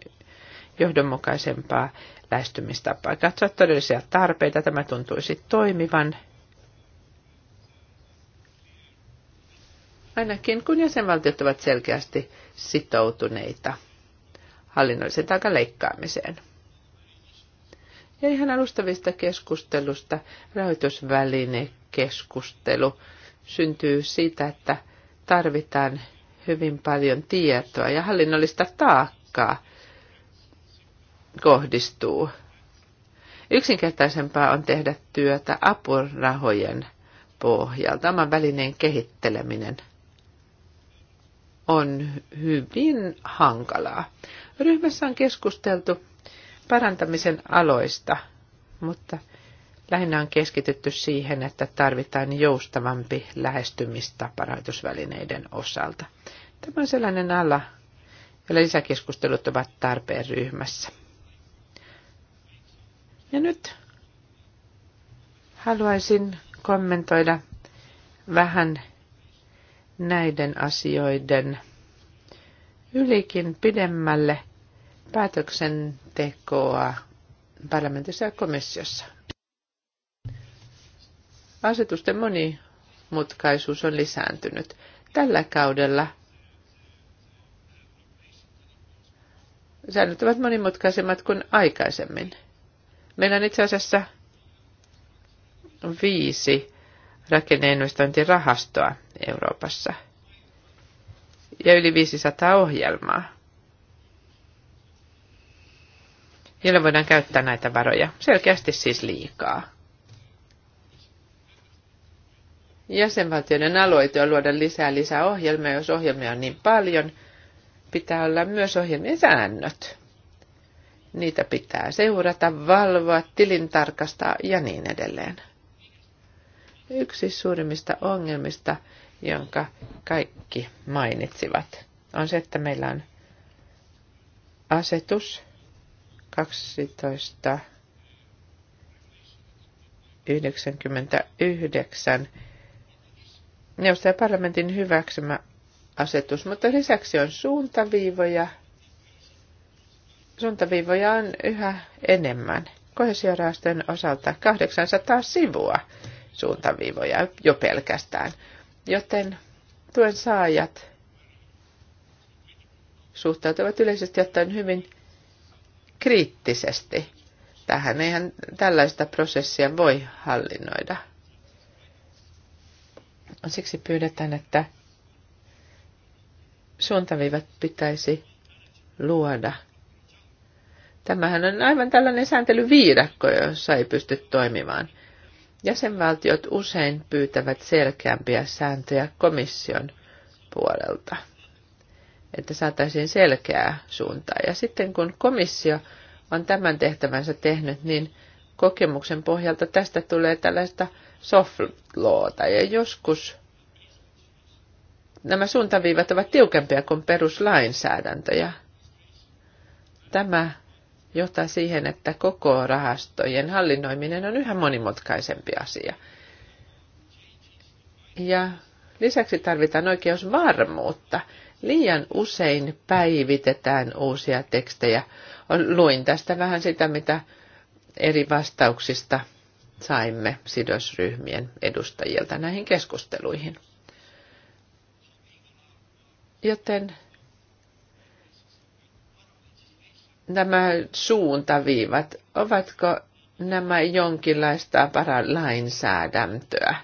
johdonmukaisempaa lähestymistapaa. Katsoa todellisia tarpeita, tämä tuntuisi toimivan ainakin kun jäsenvaltiot ovat selkeästi sitoutuneita hallinnollisen taakan leikkaamiseen. Ja ihan alustavista keskustelusta rahoitusvälinekeskustelu syntyy siitä, että tarvitaan hyvin paljon tietoa ja hallinnollista taakkaa kohdistuu. Yksinkertaisempaa on tehdä työtä apurahojen pohjalta, oman välineen kehitteleminen – on hyvin hankalaa. Ryhmässä on keskusteltu parantamisen aloista, mutta lähinnä on keskitytty siihen, että tarvitaan joustavampi lähestymistapa rahoitusvälineiden osalta. Tämä on sellainen ala, jolla lisäkeskustelut ovat tarpeen ryhmässä. Ja nyt haluaisin kommentoida vähän näiden asioiden ylikin pidemmälle päätöksentekoa parlamentissa ja komissiossa. Asetusten monimutkaisuus on lisääntynyt. Tällä kaudella säännöt ovat monimutkaisemmat kuin aikaisemmin. Meillä on itse asiassa viisi rakenneinvestointirahastoa Euroopassa ja yli 500 ohjelmaa, joilla voidaan käyttää näitä varoja. Selkeästi siis liikaa. Jäsenvaltioiden aloite on luoda lisää lisää ohjelmia, jos ohjelmia on niin paljon. Pitää olla myös ohjelmien säännöt. Niitä pitää seurata, valvoa, tilintarkastaa ja niin edelleen. Yksi suurimmista ongelmista, jonka kaikki mainitsivat, on se, että meillä on asetus 1299 neuvosto- ja parlamentin hyväksymä asetus, mutta lisäksi on suuntaviivoja. Suuntaviivoja on yhä enemmän. Kohesiorahastojen osalta 800 sivua suuntaviivoja jo pelkästään. Joten tuen saajat suhtautuvat yleisesti ottaen hyvin kriittisesti tähän. Eihän tällaista prosessia voi hallinnoida. Siksi pyydetään, että suuntaviivat pitäisi luoda. Tämähän on aivan tällainen sääntelyviidakko, jossa ei pysty toimimaan – Jäsenvaltiot usein pyytävät selkeämpiä sääntöjä komission puolelta, että saataisiin selkeää suuntaa. Ja sitten kun komissio on tämän tehtävänsä tehnyt, niin kokemuksen pohjalta tästä tulee tällaista soft lawta. Ja joskus nämä suuntaviivat ovat tiukempia kuin peruslainsäädäntö. Ja tämä johtaa siihen, että koko rahastojen hallinnoiminen on yhä monimutkaisempi asia. Ja lisäksi tarvitaan oikeusvarmuutta. Liian usein päivitetään uusia tekstejä. Luin tästä vähän sitä, mitä eri vastauksista saimme sidosryhmien edustajilta näihin keskusteluihin. Joten nämä suuntaviivat, ovatko nämä jonkinlaista paralainsäädäntöä,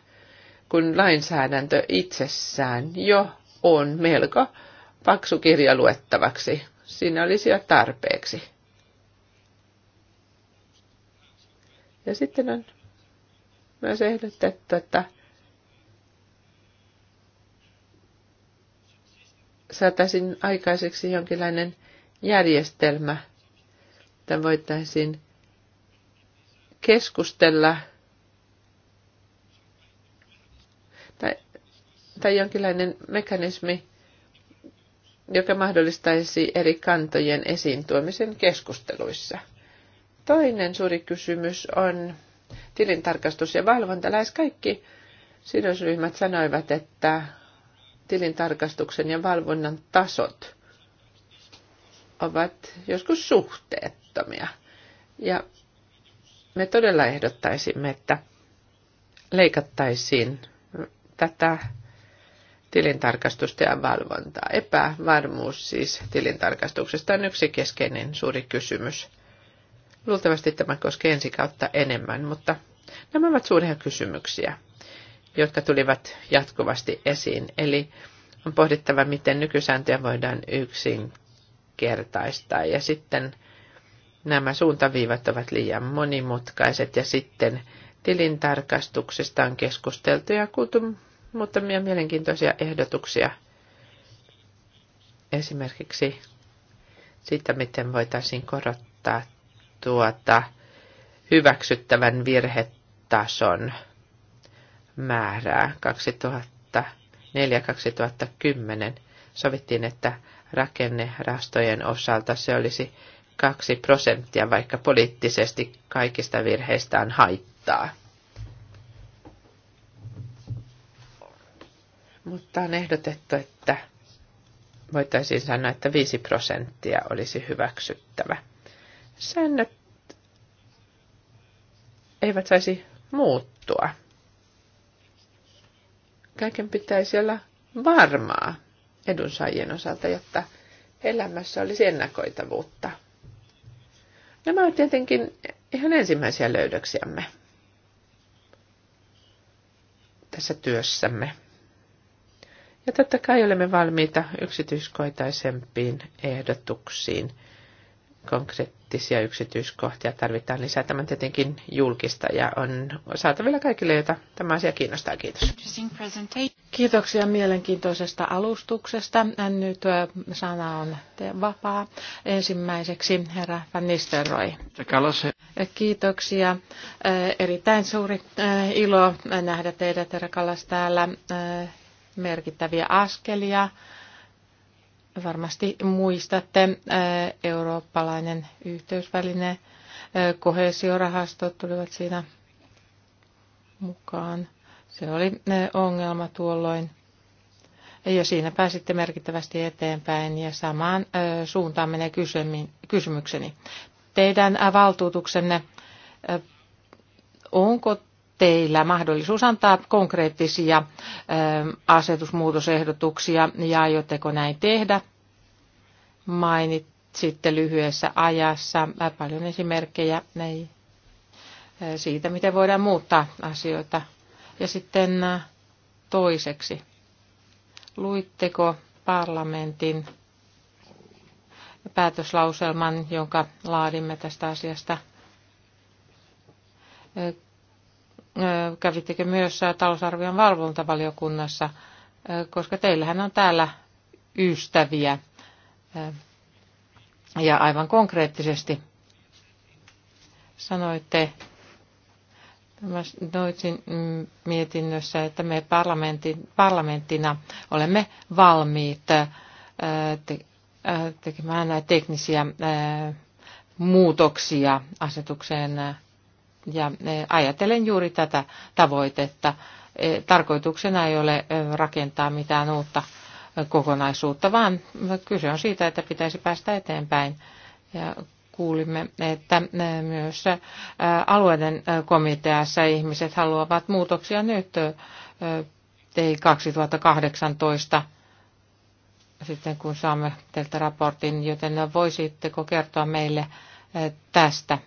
kun lainsäädäntö itsessään jo on melko paksu kirja luettavaksi. Siinä olisi jo tarpeeksi. Ja sitten on myös ehdotettu, että saataisiin aikaiseksi jonkinlainen järjestelmä – että voitaisiin keskustella tai, tai jonkinlainen mekanismi, joka mahdollistaisi eri kantojen esiin tuomisen keskusteluissa. Toinen suuri kysymys on tilintarkastus ja valvonta. Lähes kaikki sidosryhmät sanoivat, että tilintarkastuksen ja valvonnan tasot ovat joskus suhteet tehottomia. Ja me todella ehdottaisimme, että leikattaisiin tätä tilintarkastusta ja valvontaa. Epävarmuus siis tilintarkastuksesta on yksi keskeinen suuri kysymys. Luultavasti tämä koskee ensi kautta enemmän, mutta nämä ovat suuria kysymyksiä, jotka tulivat jatkuvasti esiin. Eli on pohdittava, miten nykysääntöjä voidaan yksinkertaistaa ja sitten nämä suuntaviivat ovat liian monimutkaiset ja sitten tilintarkastuksesta on keskusteltu ja kuultu muutamia mielenkiintoisia ehdotuksia. Esimerkiksi siitä, miten voitaisiin korottaa tuota hyväksyttävän virhetason määrää 2004-2010. Sovittiin, että rakennerastojen osalta se olisi kaksi prosenttia, vaikka poliittisesti kaikista virheistään haittaa. Mutta on ehdotettu, että voitaisiin sanoa, että 5 prosenttia olisi hyväksyttävä. Säännöt eivät saisi muuttua. Kaiken pitäisi olla varmaa edunsaajien osalta, jotta elämässä olisi ennakoitavuutta. Nämä ovat tietenkin ihan ensimmäisiä löydöksiämme tässä työssämme. Ja totta kai olemme valmiita yksityiskoitaisempiin ehdotuksiin – konkreettisia yksityiskohtia tarvitaan lisää. Tämä on tietenkin julkista ja on saatavilla kaikille, joita tämä asia kiinnostaa. Kiitos. Kiitoksia mielenkiintoisesta alustuksesta. Nyt sana on vapaa. Ensimmäiseksi herra Van Nistelrooy. Kiitoksia. Erittäin suuri ilo nähdä teidät, herra Kallas, täällä merkittäviä askelia Varmasti muistatte eurooppalainen yhteysväline, kohesiorahastot tulivat siinä mukaan. Se oli ongelma tuolloin. Ja siinä pääsitte merkittävästi eteenpäin ja samaan suuntaan menee kysymykseni. Teidän valtuutuksenne, onko teillä mahdollisuus antaa konkreettisia ähm, asetusmuutosehdotuksia ja aiotteko näin tehdä? Mainitsitte lyhyessä ajassa äh, paljon esimerkkejä äh, siitä, miten voidaan muuttaa asioita. Ja sitten äh, toiseksi, luitteko parlamentin päätöslauselman, jonka laadimme tästä asiasta kävittekö myös talousarvion valvontavaliokunnassa, koska teillähän on täällä ystäviä ja aivan konkreettisesti sanoitte Mä Deutschin mm, mietinnössä, että me parlamenttina olemme valmiit tekemään teknisiä muutoksia asetukseen ja e, ajatellen juuri tätä tavoitetta. E, tarkoituksena ei ole e, rakentaa mitään uutta kokonaisuutta, vaan kyse on siitä, että pitäisi päästä eteenpäin. Ja kuulimme, että myös alueiden komiteassa ihmiset haluavat muutoksia nyt ei 2018 sitten kun saamme teiltä raportin, joten voisitteko kertoa meille tästä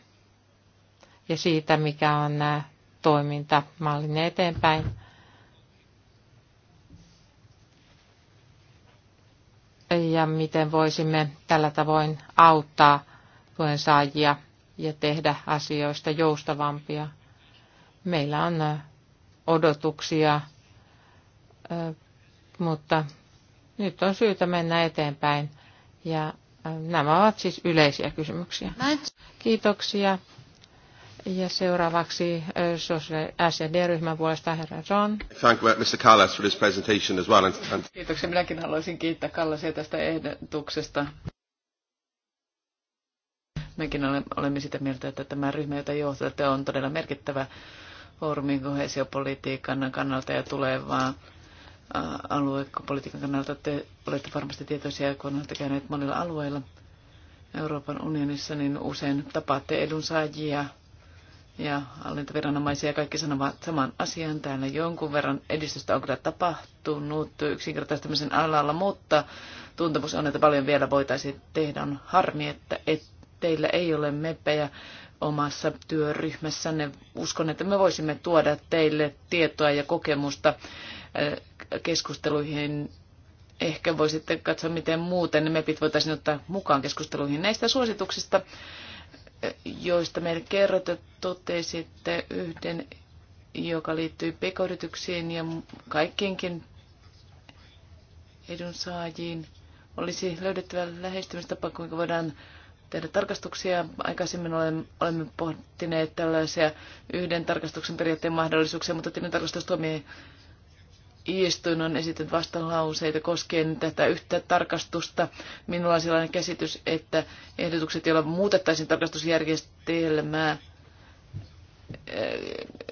ja siitä, mikä on toimintamallin eteenpäin. Ja miten voisimme tällä tavoin auttaa tuen saajia ja tehdä asioista joustavampia. Meillä on odotuksia, mutta nyt on syytä mennä eteenpäin. Ja nämä ovat siis yleisiä kysymyksiä. Kiitoksia. Ja seuraavaksi SD-ryhmän puolesta herra John. Thank uh, Mr. Callas for this presentation as well. And... Kiitoksia. Minäkin haluaisin kiittää Kallasia tästä ehdotuksesta. Mekin olemme sitä mieltä, että tämä ryhmä, jota johtatte, on todella merkittävä foorumi kohesiopolitiikan kannalta ja tulevaa aluepolitiikan kannalta. Te olette varmasti tietoisia, kun olette käyneet monilla alueilla Euroopan unionissa, niin usein tapaatte edunsaajia – ja hallintoviranomaisia kaikki sanovat saman asian. Täällä jonkun verran edistystä on kyllä tapahtunut yksinkertaistamisen alalla, mutta tuntemus on, että paljon vielä voitaisiin tehdä. On harmi, että et, teillä ei ole mepejä omassa työryhmässänne. Uskon, että me voisimme tuoda teille tietoa ja kokemusta äh, keskusteluihin. Ehkä voisitte katsoa, miten muuten me mepit voitaisiin ottaa mukaan keskusteluihin näistä suosituksista joista meille kerrotte, totesitte yhden, joka liittyy pekoyrityksiin ja kaikkienkin edunsaajiin. Olisi löydettävä lähestymistapa, kuinka voidaan tehdä tarkastuksia. Aikaisemmin olemme pohtineet tällaisia yhden tarkastuksen periaatteen mahdollisuuksia, mutta tilintarkastustuomioistuin istuin on esitetty vastalauseita koskien tätä yhtä tarkastusta. Minulla on sellainen käsitys, että ehdotukset, joilla muutettaisiin tarkastusjärjestelmää eh,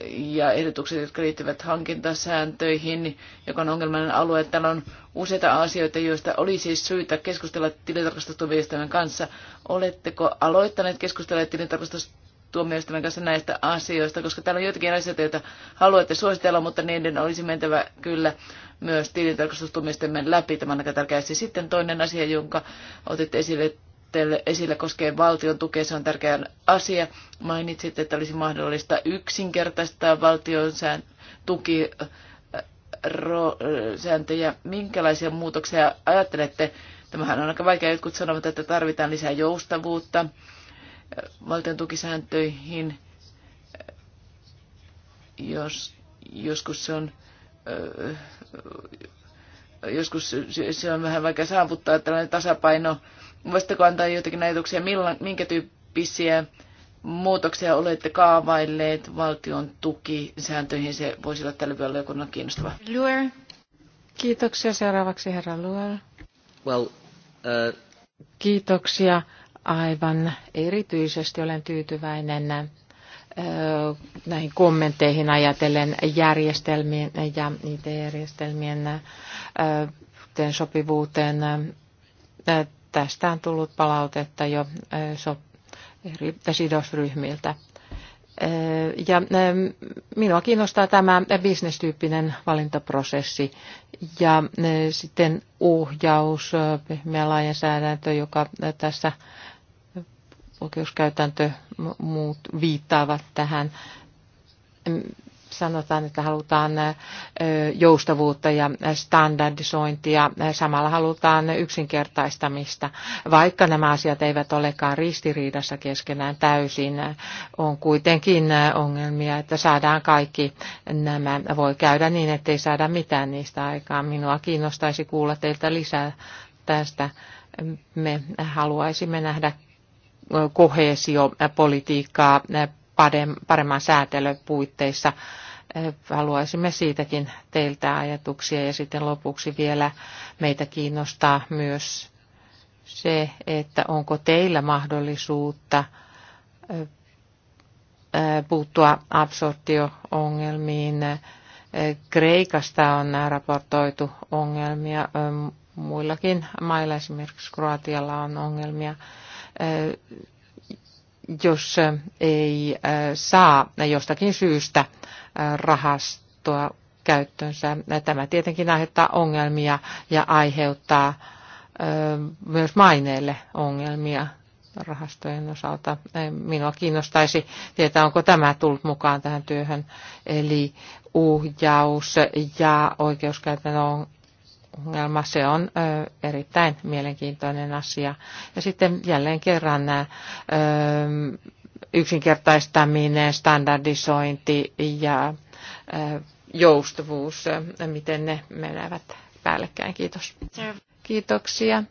ja ehdotukset, jotka liittyvät hankintasääntöihin, joka on ongelmallinen alue. Täällä on useita asioita, joista oli siis syytä keskustella tilintarkastustuomioistuimen kanssa. Oletteko aloittaneet keskustella tilintarkastustuomioistuimen tuomioistuimen kanssa näistä asioista, koska täällä on joitakin asioita, joita haluatte suositella, mutta niiden olisi mentävä kyllä myös tilintarkastustuomioistuimen läpi. Tämä on aika tärkeää. Sitten toinen asia, jonka otitte esille, teille esille koskee valtion tukea. Se on tärkeä asia. Mainitsit, että olisi mahdollista yksinkertaistaa valtion sään, tuki äh, äh, sääntöjä. Minkälaisia muutoksia ajattelette? Tämähän on aika vaikea. Jotkut sanovat, että tarvitaan lisää joustavuutta valtion tukisääntöihin. Jos, joskus se on joskus se on vähän vaikea saavuttaa tällainen tasapaino. Voisitteko antaa jotakin ajatuksia, milla, minkä tyyppisiä muutoksia olette kaavailleet valtion tukisääntöihin? Se voisi olla tälle valiokunnalle kiinnostava. Luer. Kiitoksia. Seuraavaksi herra Luer. Well, uh... Kiitoksia. Aivan erityisesti olen tyytyväinen näihin kommentteihin ajatellen järjestelmien ja niiden järjestelmien sopivuuteen. Tästä on tullut palautetta jo eri sidosryhmiltä. Ja minua kiinnostaa tämä bisnestyyppinen valintaprosessi ja sitten ohjaus, pehmeä lainsäädäntö, joka tässä oikeuskäytäntö muut viittaavat tähän. Sanotaan, että halutaan joustavuutta ja standardisointia, samalla halutaan yksinkertaistamista. Vaikka nämä asiat eivät olekaan ristiriidassa keskenään täysin, on kuitenkin ongelmia, että saadaan kaikki nämä. Voi käydä niin, ettei saada mitään niistä aikaa. Minua kiinnostaisi kuulla teiltä lisää tästä me haluaisimme nähdä kohesiopolitiikkaa eh, paremman säätelypuitteissa. Eh, haluaisimme siitäkin teiltä ajatuksia ja sitten lopuksi vielä meitä kiinnostaa myös se, että onko teillä mahdollisuutta eh, puuttua absorptioongelmiin. Kreikasta on raportoitu ongelmia, muillakin mailla, esimerkiksi Kroatialla on ongelmia jos ei saa jostakin syystä rahastoa käyttöönsä. Tämä tietenkin aiheuttaa ongelmia ja aiheuttaa myös maineelle ongelmia rahastojen osalta. Minua kiinnostaisi tietää, onko tämä tullut mukaan tähän työhön. Eli uhjaus ja oikeuskäytännön ongelma. Se on erittäin mielenkiintoinen asia. Ja sitten jälleen kerran nämä yksinkertaistaminen, standardisointi ja joustavuus, miten ne menevät päällekkäin. Kiitos. Kiitoksia.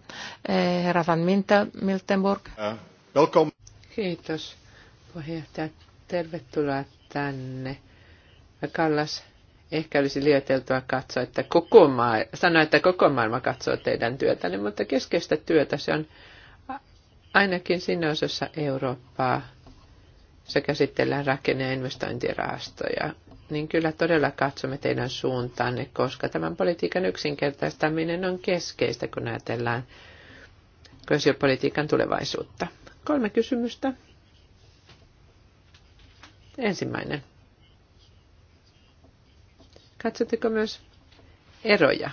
E, herra Van Miltenburg. Äh, welcome. Kiitos puheenjohtaja. Tervetuloa tänne. Kallas ehkä olisi lieteltyä katsoa, että koko maa, sanoa, että koko maailma katsoo teidän työtänne, mutta keskeistä työtä se on ainakin sinne osassa Eurooppaa, se käsitellään rakenne- ja investointirahastoja, niin kyllä todella katsomme teidän suuntaanne, koska tämän politiikan yksinkertaistaminen on keskeistä, kun ajatellaan koesiopolitiikan tulevaisuutta. Kolme kysymystä. Ensimmäinen. Katsotteko myös eroja,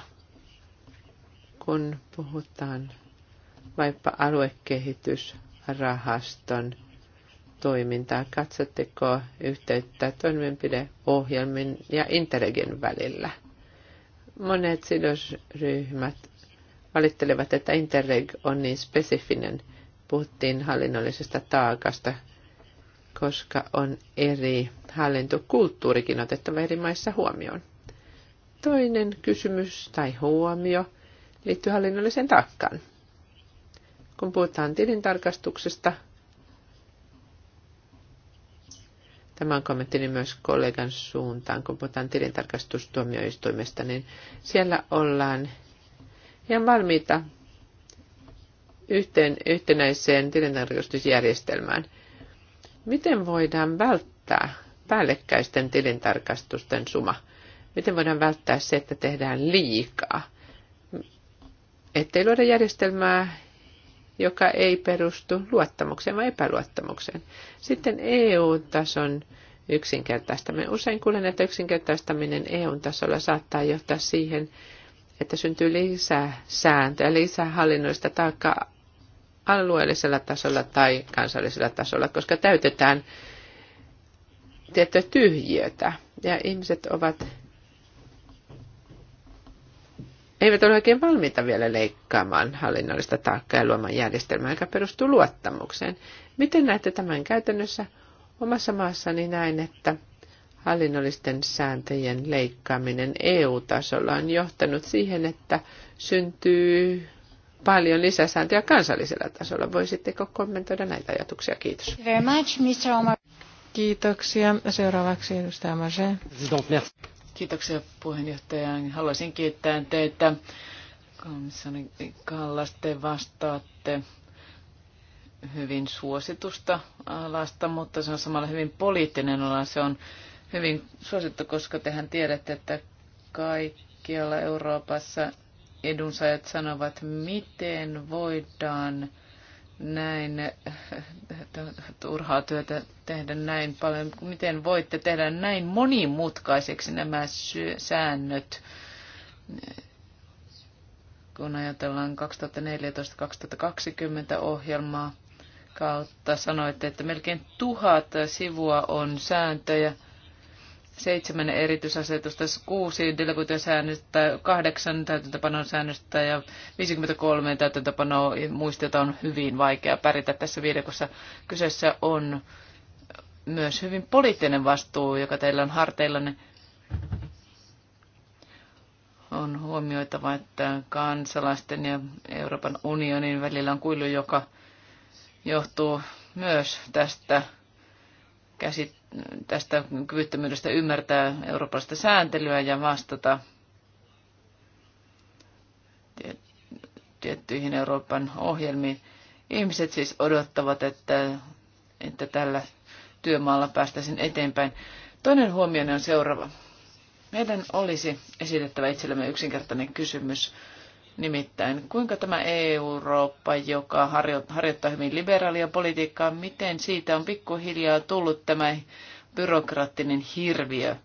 kun puhutaan vaikka aluekehitysrahaston toimintaa? Katsotteko yhteyttä toimenpideohjelmin ja Interregin välillä? Monet sidosryhmät valittelevat, että Interreg on niin spesifinen. Puhuttiin hallinnollisesta taakasta, koska on eri hallintokulttuurikin otettava eri maissa huomioon. Toinen kysymys tai huomio liittyy hallinnolliseen taakkaan. Kun puhutaan tilintarkastuksesta, tämä on kommenttini myös kollegan suuntaan, kun puhutaan tilintarkastustuomioistuimesta, niin siellä ollaan ihan valmiita yhteen, yhtenäiseen tilintarkastusjärjestelmään. Miten voidaan välttää päällekkäisten tilintarkastusten suma? Miten voidaan välttää se, että tehdään liikaa? Ettei luoda järjestelmää, joka ei perustu luottamukseen vai epäluottamukseen. Sitten EU-tason yksinkertaistaminen. Usein kuulen, että yksinkertaistaminen EU-tasolla saattaa johtaa siihen, että syntyy lisää sääntöä, lisää hallinnoista taakkaa alueellisella tasolla tai kansallisella tasolla, koska täytetään tiettyä tyhjiötä ja ihmiset ovat eivät ole oikein valmiita vielä leikkaamaan hallinnollista taakkaa ja luomaan järjestelmää, joka perustuu luottamukseen. Miten näette tämän käytännössä? Omassa maassani näin, että hallinnollisten sääntöjen leikkaaminen EU-tasolla on johtanut siihen, että syntyy paljon lisäsääntöjä kansallisella tasolla. Voisitteko kommentoida näitä ajatuksia? Kiitos. Very much, Mr. Omar. Kiitoksia. Seuraavaksi edustaja Marge. Kiitoksia puheenjohtaja. Haluaisin kiittää teitä. Komissani Kallas, te vastaatte hyvin suositusta alasta, mutta se on samalla hyvin poliittinen ala. Se on hyvin suosittu, koska tehän tiedätte, että kaikkialla Euroopassa edunsaajat sanovat, miten voidaan näin turhaa työtä tehdä näin paljon. Miten voitte tehdä näin monimutkaiseksi nämä säännöt, kun ajatellaan 2014-2020 ohjelmaa kautta? Sanoitte, että melkein tuhat sivua on sääntöjä seitsemän erityisasetusta, kuusi delegointisäännöstä, kahdeksan täytäntöpanon säännöstä ja 53 täytäntöpanoa muistiota on hyvin vaikea pärjätä tässä viidekossa. Kyseessä on myös hyvin poliittinen vastuu, joka teillä on harteillanne. On huomioitava, että kansalaisten ja Euroopan unionin välillä on kuilu, joka johtuu myös tästä käsittelystä tästä kyvyttömyydestä ymmärtää eurooppalaista sääntelyä ja vastata tiettyihin Euroopan ohjelmiin. Ihmiset siis odottavat, että, että tällä työmaalla päästäisiin eteenpäin. Toinen huomio on seuraava. Meidän olisi esitettävä itsellemme yksinkertainen kysymys. Nimittäin, kuinka tämä Eurooppa, joka harjoittaa hyvin liberaalia politiikkaa, miten siitä on pikkuhiljaa tullut tämä byrokraattinen hirviö?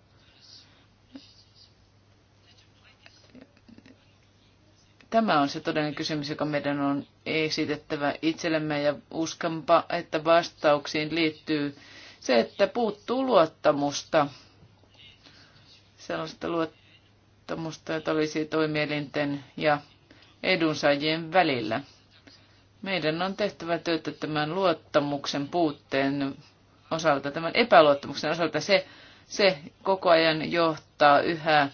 Tämä on se todellinen kysymys, joka meidän on esitettävä itsellemme ja uskonpa, että vastauksiin liittyy se, että puuttuu luottamusta. Sellaista luottamusta, että olisi toimielinten ja edunsaajien välillä. Meidän on tehtävä työtä tämän luottamuksen puutteen osalta, tämän epäluottamuksen osalta. Se, se koko ajan johtaa yhä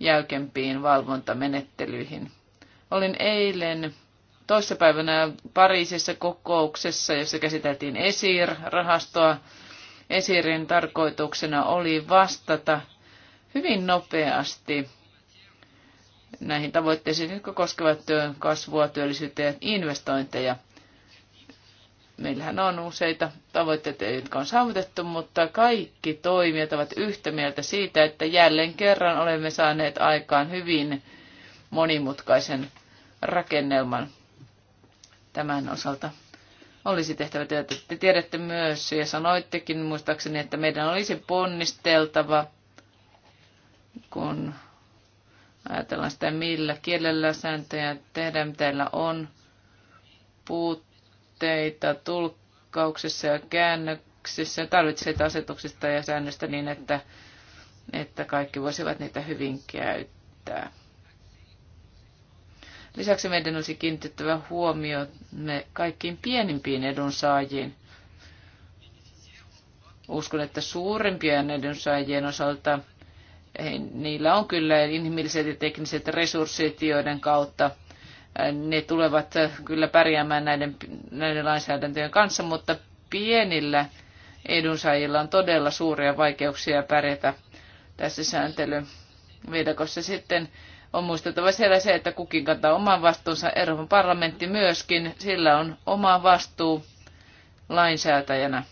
jäykempiin valvontamenettelyihin. Olin eilen toissapäivänä Pariisissa kokouksessa, jossa käsiteltiin ESIR-rahastoa. ESIRin tarkoituksena oli vastata hyvin nopeasti näihin tavoitteisiin, jotka koskevat työn kasvua, työllisyyttä ja investointeja. Meillähän on useita tavoitteita, jotka on saavutettu, mutta kaikki toimijat ovat yhtä mieltä siitä, että jälleen kerran olemme saaneet aikaan hyvin monimutkaisen rakennelman tämän osalta. Olisi tehtävä työtä. Te tiedätte myös ja sanoittekin muistaakseni, että meidän olisi ponnisteltava, kun Ajatellaan sitä, millä kielellä sääntöjä tehdään, teillä on puutteita tulkkauksessa ja käännöksissä. Tarvitsee asetuksista ja säännöstä niin, että, että kaikki voisivat niitä hyvin käyttää. Lisäksi meidän olisi kiinnitettävä huomio me kaikkiin pienimpiin edunsaajiin. Uskon, että suurimpien edunsaajien osalta – niillä on kyllä inhimilliset ja tekniset resurssit, joiden kautta ne tulevat kyllä pärjäämään näiden, näiden lainsäädäntöjen kanssa, mutta pienillä edunsaajilla on todella suuria vaikeuksia pärjätä tässä sääntelyviidakossa. Sitten on muistettava siellä se, että kukin kantaa oman vastuunsa. Euroopan parlamentti myöskin, sillä on oma vastuu lainsäätäjänä.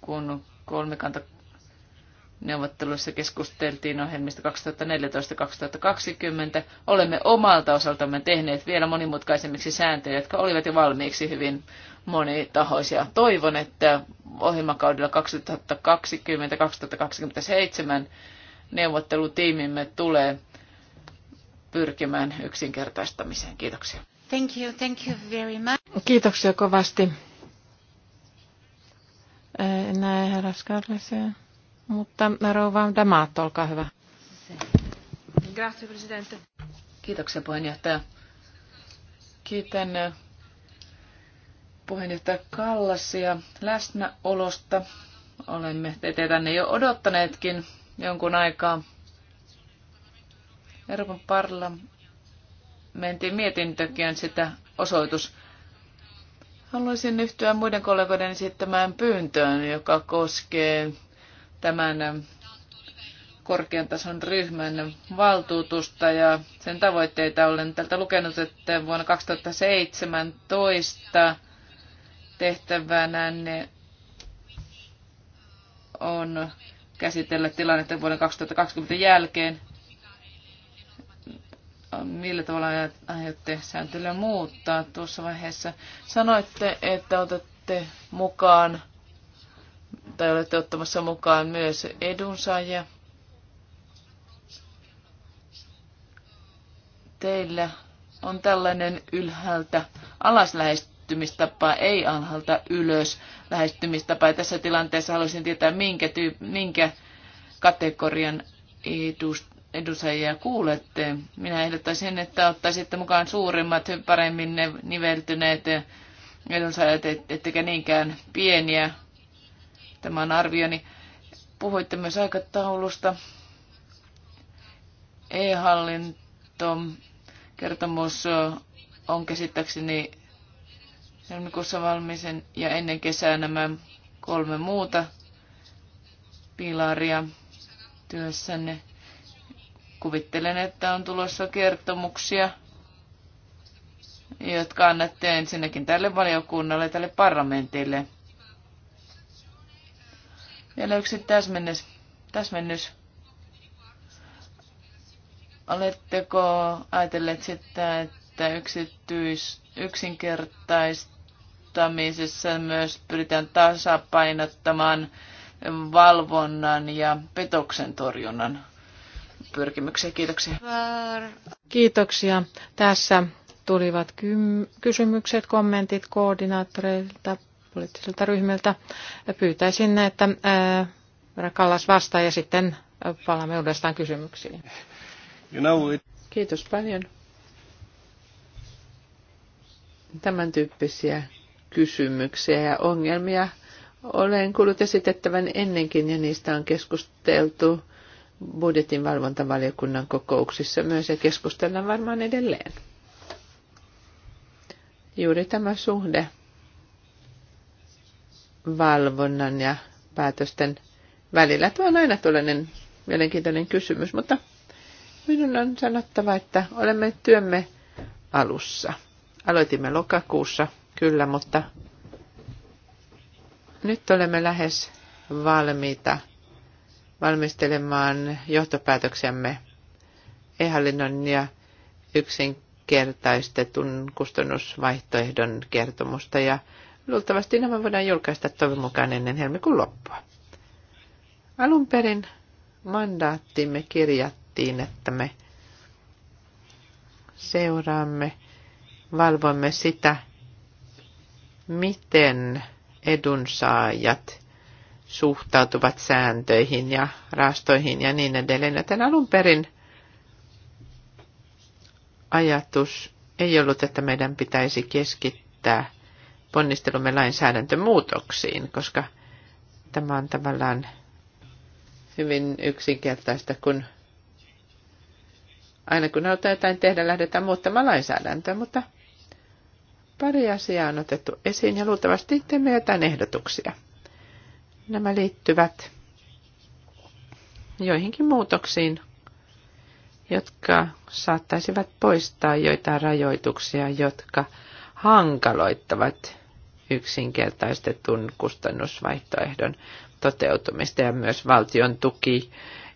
Kun kolmikanta Neuvotteluissa keskusteltiin ohjelmista 2014-2020. Olemme omalta osaltamme tehneet vielä monimutkaisemmiksi sääntöjä, jotka olivat jo valmiiksi hyvin monitahoisia. Toivon, että ohjelmakaudella 2020-2027 neuvottelutiimimme tulee pyrkimään yksinkertaistamiseen. Kiitoksia. Thank you, thank you very much. Kiitoksia kovasti. Näin herra Skarleseen. Mutta rouva Damaat, olkaa hyvä. Kiitoksia puheenjohtaja. Kiitän eh, puheenjohtaja Kallasia läsnäolosta. Olemme teitä tänne jo odottaneetkin jonkun aikaa. Euroopan parlamentin mietintökin sitä osoitus. Haluaisin yhtyä muiden kollegoiden esittämään pyyntöön, joka koskee tämän korkean tason ryhmän valtuutusta ja sen tavoitteita. Olen tältä lukenut, että vuonna 2017 tehtävänä on käsitellä tilannetta vuoden 2020 jälkeen. Millä tavalla aiotte sääntelyä muuttaa tuossa vaiheessa? Sanoitte, että otatte mukaan tai olette ottamassa mukaan myös edunsaajia. Teillä on tällainen ylhäältä alas lähestymistapa, ei alhaalta ylös lähestymistapa. Ja tässä tilanteessa haluaisin tietää, minkä, tyy- minkä kategorian edust, edusajia kuulette. Minä ehdottaisin, että ottaisitte mukaan suurimmat, paremmin ne niveltyneet edunsaajat, ettekä niinkään pieniä Tämä on arvioni. Puhuitte myös aikataulusta. E-hallinto kertomus on käsittääkseni helmikuussa valmisen ja ennen kesää nämä kolme muuta pilaria työssänne. Kuvittelen, että on tulossa kertomuksia, jotka annatte ensinnäkin tälle valiokunnalle, tälle parlamentille. Vielä yksi täsmennys. täsmennys. Oletteko ajatelleet sitä, että yksityis, yksinkertaistamisessa myös pyritään tasapainottamaan valvonnan ja petoksen torjunnan pyrkimyksiä? Kiitoksia. Kiitoksia. Tässä tulivat kysymykset, kommentit koordinaattoreilta poliittisilta ryhmiltä. Pyytäisin, että Kallas vastaa ja sitten palaamme uudestaan kysymyksiin. Kiitos paljon. Tämän tyyppisiä kysymyksiä ja ongelmia olen kuullut esitettävän ennenkin ja niistä on keskusteltu budjetin valvontavaliokunnan kokouksissa myös ja keskustellaan varmaan edelleen. Juuri tämä suhde valvonnan ja päätösten välillä. Tuo on aina tuollainen mielenkiintoinen kysymys, mutta minun on sanottava, että olemme työmme alussa. Aloitimme lokakuussa, kyllä, mutta nyt olemme lähes valmiita valmistelemaan johtopäätöksemme e-hallinnon ja yksinkertaistetun kustannusvaihtoehdon kertomusta ja Luultavasti nämä voidaan julkaista toivon mukaan ennen helmikuun loppua. Alun perin mandaattimme kirjattiin, että me seuraamme, valvomme sitä, miten edunsaajat suhtautuvat sääntöihin ja rastoihin ja niin edelleen. Joten alun perin ajatus ei ollut, että meidän pitäisi keskittää ponnistelumme lainsäädäntömuutoksiin, koska tämä on tavallaan hyvin yksinkertaista, kun aina kun halutaan jotain tehdä, lähdetään muuttamaan lainsäädäntöä, mutta pari asiaa on otettu esiin ja luultavasti teemme jotain ehdotuksia. Nämä liittyvät joihinkin muutoksiin, jotka saattaisivat poistaa joitain rajoituksia, jotka hankaloittavat yksinkertaistetun kustannusvaihtoehdon toteutumista ja myös valtion tuki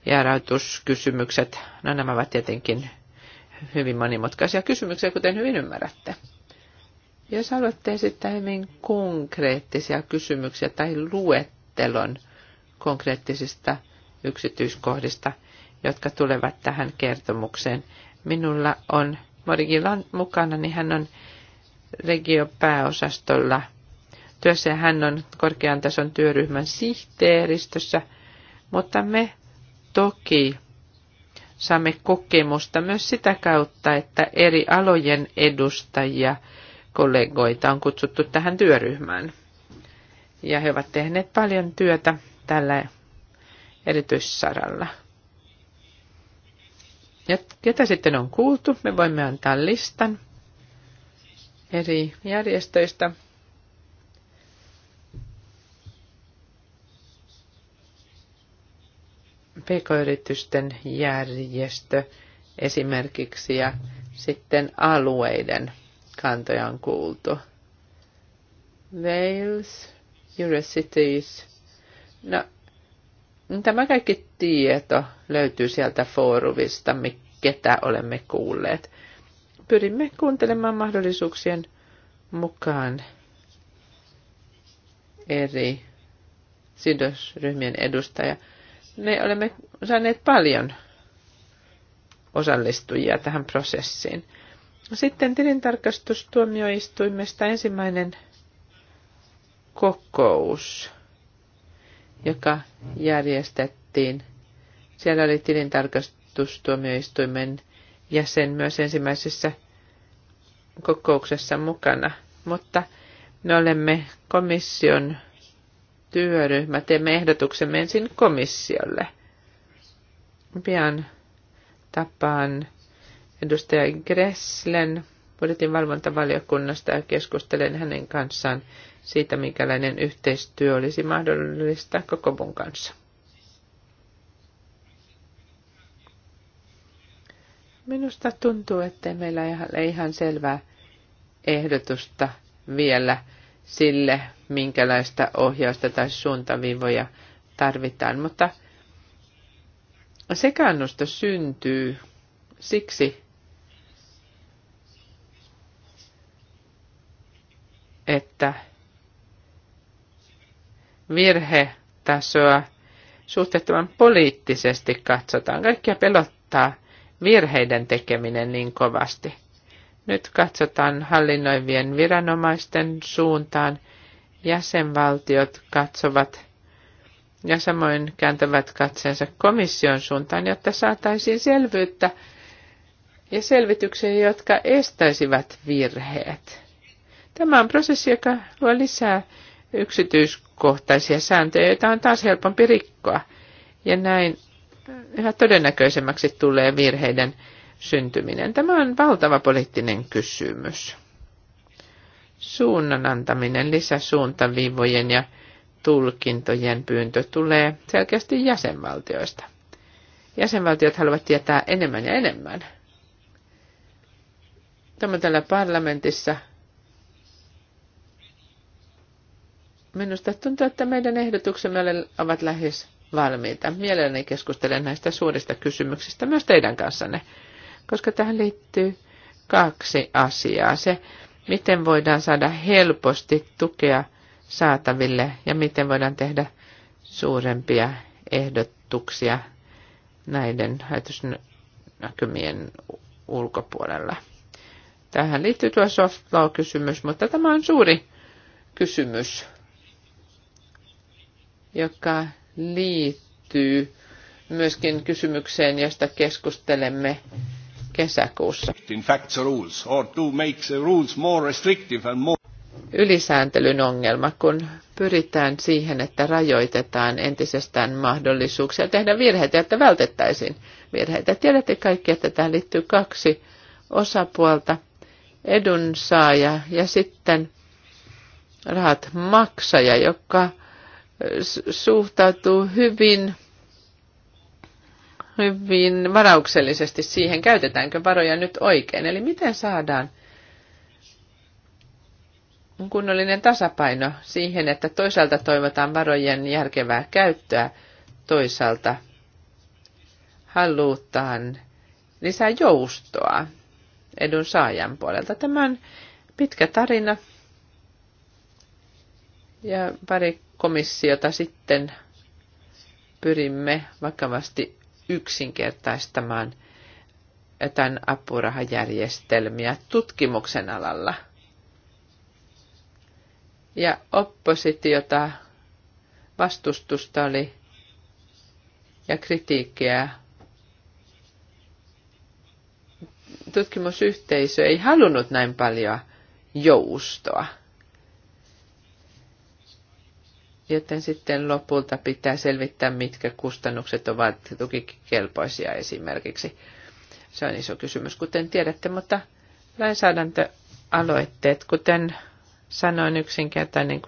ja rahoituskysymykset. No nämä ovat tietenkin hyvin monimutkaisia kysymyksiä, kuten hyvin ymmärrätte. Jos haluatte esittää hyvin konkreettisia kysymyksiä tai luettelon konkreettisista yksityiskohdista, jotka tulevat tähän kertomukseen. Minulla on Morgilan mukana, niin hän on regiopääosastolla – työssä ja hän on korkean tason työryhmän sihteeristössä, mutta me toki saamme kokemusta myös sitä kautta, että eri alojen edustajia, kollegoita on kutsuttu tähän työryhmään. Ja he ovat tehneet paljon työtä tällä erityissaralla. Ja ketä sitten on kuultu? Me voimme antaa listan eri järjestöistä, pk-yritysten järjestö esimerkiksi ja sitten alueiden kantoja on kuultu. Wales, Eurocities. No, tämä kaikki tieto löytyy sieltä foorumista, ketä olemme kuulleet. Pyrimme kuuntelemaan mahdollisuuksien mukaan eri sidosryhmien edustajia me olemme saaneet paljon osallistujia tähän prosessiin. Sitten tilintarkastustuomioistuimesta ensimmäinen kokous, joka järjestettiin. Siellä oli tilintarkastustuomioistuimen jäsen myös ensimmäisessä kokouksessa mukana, mutta me olemme komission työryhmä. Teemme ehdotuksemme ensin komissiolle. Pian tapaan edustaja Gresslen budjetin valvontavaliokunnasta ja keskustelen hänen kanssaan siitä, minkälainen yhteistyö olisi mahdollista koko mun kanssa. Minusta tuntuu, että meillä ei ihan selvää ehdotusta vielä sille, minkälaista ohjausta tai suuntaviivoja tarvitaan. Mutta sekannusta syntyy siksi, että virhetasoa suhteettoman poliittisesti katsotaan. Kaikkia pelottaa virheiden tekeminen niin kovasti. Nyt katsotaan hallinnoivien viranomaisten suuntaan. Jäsenvaltiot katsovat ja samoin kääntävät katseensa komission suuntaan, jotta saataisiin selvyyttä ja selvityksiä, jotka estäisivät virheet. Tämä on prosessi, joka luo lisää yksityiskohtaisia sääntöjä, joita on taas helpompi rikkoa. Ja näin yhä todennäköisemmäksi tulee virheiden syntyminen. Tämä on valtava poliittinen kysymys. Suunnan antaminen lisäsuuntaviivojen ja tulkintojen pyyntö tulee selkeästi jäsenvaltioista. Jäsenvaltiot haluavat tietää enemmän ja enemmän. Tämä täällä parlamentissa. Minusta tuntuu, että meidän ehdotuksemme ovat lähes valmiita. Mielelläni keskustelen näistä suurista kysymyksistä myös teidän kanssanne koska tähän liittyy kaksi asiaa. Se, miten voidaan saada helposti tukea saataville ja miten voidaan tehdä suurempia ehdotuksia näiden näkymien ulkopuolella. Tähän liittyy tuo soft law-kysymys, mutta tämä on suuri kysymys, joka liittyy myöskin kysymykseen, josta keskustelemme kesäkuussa. Ylisääntelyn ongelma, kun pyritään siihen, että rajoitetaan entisestään mahdollisuuksia tehdä virheitä, että vältettäisiin virheitä. Tiedätte kaikki, että tähän liittyy kaksi osapuolta, edunsaaja ja sitten rahat maksaja, joka suhtautuu hyvin hyvin varauksellisesti siihen, käytetäänkö varoja nyt oikein. Eli miten saadaan kunnollinen tasapaino siihen, että toisaalta toivotaan varojen järkevää käyttöä, toisaalta halutaan lisää joustoa edun saajan puolelta. Tämä on pitkä tarina ja pari komissiota sitten pyrimme vakavasti yksinkertaistamaan tämän apurahajärjestelmiä tutkimuksen alalla. Ja oppositiota vastustusta oli ja kritiikkiä. Tutkimusyhteisö ei halunnut näin paljon joustoa. joten sitten lopulta pitää selvittää, mitkä kustannukset ovat tukikelpoisia esimerkiksi. Se on iso kysymys, kuten tiedätte, mutta lainsäädäntöaloitteet, kuten sanoin, yksinkertainen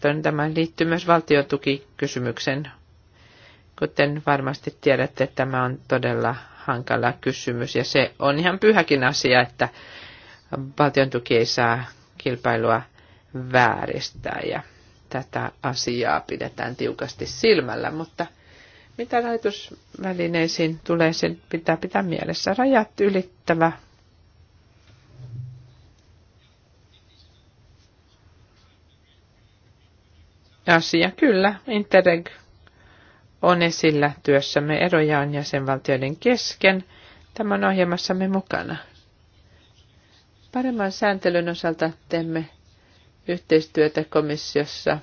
niin tämä liittyy myös valtiotukikysymyksen. Kuten varmasti tiedätte, tämä on todella hankala kysymys ja se on ihan pyhäkin asia, että valtion tuki ei saa kilpailua vääristää ja tätä asiaa pidetään tiukasti silmällä, mutta mitä rajoitusvälineisiin tulee, sen pitää pitää mielessä rajat ylittävä asia. Kyllä, Interreg on esillä työssämme erojaan jäsenvaltioiden kesken. Tämän ohjelmassamme mukana. Paremman sääntelyn osalta teemme yhteistyötä komissiossa.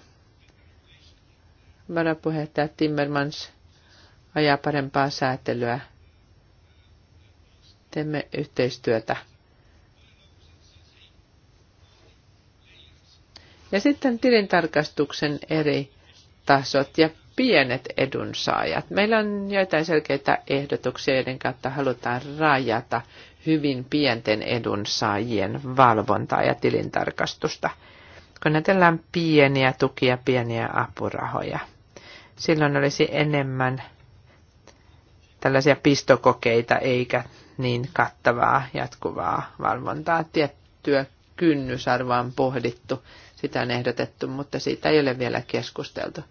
Varapuheenjohtaja Timmermans ajaa parempaa säätelyä. Teemme yhteistyötä. Ja sitten tilintarkastuksen eri tasot ja pienet edunsaajat. Meillä on joitain selkeitä ehdotuksia, joiden kautta halutaan rajata hyvin pienten edunsaajien valvontaa ja tilintarkastusta kun ajatellaan pieniä tukia, pieniä apurahoja, silloin olisi enemmän tällaisia pistokokeita eikä niin kattavaa jatkuvaa valvontaa. Tiettyä kynnysarvoa on pohdittu, sitä on ehdotettu, mutta siitä ei ole vielä keskusteltu.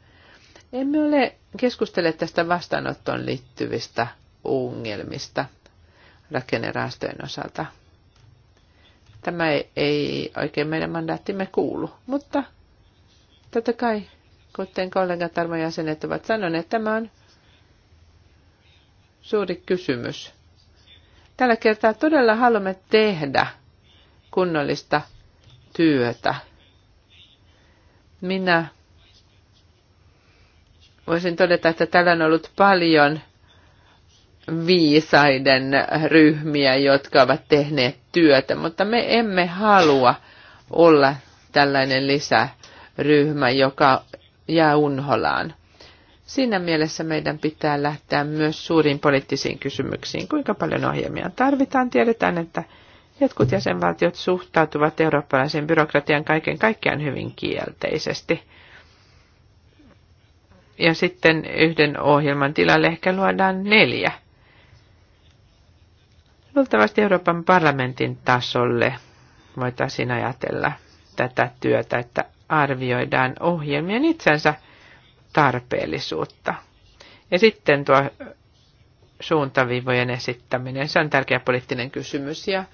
Emme ole keskustelleet tästä vastaanottoon liittyvistä ongelmista rakennerahastojen osalta. Tämä ei oikein meidän mandaattimme kuulu, mutta totta kai, kuten kollegat arvon jäsenet ovat sanoneet, tämä on suuri kysymys. Tällä kertaa todella haluamme tehdä kunnollista työtä. Minä voisin todeta, että täällä on ollut paljon – viisaiden ryhmiä, jotka ovat tehneet työtä, mutta me emme halua olla tällainen lisäryhmä, joka jää unholaan. Siinä mielessä meidän pitää lähteä myös suuriin poliittisiin kysymyksiin, kuinka paljon ohjelmia tarvitaan. Tiedetään, että jotkut jäsenvaltiot suhtautuvat eurooppalaisen byrokratian kaiken kaikkiaan hyvin kielteisesti. Ja sitten yhden ohjelman tilalle ehkä luodaan neljä – Luultavasti Euroopan parlamentin tasolle voitaisiin ajatella tätä työtä, että arvioidaan ohjelmien itsensä tarpeellisuutta. Ja sitten tuo suuntaviivojen esittäminen, se on tärkeä poliittinen kysymys. Ja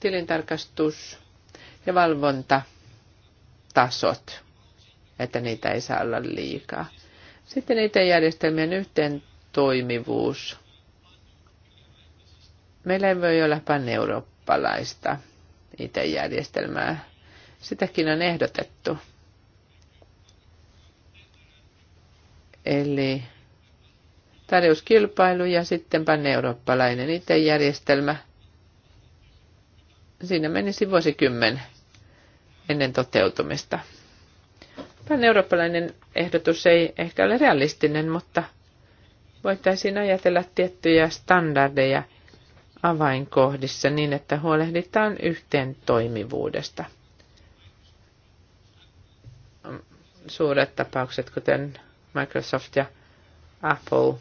tilintarkastus ja valvontatasot, että niitä ei saa olla liikaa. Sitten niiden järjestelmien yhteen toimivuus Meillä ei voi olla pan-eurooppalaista IT-järjestelmää. Sitäkin on ehdotettu. Eli tarjouskilpailu ja sitten pan-eurooppalainen IT-järjestelmä. Siinä menisi vuosikymmen ennen toteutumista. Pan-eurooppalainen ehdotus ei ehkä ole realistinen, mutta voitaisiin ajatella tiettyjä standardeja – avainkohdissa niin, että huolehditaan yhteen toimivuudesta. Suuret tapaukset, kuten Microsoft ja Apple,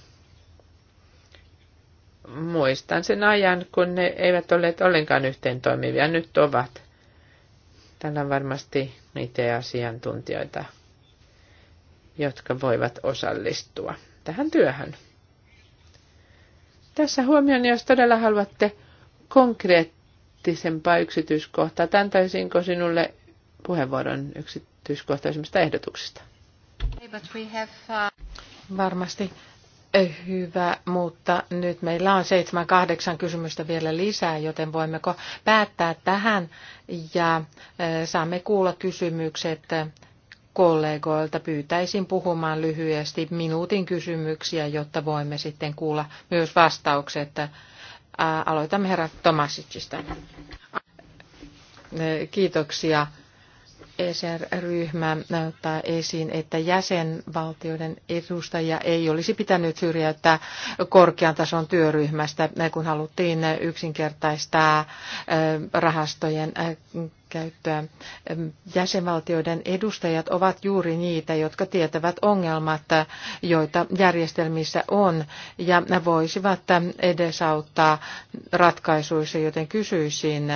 muistan sen ajan, kun ne eivät olleet ollenkaan yhteen toimivia, nyt ovat. Tällä on varmasti niitä asiantuntijoita, jotka voivat osallistua tähän työhön. Tässä huomioon, jos todella haluatte konkreettisempaa yksityiskohtaa, antaisinko sinulle puheenvuoron yksityiskohtaisemmista ehdotuksista? Uh, Varmasti hyvä, mutta nyt meillä on seitsemän kahdeksan kysymystä vielä lisää, joten voimmeko päättää tähän ja eh, saamme kuulla kysymykset kollegoilta pyytäisin puhumaan lyhyesti minuutin kysymyksiä, jotta voimme sitten kuulla myös vastaukset. Aloitamme herra Tomasicista. Kiitoksia. ESR-ryhmä näyttää esiin, että jäsenvaltioiden edustajia ei olisi pitänyt syrjäyttää korkean tason työryhmästä, kun haluttiin yksinkertaistaa rahastojen käyttöä. Jäsenvaltioiden edustajat ovat juuri niitä, jotka tietävät ongelmat, joita järjestelmissä on, ja ne voisivat edesauttaa ratkaisuissa, joten kysyisin,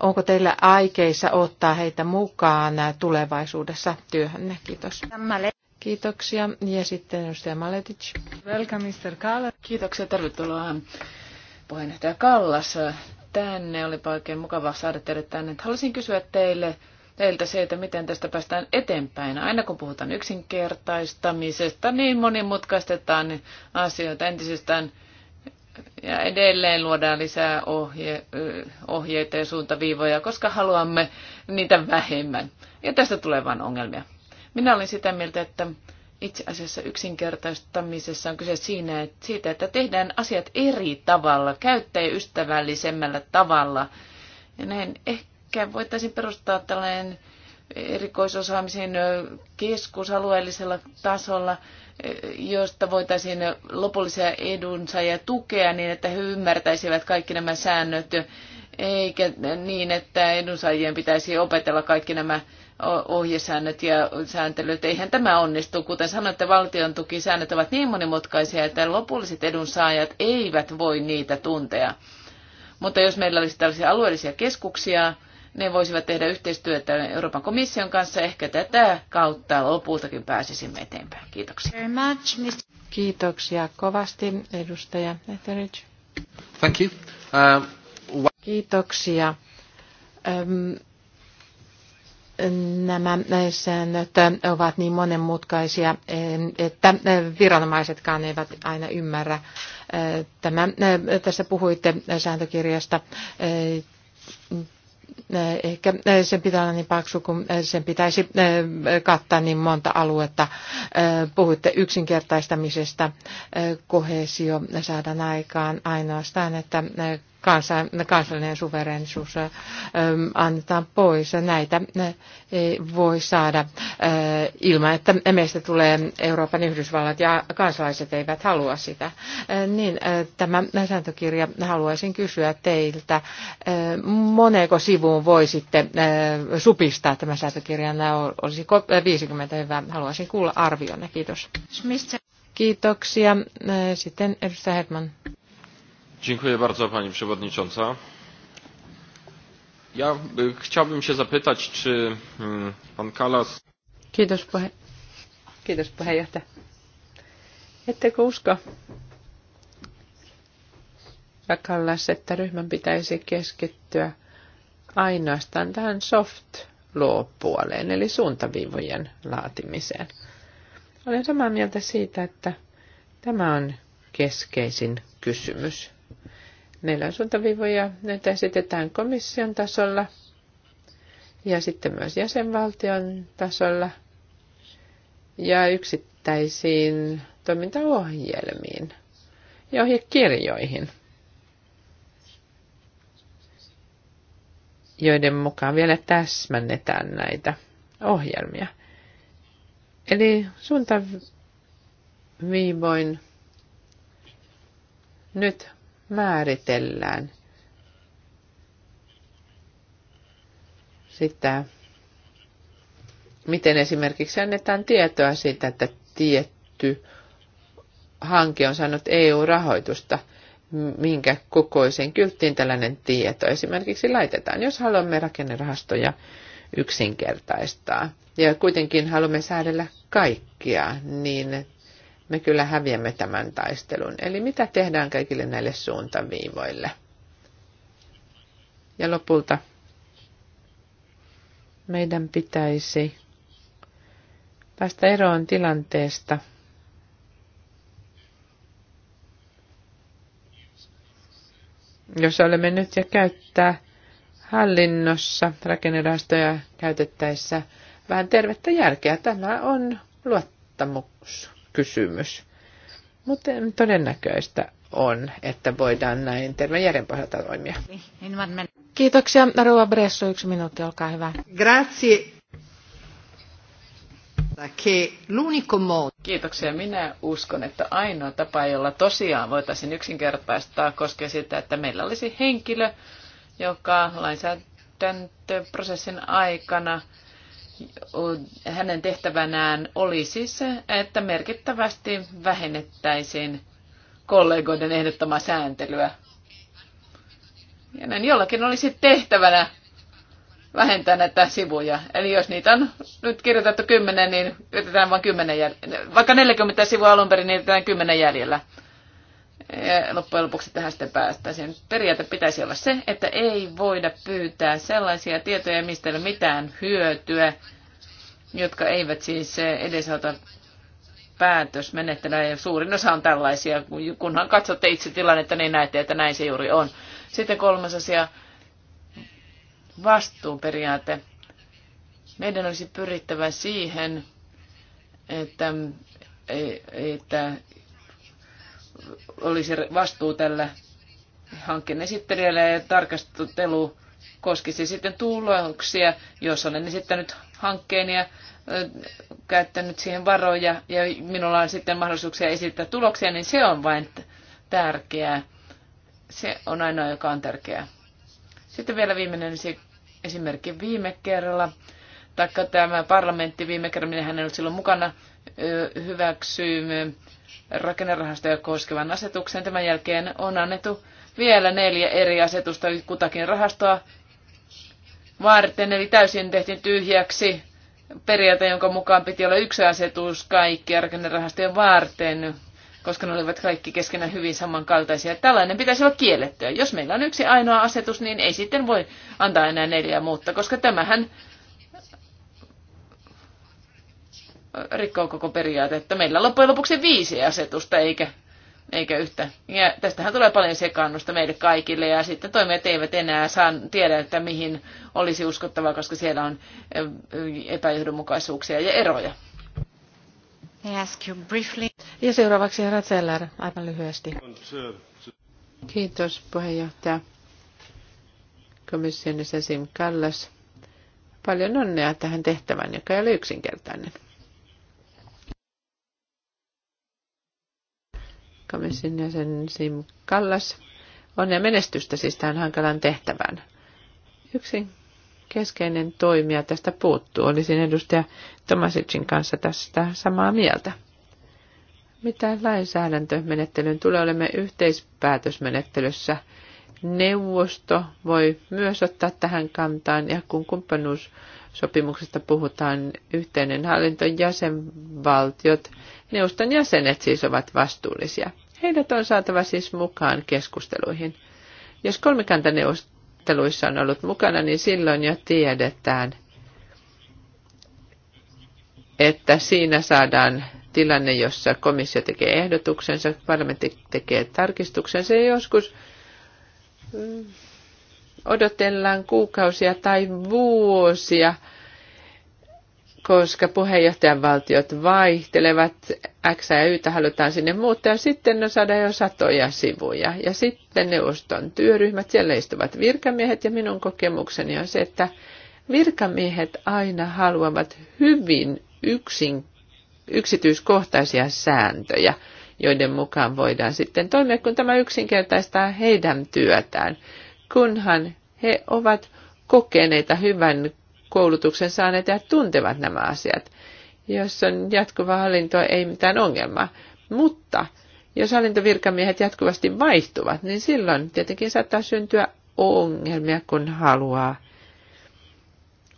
onko teillä aikeissa ottaa heitä mukaan tulevaisuudessa työhönne? Kiitos. Kiitoksia. Ja sitten edustaja Maletic. Welcome, Mr. Kalle. Kiitoksia. Tervetuloa puheenjohtaja Kallas tänne. Olipa oikein mukava saada teidät tänne. Haluaisin kysyä teille, teiltä se, että miten tästä päästään eteenpäin. Aina kun puhutaan yksinkertaistamisesta, niin monimutkaistetaan asioita entisestään ja edelleen luodaan lisää ohje, ohjeita ja suuntaviivoja, koska haluamme niitä vähemmän. Ja tästä tulee vain ongelmia. Minä olin sitä mieltä, että itse asiassa yksinkertaistamisessa on kyse siinä, että siitä, että tehdään asiat eri tavalla, käyttäjäystävällisemmällä tavalla. Ja näin ehkä voitaisiin perustaa tällainen erikoisosaamisen keskus alueellisella tasolla, josta voitaisiin lopullisia edunsaajia tukea niin, että he ymmärtäisivät kaikki nämä säännöt, eikä niin, että edunsaajien pitäisi opetella kaikki nämä ohjesäännöt ja sääntelyt. Eihän tämä onnistu. Kuten sanoitte, valtion tukisäännöt ovat niin monimutkaisia, että lopulliset edunsaajat eivät voi niitä tuntea. Mutta jos meillä olisi tällaisia alueellisia keskuksia, ne voisivat tehdä yhteistyötä Euroopan komission kanssa. Ehkä tätä kautta lopultakin pääsisimme eteenpäin. Kiitoksia. Kiitoksia kovasti, edustaja Etheridge. Thank you. Uh, Kiitoksia. Um, nämä säännöt ovat niin monenmutkaisia, että viranomaisetkaan eivät aina ymmärrä. Tämä, tässä puhuitte sääntökirjasta. Ehkä sen pitää olla niin paksu, kun sen pitäisi kattaa niin monta aluetta. Puhuitte yksinkertaistamisesta, kohesio saadaan aikaan ainoastaan, että kansallinen suverenisuus annetaan pois. Näitä ei voi saada ilman, että meistä tulee Euroopan Yhdysvallat ja kansalaiset eivät halua sitä. Niin, tämä sääntökirja haluaisin kysyä teiltä. Moneko sivuun voisitte supistaa tämä sääntökirjan? Olisiko 50 hyvä? Haluaisin kuulla arvionne. Kiitos. Kiitoksia. Sitten edustaja Hedman. Dziękuję bardzo Pani Przewodnicząca. Ja chciałbym się zapytać, czy mm, Pan Kalas... kiedyś puhe... Kiitos puheenjohtaja. Ettekö ja kalas että ryhmän pitäisi keskittyä ainoastaan tähän soft law-puoleen, eli suuntaviivojen laatimiseen. Olen samaa mieltä siitä, että tämä on keskeisin kysymys. Meillä on suuntaviivoja, näitä esitetään komission tasolla ja sitten myös jäsenvaltion tasolla ja yksittäisiin toimintaohjelmiin ja ohjekirjoihin, joiden mukaan vielä täsmännetään näitä ohjelmia. Eli suuntaviivoin nyt määritellään sitä, miten esimerkiksi annetaan tietoa siitä, että tietty hanke on saanut EU-rahoitusta, minkä kokoisen kylttiin tällainen tieto esimerkiksi laitetaan, jos haluamme rakennerahastoja yksinkertaistaa. Ja kuitenkin haluamme säädellä kaikkia niin, me kyllä häviämme tämän taistelun. Eli mitä tehdään kaikille näille suuntaviivoille? Ja lopulta meidän pitäisi päästä eroon tilanteesta, jos olemme nyt ja käyttää hallinnossa rakennerahastoja käytettäessä vähän tervettä järkeä. Tämä on luottamus kysymys. Mutta todennäköistä on, että voidaan näin järjen pohjalta toimia. Kiitoksia. Rova Bresso, yksi minuutti, olkaa hyvä. Grazie. Kiitoksia. Minä uskon, että ainoa tapa, jolla tosiaan voitaisiin yksinkertaistaa, koskee sitä, että meillä olisi henkilö, joka lainsäädäntöprosessin aikana hänen tehtävänään oli siis se, että merkittävästi vähennettäisiin kollegoiden ehdottomaa sääntelyä. Ja näin jollakin olisi tehtävänä vähentää näitä sivuja. Eli jos niitä on nyt kirjoitettu kymmenen, niin yritetään vain kymmenen jäljellä. Vaikka 40 sivua alun perin, niin yritetään kymmenen jäljellä. Ja loppujen lopuksi tähän sitten päästäisiin. Periaate pitäisi olla se, että ei voida pyytää sellaisia tietoja, mistä ei ole mitään hyötyä, jotka eivät siis edesauta päätösmenettelyä. Ja suurin osa on tällaisia, kunhan katsotte itse tilannetta, niin näette, että näin se juuri on. Sitten kolmas asia, vastuuperiaate. Meidän olisi pyrittävä siihen, että, että olisi vastuu tällä hankkeen esittelijällä ja tarkastelu koskisi sitten tuloksia, jos olen esittänyt hankkeen ja käyttänyt siihen varoja ja minulla on sitten mahdollisuuksia esittää tuloksia, niin se on vain tärkeää. Se on ainoa, joka on tärkeää. Sitten vielä viimeinen esimerkki viime kerralla, taikka tämä parlamentti viime kerralla, minä hän ei ollut silloin mukana, hyväksyi rakennerahastoja koskevan asetuksen. Tämän jälkeen on annettu vielä neljä eri asetusta kutakin rahastoa varten, eli täysin tehtiin tyhjäksi periaate, jonka mukaan piti olla yksi asetus kaikkia rakennerahastojen varten, koska ne olivat kaikki keskenään hyvin samankaltaisia. Tällainen pitäisi olla kiellettyä. Jos meillä on yksi ainoa asetus, niin ei sitten voi antaa enää neljää muutta, koska tämähän rikkoo koko periaatetta. Meillä on loppujen lopuksi viisi asetusta eikä, eikä yhtä. Ja tästähän tulee paljon sekaannusta meille kaikille ja sitten toimijat eivät enää saa tiedä, että mihin olisi uskottavaa, koska siellä on eh, epäjohdonmukaisuuksia ja eroja. Ja seuraavaksi herra Zeller, aivan lyhyesti. Kiitos puheenjohtaja. Komission Sesim Kallas. Paljon onnea tähän tehtävään, joka ei ole yksinkertainen. komission jäsen Sim Kallas. Onnea menestystä siis tähän hankalan tehtävään. Yksi keskeinen toimija tästä puuttuu. Olisin edustaja Tomasicin kanssa tästä samaa mieltä. Mitä lainsäädäntömenettelyyn tulee, olemme yhteispäätösmenettelyssä. Neuvosto voi myös ottaa tähän kantaan, ja kun kumppanuussopimuksesta puhutaan, yhteinen hallinto, jäsenvaltiot Neuvoston jäsenet siis ovat vastuullisia. Heidät on saatava siis mukaan keskusteluihin. Jos kolmikantaneuvotteluissa on ollut mukana, niin silloin jo tiedetään, että siinä saadaan tilanne, jossa komissio tekee ehdotuksensa, parlamentti tekee tarkistuksensa ja joskus mm, odotellaan kuukausia tai vuosia – koska puheenjohtajan valtiot vaihtelevat, X ja Y halutaan sinne muuttaa, ja sitten on saada jo satoja sivuja. Ja sitten neuvoston työryhmät, siellä istuvat virkamiehet, ja minun kokemukseni on se, että virkamiehet aina haluavat hyvin yksin, yksityiskohtaisia sääntöjä, joiden mukaan voidaan sitten toimia, kun tämä yksinkertaistaa heidän työtään, kunhan he ovat kokeneita hyvän koulutuksen saaneet ja tuntevat nämä asiat. Jos on jatkuva hallinto, ei mitään ongelmaa. Mutta jos hallintovirkamiehet jatkuvasti vaihtuvat, niin silloin tietenkin saattaa syntyä ongelmia, kun haluaa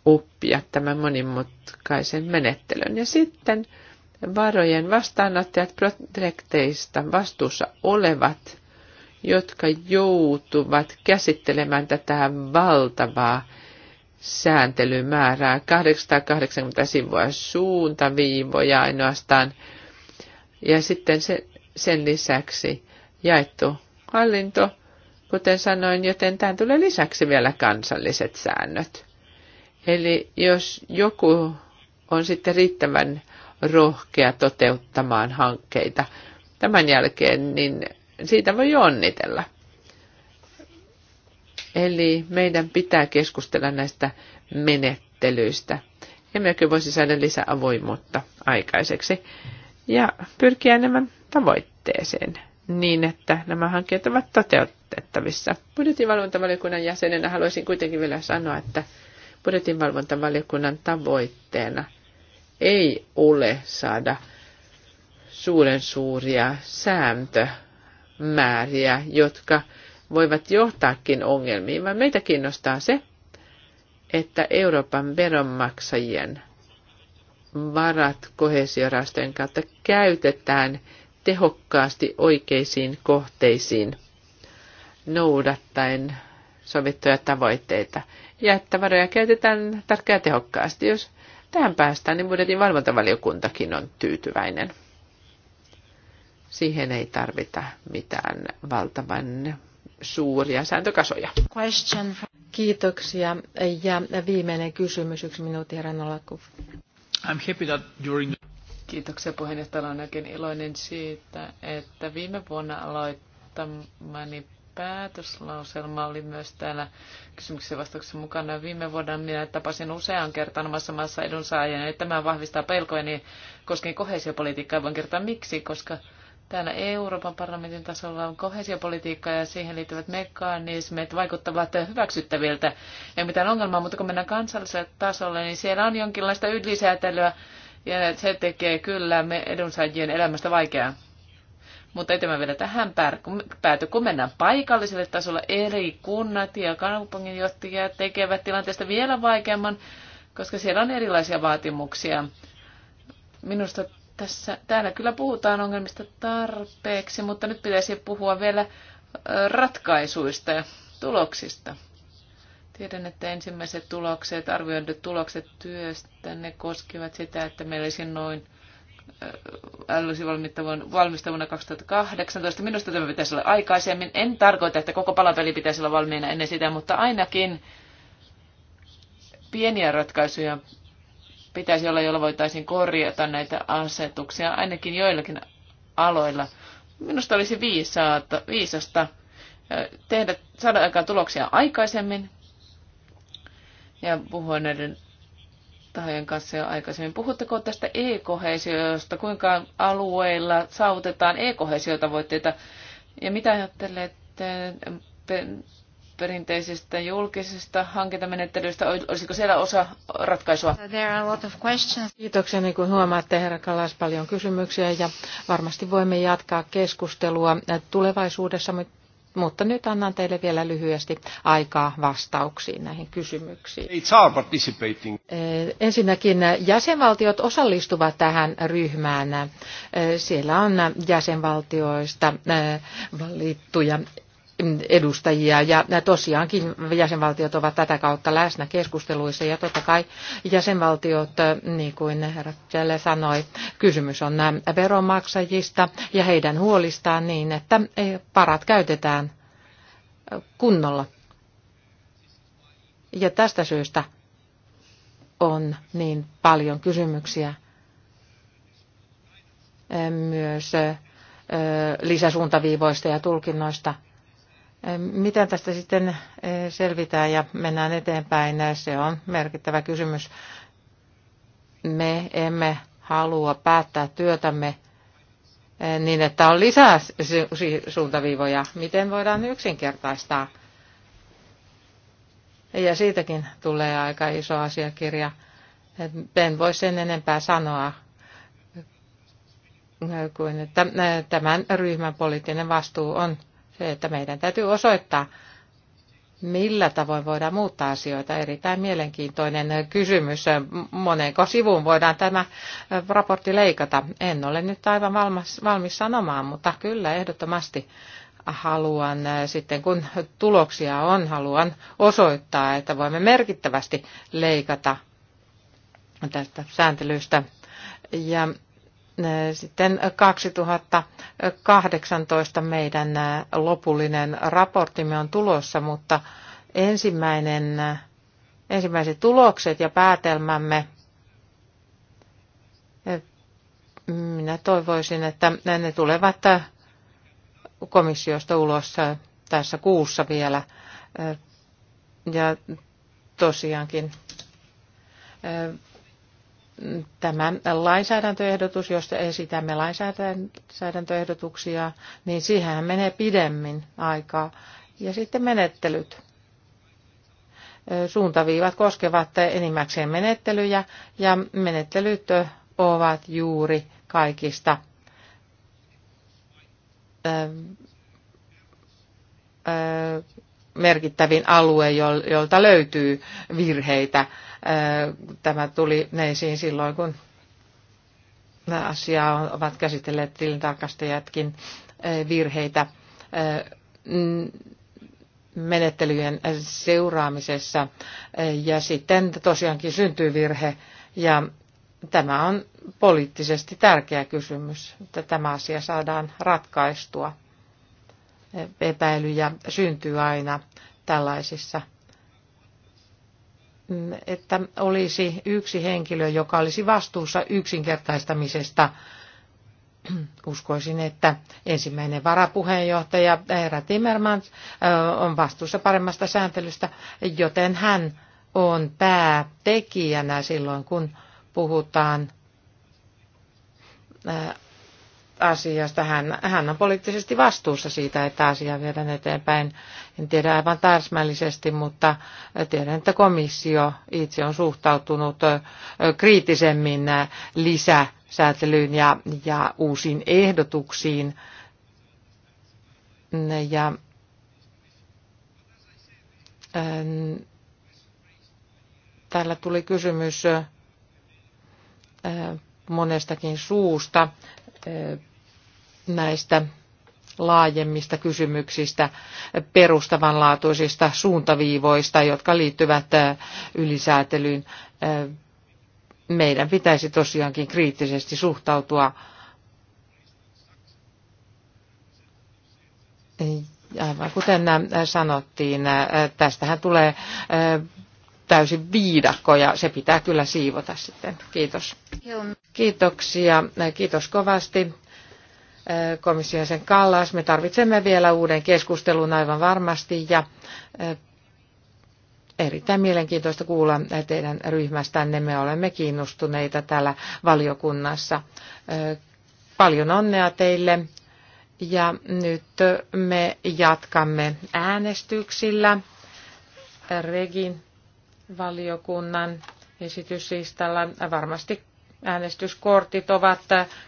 oppia tämän monimutkaisen menettelyn. Ja sitten varojen vastaanottajat projekteista vastuussa olevat, jotka joutuvat käsittelemään tätä valtavaa sääntelymäärää. 880 sivua suuntaviivoja ainoastaan. Ja sitten se, sen lisäksi jaettu hallinto, kuten sanoin, joten tähän tulee lisäksi vielä kansalliset säännöt. Eli jos joku on sitten riittävän rohkea toteuttamaan hankkeita tämän jälkeen, niin siitä voi onnitella. Eli meidän pitää keskustella näistä menettelyistä. Emmekö voisi saada lisää avoimuutta aikaiseksi ja pyrkiä enemmän tavoitteeseen niin, että nämä hankkeet ovat toteutettavissa. Budjetinvalvontavaliokunnan jäsenenä haluaisin kuitenkin vielä sanoa, että budjetinvalvontavaliokunnan tavoitteena ei ole saada suuren suuria sääntömääriä, jotka voivat johtaakin ongelmiin, vaan meitä kiinnostaa se, että Euroopan veronmaksajien varat kohesiorastojen kautta käytetään tehokkaasti oikeisiin kohteisiin noudattaen sovittuja tavoitteita ja että varoja käytetään tarkkaan ja tehokkaasti. Jos tähän päästään, niin budjetin valvontavaliokuntakin on tyytyväinen. Siihen ei tarvita mitään valtavan suuria sääntökasoja. Question. Kiitoksia. Ja viimeinen kysymys, yksi minuutti herra Nolakuf. I'm happy that during... Kiitoksia puheenjohtaja. Olen oikein iloinen siitä, että viime vuonna aloittamani päätöslauselma oli myös täällä kysymyksen vastauksessa mukana. Viime vuonna minä tapasin usean kertaan omassa maassa edunsaajana, että tämä vahvistaa pelkoja, niin koskien kohesiopolitiikkaa voin kertoa miksi, koska täällä Euroopan parlamentin tasolla on kohesiopolitiikka ja siihen liittyvät mekanismit vaikuttavat hyväksyttäviltä. Ei mitään ongelmaa, mutta kun mennään kansalliselle tasolle, niin siellä on jonkinlaista ylisäätelyä ja se tekee kyllä me edunsaajien elämästä vaikeaa. Mutta ei tämä vielä tähän pääty. Kun mennään paikalliselle tasolle, eri kunnat ja kaupunginjohtajat tekevät tilanteesta vielä vaikeamman, koska siellä on erilaisia vaatimuksia. Minusta tässä, täällä kyllä puhutaan ongelmista tarpeeksi, mutta nyt pitäisi puhua vielä ratkaisuista ja tuloksista. Tiedän, että ensimmäiset tulokset, arvioidut tulokset työstä, ne koskivat sitä, että meillä olisi noin älysi valmistavuna 2018. Minusta tämä pitäisi olla aikaisemmin. En tarkoita, että koko palapeli pitäisi olla valmiina ennen sitä, mutta ainakin pieniä ratkaisuja pitäisi olla, jolla voitaisiin korjata näitä asetuksia, ainakin joillakin aloilla. Minusta olisi viisaata, viisasta tehdä, saada aikaan tuloksia aikaisemmin ja puhua näiden tahojen kanssa jo aikaisemmin. Puhutteko tästä e-kohesiosta, kuinka alueilla saavutetaan e-kohesiotavoitteita ja mitä ajattelette Perinteisistä julkisista hankintamenettelyistä Olisiko siellä osa ratkaisua? There are a lot of questions. Kiitoksia, niin kuin huomaatte, herra Kallas, paljon kysymyksiä ja varmasti voimme jatkaa keskustelua tulevaisuudessa, mutta nyt annan teille vielä lyhyesti aikaa vastauksiin näihin kysymyksiin. Eh, ensinnäkin jäsenvaltiot osallistuvat tähän ryhmään. Eh, siellä on jäsenvaltioista eh, valittuja edustajia ja tosiaankin jäsenvaltiot ovat tätä kautta läsnä keskusteluissa ja totta kai jäsenvaltiot, niin kuin herra Jelle sanoi, kysymys on veronmaksajista ja heidän huolistaan niin, että parat käytetään kunnolla. Ja tästä syystä on niin paljon kysymyksiä myös lisäsuuntaviivoista ja tulkinnoista Miten tästä sitten eh, selvitään ja mennään eteenpäin, se on merkittävä kysymys. Me emme halua päättää työtämme eh, niin, että on lisää suuntaviivoja. Miten voidaan yksinkertaistaa? Ja siitäkin tulee aika iso asiakirja. En voi sen enempää sanoa kuin, että eh, tämän ryhmän poliittinen vastuu on että meidän täytyy osoittaa, millä tavoin voidaan muuttaa asioita. Erittäin mielenkiintoinen kysymys. Monenko sivuun voidaan tämä raportti leikata? En ole nyt aivan valmis, valmis sanomaan, mutta kyllä ehdottomasti haluan sitten, kun tuloksia on, haluan osoittaa, että voimme merkittävästi leikata tästä sääntelystä. Ja sitten 2018 meidän lopullinen raporttimme on tulossa, mutta ensimmäinen, ensimmäiset tulokset ja päätelmämme, minä toivoisin, että ne tulevat komissiosta ulos tässä kuussa vielä. Ja tosiaankin tämä lainsäädäntöehdotus, josta esitämme lainsäädäntöehdotuksia, niin siihen menee pidemmin aikaa. Ja sitten menettelyt. Suuntaviivat koskevat enimmäkseen menettelyjä ja menettelyt ovat juuri kaikista merkittävin alue, jolta löytyy virheitä Tämä tuli neisiin silloin, kun asiaa ovat käsitelleet tilintarkastajatkin virheitä menettelyjen seuraamisessa ja sitten tosiaankin syntyy virhe ja tämä on poliittisesti tärkeä kysymys, että tämä asia saadaan ratkaistua. Epäilyjä syntyy aina tällaisissa Mm, että olisi yksi henkilö, joka olisi vastuussa yksinkertaistamisesta. [clears throat] Uskoisin, että ensimmäinen varapuheenjohtaja herra Timmermans on vastuussa paremmasta sääntelystä, joten hän on päätekijänä silloin, kun puhutaan asiasta. Hän, hän on poliittisesti vastuussa siitä, että asia viedään eteenpäin. En tiedä aivan täsmällisesti, mutta tiedän, että komissio itse on suhtautunut kriittisemmin lisäsäätelyyn ja, ja uusiin ehdotuksiin. Ja, ähm, täällä tuli kysymys monestakin suusta näistä laajemmista kysymyksistä, perustavanlaatuisista suuntaviivoista, jotka liittyvät äh, ylisäätelyyn. Äh, meidän pitäisi tosiaankin kriittisesti suhtautua aivan kuten äh, sanottiin, tästähän tulee täysin viidakko ja se pitää kyllä siivota sitten. Kiitos. Kiitoksia. Kiitos kovasti komission sen Kallas. Me tarvitsemme vielä uuden keskustelun aivan varmasti ja erittäin mielenkiintoista kuulla teidän ryhmästänne. Me olemme kiinnostuneita täällä valiokunnassa. Paljon onnea teille ja nyt me jatkamme äänestyksillä Regin valiokunnan esityslistalla. Varmasti äänestyskortit ovat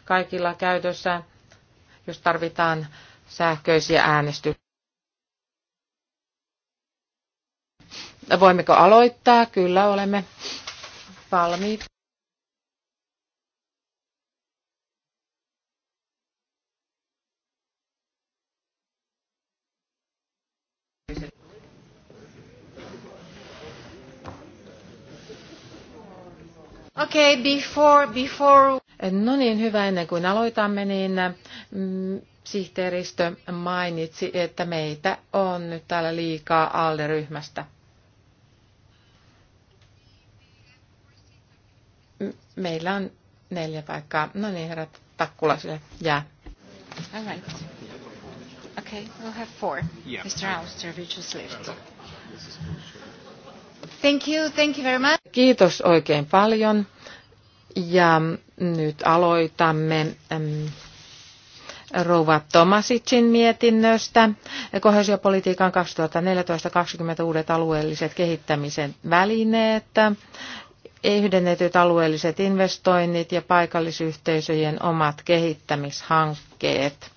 kaikilla käytössä jos tarvitaan sähköisiä äänestyksiä. Voimmeko aloittaa? Kyllä olemme valmiit. Okay, before, before... No niin, hyvä. Ennen kuin aloitamme, niin mm, sihteeristö mainitsi, että meitä on nyt täällä liikaa alderyhmästä. ryhmästä Meillä on neljä paikkaa. No niin, herrat Takkula sille jää. All right. Okay, we'll have four. Yeah. Mr. we just left. Thank you, thank you very much. Kiitos oikein paljon. Ja nyt aloitamme rouva Tomasicin mietinnöstä. Kohesiopolitiikan 2014 2020 uudet alueelliset kehittämisen välineet, yhdennetyt alueelliset investoinnit ja paikallisyhteisöjen omat kehittämishankkeet.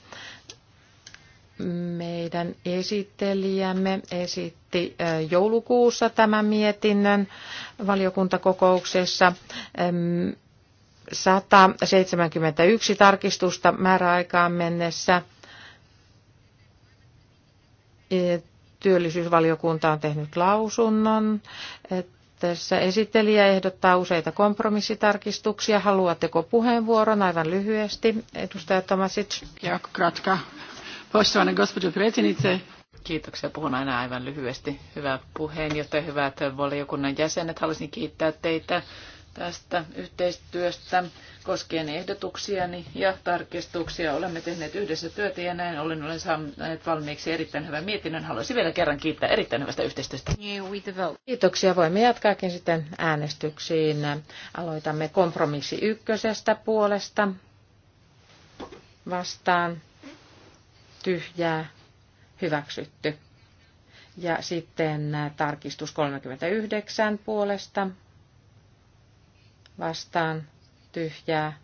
Meidän esittelijämme esitti joulukuussa tämän mietinnön valiokuntakokouksessa. 171 tarkistusta määräaikaan mennessä. Työllisyysvaliokunta on tehnyt lausunnon. Tässä esittelijä ehdottaa useita kompromissitarkistuksia. Haluatteko puheenvuoron aivan lyhyesti, edustaja Tomasic? Jako kratka. Poštovana gospođo Kiitoksia. Puhun aina aivan lyhyesti. Hyvää puheenjohtaja, hyvät valiokunnan jäsenet. Haluaisin kiittää teitä tästä yhteistyöstä koskien ehdotuksiani ja tarkistuksia. Olemme tehneet yhdessä työtä ja näin ollen olen saanut valmiiksi erittäin hyvän mietinnön. Haluaisin vielä kerran kiittää erittäin hyvästä yhteistyöstä. Kiitoksia. Voimme jatkaakin sitten äänestyksiin. Aloitamme kompromissi ykkösestä puolesta vastaan tyhjää hyväksytty. Ja sitten tarkistus 39 puolesta vastaan tyhjää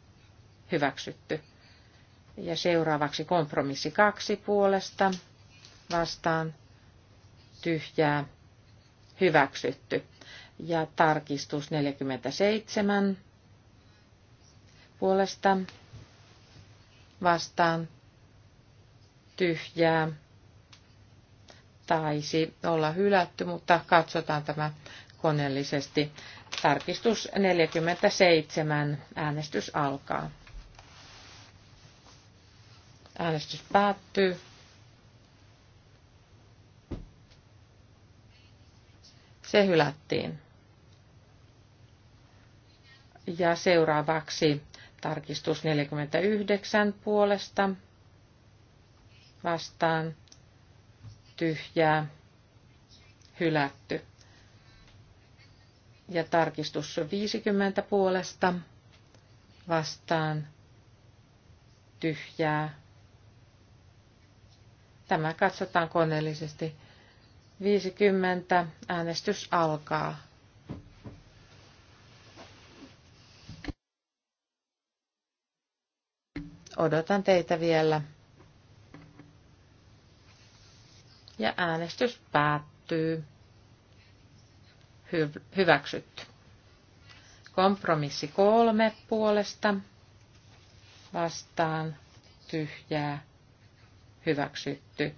hyväksytty. Ja seuraavaksi kompromissi kaksi puolesta vastaan tyhjää hyväksytty. Ja tarkistus 47 puolesta vastaan tyhjää. Taisi olla hylätty, mutta katsotaan tämä koneellisesti. Tarkistus 47. Äänestys alkaa. Äänestys päättyy. Se hylättiin. Ja seuraavaksi tarkistus 49 puolesta vastaan tyhjää hylätty. Ja tarkistus 50 puolesta vastaan tyhjää. Tämä katsotaan koneellisesti. 50. Äänestys alkaa. Odotan teitä vielä. Ja äänestys päättyy hyväksytty. Kompromissi kolme puolesta vastaan tyhjää hyväksytty.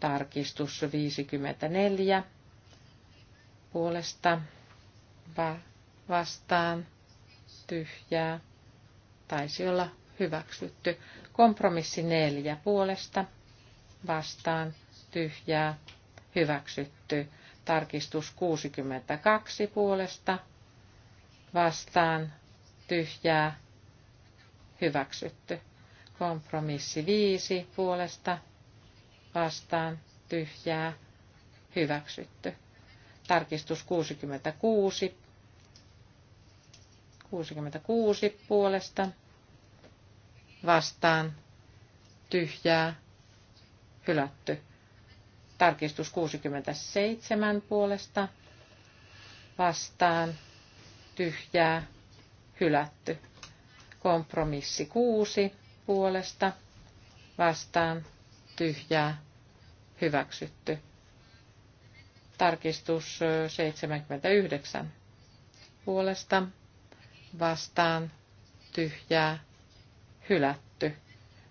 Tarkistus 54 puolesta va- vastaan tyhjää taisi olla hyväksytty. Kompromissi neljä puolesta vastaan tyhjää hyväksytty. Tarkistus 62 puolesta vastaan tyhjää hyväksytty. Kompromissi 5 puolesta vastaan tyhjää hyväksytty. Tarkistus 66 66 puolesta vastaan tyhjää hylätty. Tarkistus 67 puolesta vastaan tyhjää hylätty. Kompromissi 6 puolesta vastaan tyhjää hyväksytty. Tarkistus 79 puolesta vastaan tyhjää hylätty.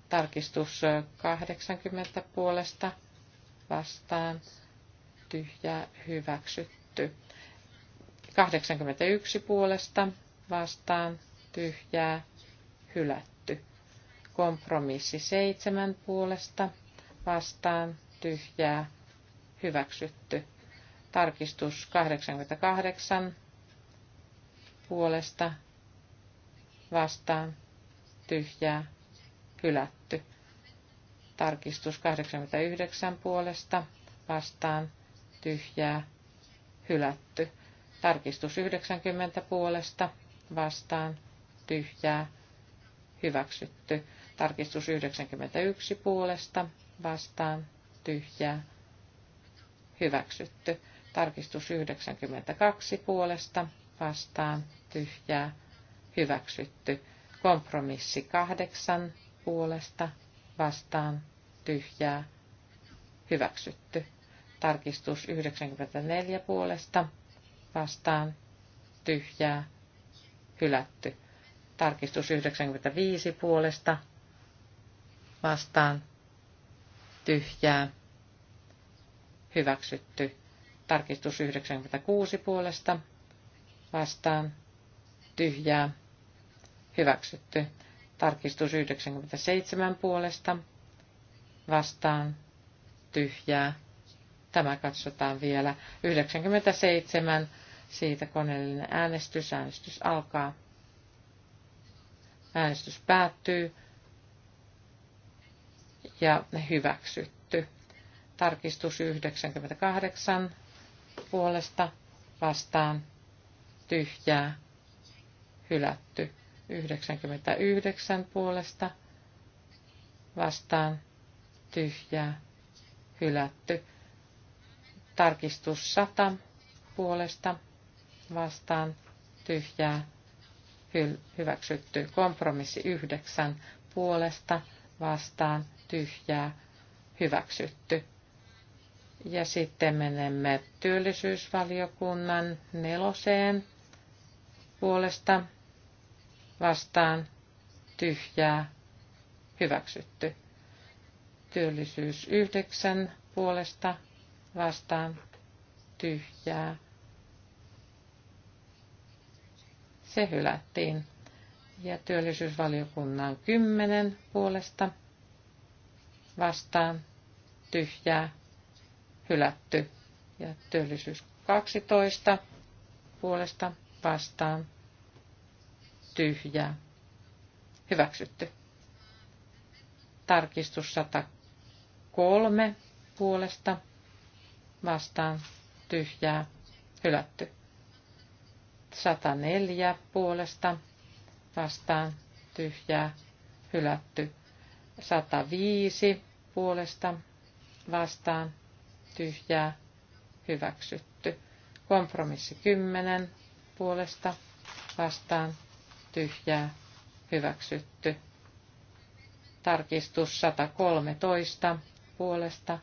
Tarkistus 80 puolesta vastaan tyhjä hyväksytty. 81 puolesta vastaan tyhjää hylätty. Kompromissi 7 puolesta vastaan tyhjää hyväksytty. Tarkistus 88 puolesta vastaan tyhjää hylätty Tarkistus 89 puolesta vastaan tyhjää hylätty. Tarkistus 90 puolesta vastaan tyhjää hyväksytty. Tarkistus 91 puolesta vastaan tyhjää hyväksytty. Tarkistus 92 puolesta vastaan tyhjää hyväksytty. Kompromissi 8 puolesta vastaan tyhjää, hyväksytty. Tarkistus 94 puolesta, vastaan, tyhjää, hylätty. Tarkistus 95 puolesta, vastaan, tyhjää, hyväksytty. Tarkistus 96 puolesta, vastaan, tyhjää, hyväksytty. Tarkistus 97 puolesta, vastaan tyhjää. Tämä katsotaan vielä. 97. Siitä koneellinen äänestys. Äänestys alkaa. Äänestys päättyy. Ja hyväksytty. Tarkistus 98 puolesta vastaan tyhjää hylätty. 99 puolesta vastaan tyhjää, hylätty. Tarkistus 100 puolesta vastaan tyhjää, hyl- hyväksytty. Kompromissi 9 puolesta vastaan tyhjää, hyväksytty. Ja sitten menemme työllisyysvaliokunnan neloseen puolesta vastaan tyhjää, hyväksytty. Työllisyys yhdeksän puolesta vastaan tyhjää. Se hylättiin. Ja työllisyysvaliokunnan kymmenen puolesta vastaan tyhjää hylätty. Ja työllisyys 12 puolesta vastaan tyhjää hyväksytty. Tarkistus kolme puolesta vastaan tyhjää hylätty. 104 puolesta vastaan tyhjää hylätty. 105 puolesta vastaan tyhjää hyväksytty. Kompromissi 10 puolesta vastaan tyhjää hyväksytty. Tarkistus 113 puolesta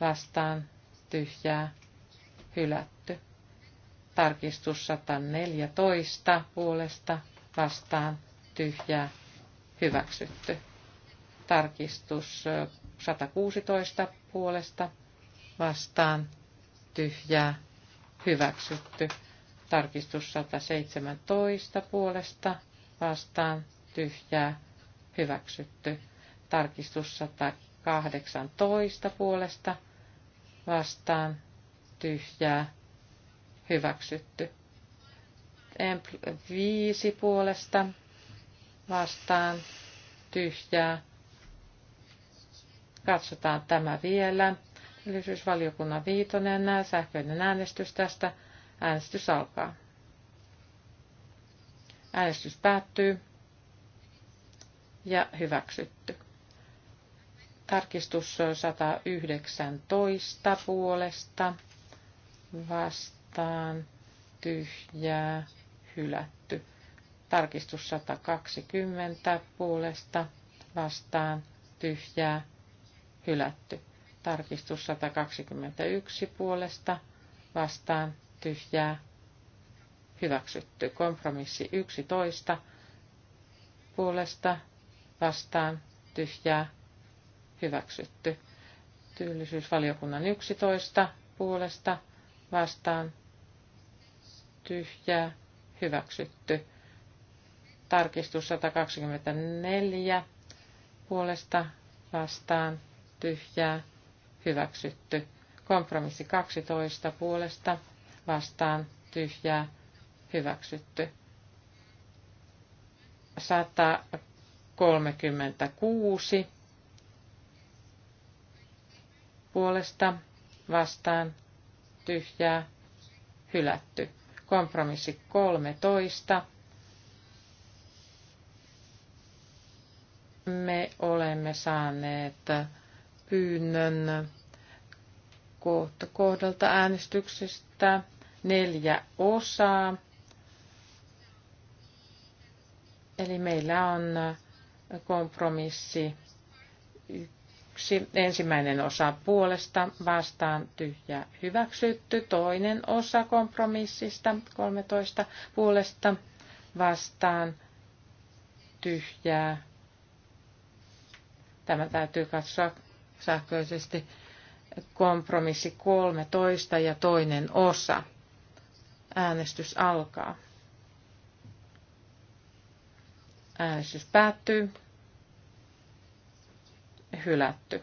vastaan tyhjää hylätty. Tarkistus 114 puolesta vastaan tyhjää hyväksytty. Tarkistus 116 puolesta vastaan tyhjää hyväksytty. Tarkistus 117 puolesta vastaan tyhjää hyväksytty. Tarkistus 110. 18 puolesta vastaan tyhjää hyväksytty. Empl 5 puolesta vastaan tyhjää. Katsotaan tämä vielä. Työllisyysvaliokunnan viitonen sähköinen äänestys tästä. Äänestys alkaa. Äänestys päättyy ja hyväksytty. Tarkistus 119 puolesta vastaan tyhjää hylätty. Tarkistus 120 puolesta vastaan tyhjää hylätty. Tarkistus 121 puolesta vastaan tyhjää hyväksytty. Kompromissi 11 puolesta vastaan tyhjää hyväksytty. Työllisyysvaliokunnan 11 puolesta vastaan tyhjää hyväksytty. Tarkistus 124 puolesta vastaan tyhjää hyväksytty. Kompromissi 12 puolesta vastaan tyhjää hyväksytty. 136 puolesta vastaan tyhjää hylätty. Kompromissi 13. Me olemme saaneet pyynnön kohdalta äänestyksestä neljä osaa. Eli meillä on kompromissi yksi, ensimmäinen osa puolesta vastaan tyhjä hyväksytty, toinen osa kompromissista 13 puolesta vastaan tyhjää. Tämä täytyy katsoa sähköisesti kompromissi 13 ja toinen osa. Äänestys alkaa. Äänestys päättyy hylätty.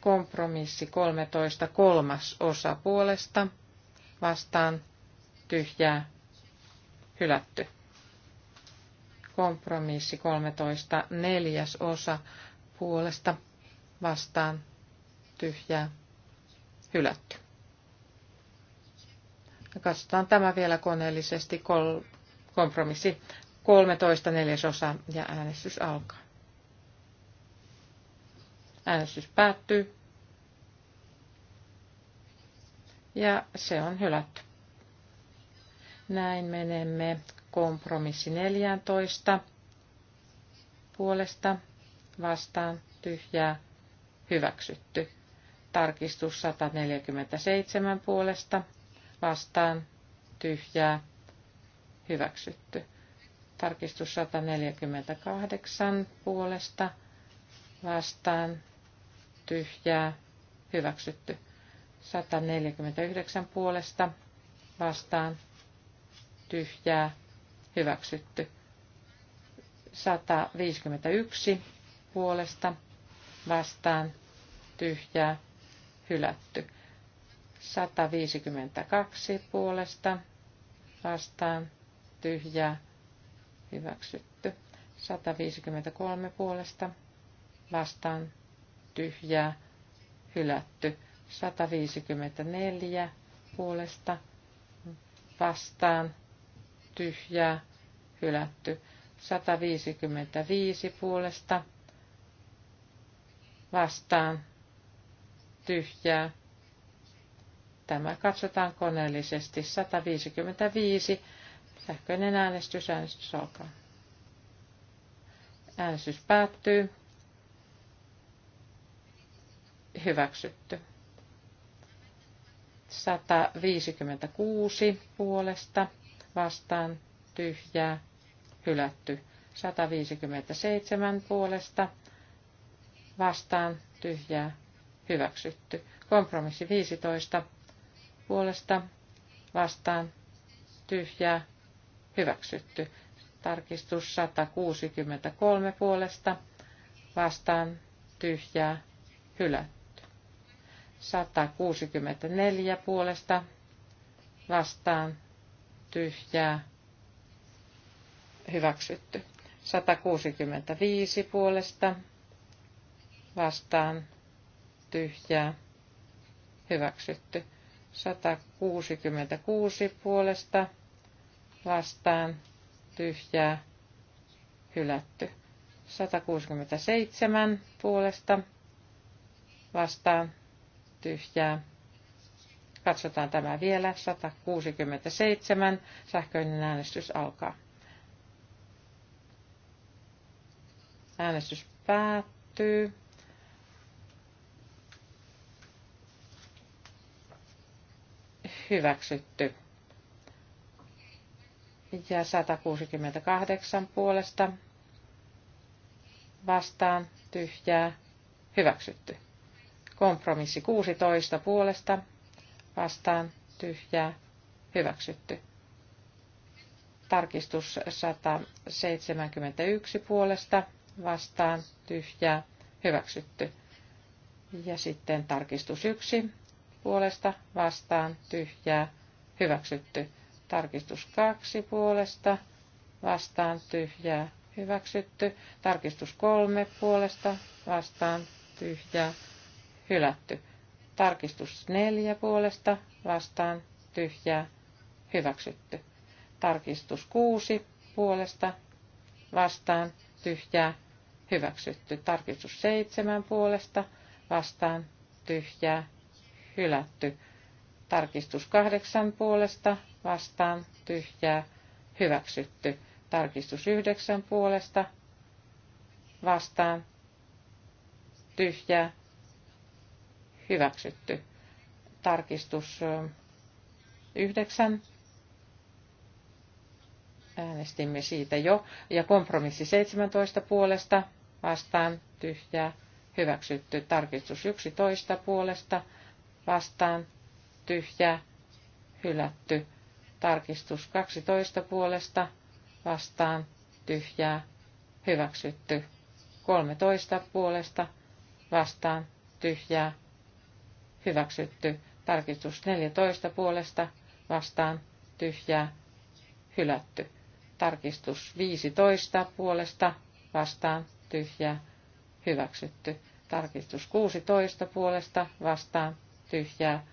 Kompromissi 13 kolmas osa puolesta vastaan tyhjää hylätty. Kompromissi 13 neljäs osa puolesta vastaan tyhjää hylätty. Katsotaan tämä vielä koneellisesti. Kompromissi 13 neljäsosa ja äänestys alkaa. Äänestys päättyy. Ja se on hylätty. Näin menemme kompromissi 14 puolesta vastaan tyhjää hyväksytty. Tarkistus 147 puolesta vastaan tyhjää hyväksytty. Tarkistus 148 puolesta vastaan tyhjää, hyväksytty. 149 puolesta vastaan, tyhjää, hyväksytty. 151 puolesta vastaan, tyhjää, hylätty. 152 puolesta vastaan, tyhjää, hyväksytty. 153 puolesta vastaan, tyhjää, hylätty. 154 puolesta vastaan, tyhjää, hylätty. 155 puolesta vastaan, tyhjää. Tämä katsotaan koneellisesti. 155. Sähköinen äänestys, äänestys alkaa. Äänestys päättyy hyväksytty. 156 puolesta vastaan tyhjää hylätty. 157 puolesta vastaan tyhjää hyväksytty. Kompromissi 15 puolesta vastaan tyhjää hyväksytty. Tarkistus 163 puolesta vastaan tyhjää hylätty. 164 puolesta vastaan tyhjää hyväksytty. 165 puolesta vastaan tyhjää hyväksytty. 166 puolesta vastaan tyhjää hylätty. 167 puolesta vastaan tyhjää. Katsotaan tämä vielä. 167. Sähköinen äänestys alkaa. Äänestys päättyy. Hyväksytty. Ja 168 puolesta vastaan tyhjää hyväksytty. Kompromissi 16 puolesta vastaan tyhjää hyväksytty. Tarkistus 171 puolesta vastaan tyhjää hyväksytty. Ja sitten tarkistus 1 puolesta vastaan tyhjää hyväksytty. Tarkistus 2 puolesta vastaan tyhjää hyväksytty. Tarkistus 3 puolesta vastaan tyhjää hyväksytty hylätty. Tarkistus neljä puolesta vastaan tyhjää hyväksytty. Tarkistus kuusi puolesta vastaan tyhjää hyväksytty. Tarkistus seitsemän puolesta vastaan tyhjää hylätty. Tarkistus kahdeksan puolesta vastaan tyhjää hyväksytty. Tarkistus yhdeksän puolesta vastaan tyhjää hyväksytty. Tarkistus yhdeksän. Äänestimme siitä jo. Ja kompromissi 17 puolesta vastaan tyhjää hyväksytty. Tarkistus 11 puolesta vastaan tyhjää hylätty. Tarkistus 12 puolesta vastaan tyhjää hyväksytty. 13 puolesta vastaan tyhjää hyväksytty. Tarkistus 14 puolesta vastaan tyhjää hylätty. Tarkistus 15 puolesta vastaan tyhjää hyväksytty. Tarkistus 16 puolesta vastaan tyhjää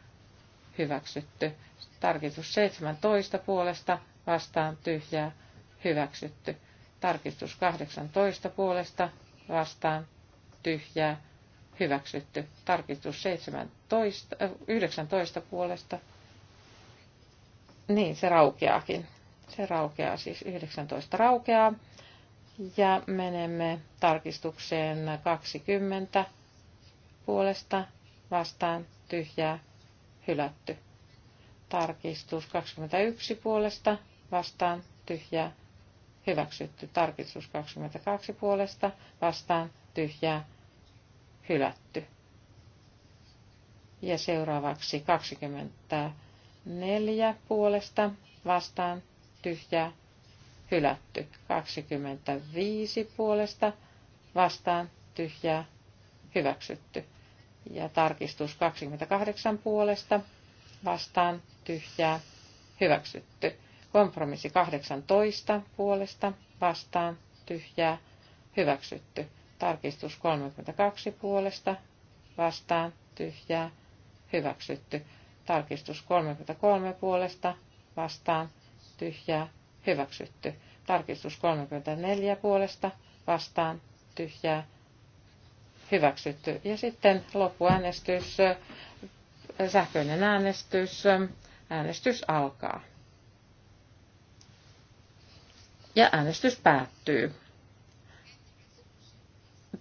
hyväksytty. Tarkistus 17 puolesta vastaan tyhjää hyväksytty. Tarkistus 18 puolesta vastaan tyhjää hyväksytty. Tarkistus 17, 19 äh, puolesta. Niin, se raukeakin. Se raukeaa siis 19 raukeaa. Ja menemme tarkistukseen 20 puolesta vastaan tyhjää hylätty. Tarkistus 21 puolesta vastaan tyhjää hyväksytty. Tarkistus 22 puolesta vastaan tyhjää hylätty. Ja seuraavaksi 24 puolesta vastaan tyhjää hylätty. 25 puolesta vastaan tyhjää hyväksytty. Ja tarkistus 28 puolesta vastaan tyhjää hyväksytty. Kompromissi 18 puolesta vastaan tyhjää hyväksytty. Tarkistus 32 puolesta vastaan tyhjää hyväksytty. Tarkistus 33 puolesta vastaan tyhjää hyväksytty. Tarkistus 34 puolesta vastaan tyhjää hyväksytty. Ja sitten loppuäänestys, sähköinen äänestys, äänestys alkaa. Ja äänestys päättyy.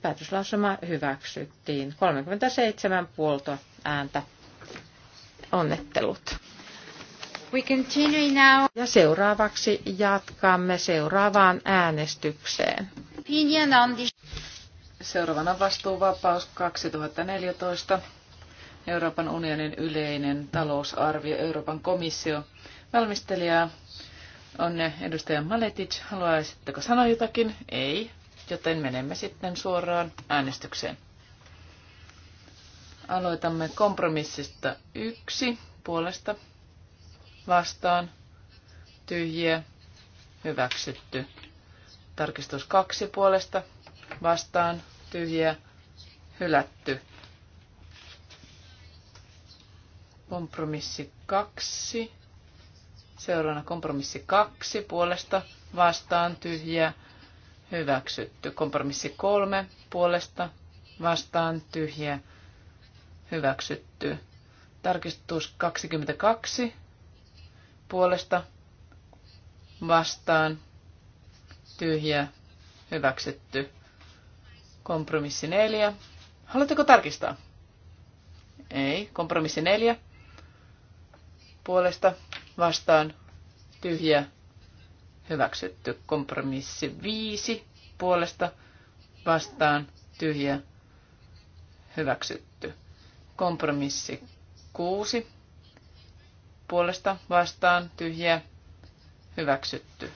Päätöslausuma hyväksyttiin. 37 puolta ääntä. Onnettelut. We continue now. Ja seuraavaksi jatkamme seuraavaan äänestykseen. Opinion on the... Seuraavana vastuuvapaus 2014. Euroopan unionin yleinen talousarvio, Euroopan komissio. Valmistelija on edustaja Maletic. Haluaisitteko sanoa jotakin? Ei joten menemme sitten suoraan äänestykseen. Aloitamme kompromissista yksi puolesta vastaan tyhjiä hyväksytty. Tarkistus kaksi puolesta vastaan tyhjiä hylätty. Kompromissi kaksi. Seuraavana kompromissi kaksi puolesta vastaan tyhjiä hyväksytty. Kompromissi kolme puolesta vastaan tyhjä hyväksytty. Tarkistus 22 puolesta vastaan tyhjä hyväksytty. Kompromissi neljä. Haluatteko tarkistaa? Ei. Kompromissi neljä. Puolesta vastaan tyhjä hyväksytty. Kompromissi 5 puolesta vastaan tyhjä hyväksytty. Kompromissi 6 puolesta vastaan tyhjä hyväksytty.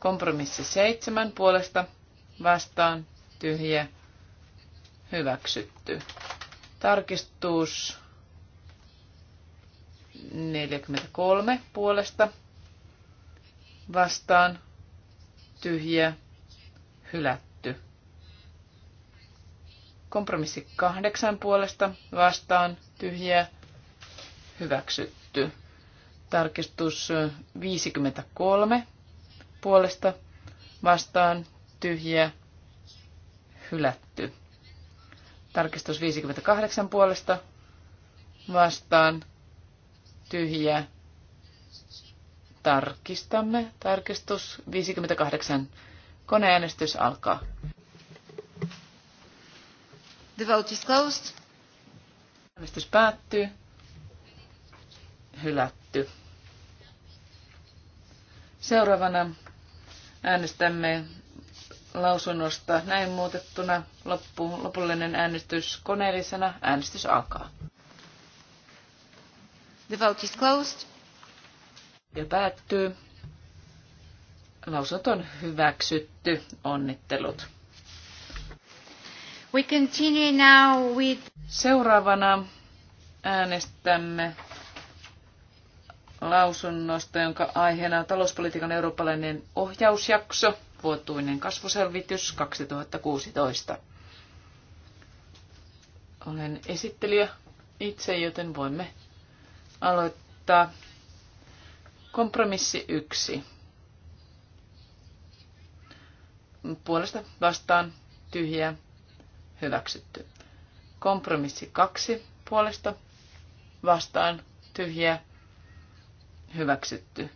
Kompromissi 7 puolesta vastaan tyhjä hyväksytty. Tarkistus 43 puolesta vastaan tyhjä hylätty. Kompromissi kahdeksan puolesta vastaan tyhjä, hyväksytty. Tarkistus 53 puolesta vastaan tyhjä hylätty. Tarkistus 58 puolesta vastaan tyhjä hylätty Tarkistamme. Tarkistus 58. Koneäänestys alkaa. The vote is closed. Äänestys päättyy. Hylätty. Seuraavana äänestämme lausunnosta näin muutettuna. Loppu, lopullinen äänestys koneellisena. Äänestys alkaa. The vote is closed. Ja päättyy. Lausunto on hyväksytty. Onnittelut. We continue now with... Seuraavana äänestämme lausunnosta, jonka aiheena on talouspolitiikan eurooppalainen ohjausjakso, vuotuinen kasvuselvitys 2016. Olen esittelijä itse, joten voimme aloittaa Kompromissi yksi. Puolesta vastaan tyhjä hyväksytty. Kompromissi kaksi. Puolesta vastaan tyhjä hyväksytty.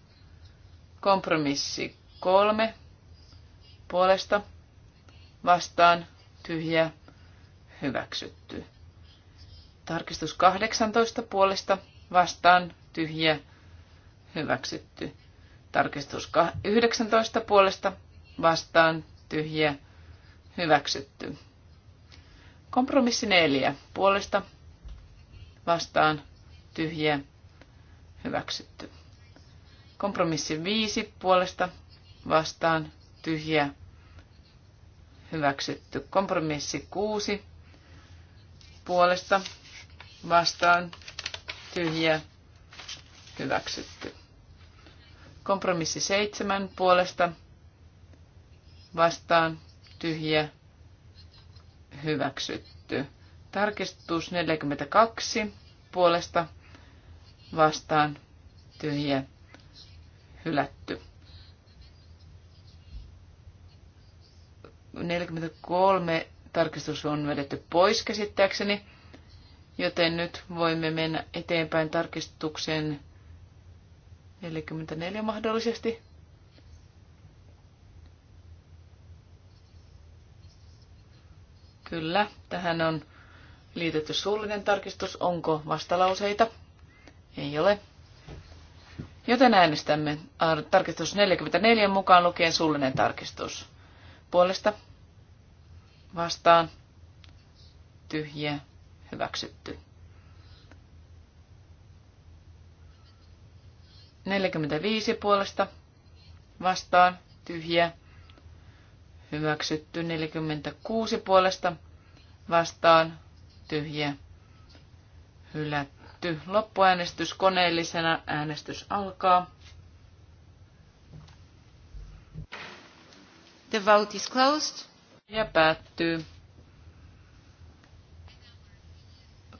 Kompromissi kolme. Puolesta vastaan tyhjä hyväksytty. Tarkistus 18 puolesta vastaan tyhjä hyväksytty hyväksytty. Tarkistus 19 puolesta vastaan tyhjiä hyväksytty. Kompromissi 4 puolesta vastaan tyhjiä hyväksytty. Kompromissi 5 puolesta vastaan tyhjiä hyväksytty. Kompromissi 6 puolesta vastaan tyhjiä hyväksytty. Kompromissi seitsemän puolesta vastaan tyhjä hyväksytty. Tarkistus 42 puolesta vastaan tyhjä hylätty. 43 tarkistus on vedetty pois käsittääkseni, joten nyt voimme mennä eteenpäin tarkistukseen 44 mahdollisesti. Kyllä, tähän on liitetty suullinen tarkistus. Onko vastalauseita? Ei ole. Joten äänestämme tarkistus 44 mukaan lukien suullinen tarkistus. Puolesta vastaan tyhjä hyväksytty. 45 puolesta vastaan tyhjä. Hyväksytty 46 puolesta vastaan tyhjä. Hylätty. Loppuäänestys koneellisena. Äänestys alkaa. The vote is closed. Ja päättyy.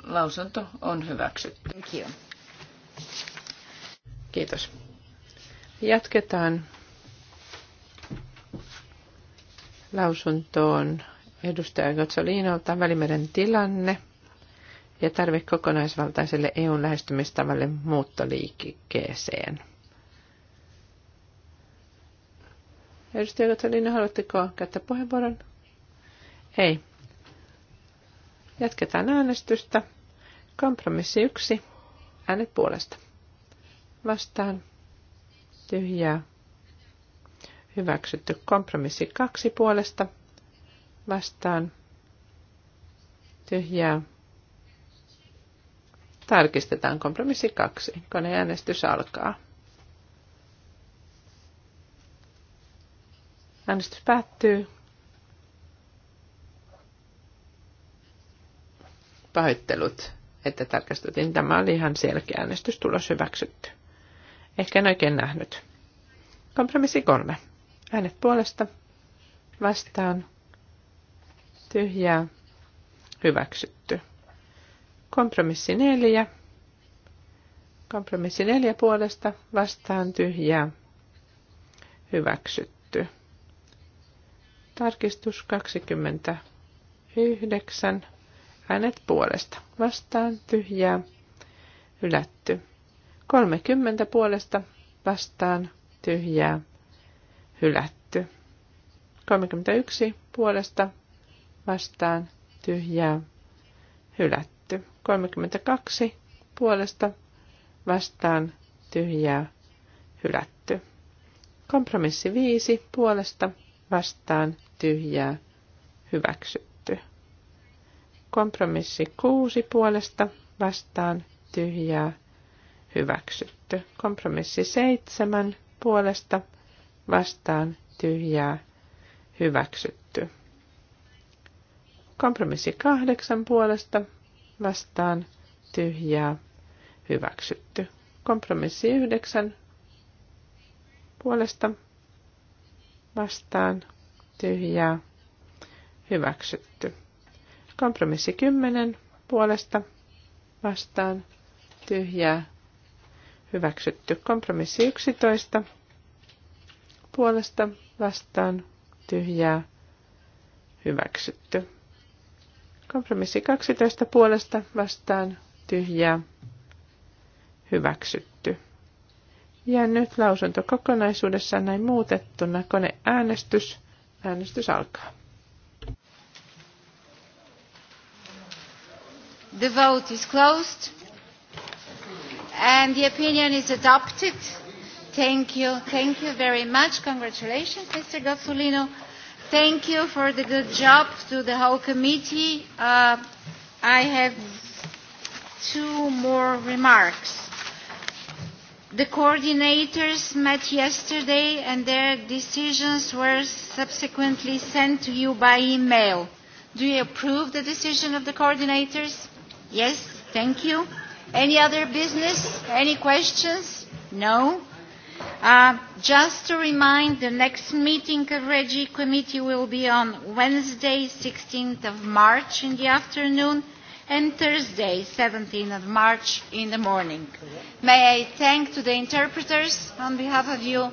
Lausunto on hyväksytty. Thank you. Kiitos. Jatketaan lausuntoon edustaja Gotsolinolta Välimeren tilanne ja tarve kokonaisvaltaiselle EUn lähestymistavalle muuttoliikkeeseen. Edustaja Gotsolino, haluatteko käyttää puheenvuoron? Ei. Jatketaan äänestystä. Kompromissi yksi. Äänet puolesta vastaan tyhjää. Hyväksytty kompromissi kaksi puolesta vastaan tyhjää. Tarkistetaan kompromissi kaksi. Koneäänestys alkaa. Äänestys päättyy. Pahoittelut, että tarkastutin. Tämä oli ihan selkeä äänestystulos hyväksytty. Ehkä en oikein nähnyt. Kompromissi kolme. Äänet puolesta. Vastaan. Tyhjää. Hyväksytty. Kompromissi neljä. Kompromissi neljä puolesta. Vastaan. Tyhjää. Hyväksytty. Tarkistus 29. Äänet puolesta. Vastaan. Tyhjää. Hylätty. 30 puolesta vastaan tyhjää hylätty. 31 puolesta vastaan tyhjää hylätty. 32 puolesta vastaan tyhjää hylätty. Kompromissi 5 puolesta vastaan tyhjää hyväksytty. Kompromissi 6 puolesta vastaan tyhjää hyväksytty. Kompromissi seitsemän puolesta vastaan tyhjää hyväksytty. Kompromissi kahdeksan puolesta vastaan tyhjää hyväksytty. Kompromissi yhdeksän puolesta vastaan tyhjää hyväksytty. Kompromissi kymmenen puolesta vastaan tyhjää Hyväksytty. Kompromissi 11. Puolesta vastaan tyhjää. Hyväksytty. Kompromissi 12. Puolesta vastaan tyhjää. Hyväksytty. Ja nyt lausunto kokonaisuudessaan näin muutettuna. Koneäänestys. Äänestys alkaa. The vote is closed and the opinion is adopted. Thank you. Thank you very much. Congratulations, Mr. Gazzolino. Thank you for the good job to the whole committee. Uh, I have two more remarks. The coordinators met yesterday and their decisions were subsequently sent to you by email. Do you approve the decision of the coordinators? Yes, thank you. Any other business? Any questions? No? Uh, just to remind, the next meeting of Regi Committee will be on Wednesday, 16th of March in the afternoon and Thursday, 17th of March in the morning. May I thank to the interpreters on behalf of you.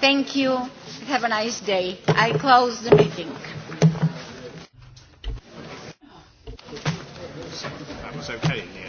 Thank you. Have a nice day. I close the meeting. was okay in the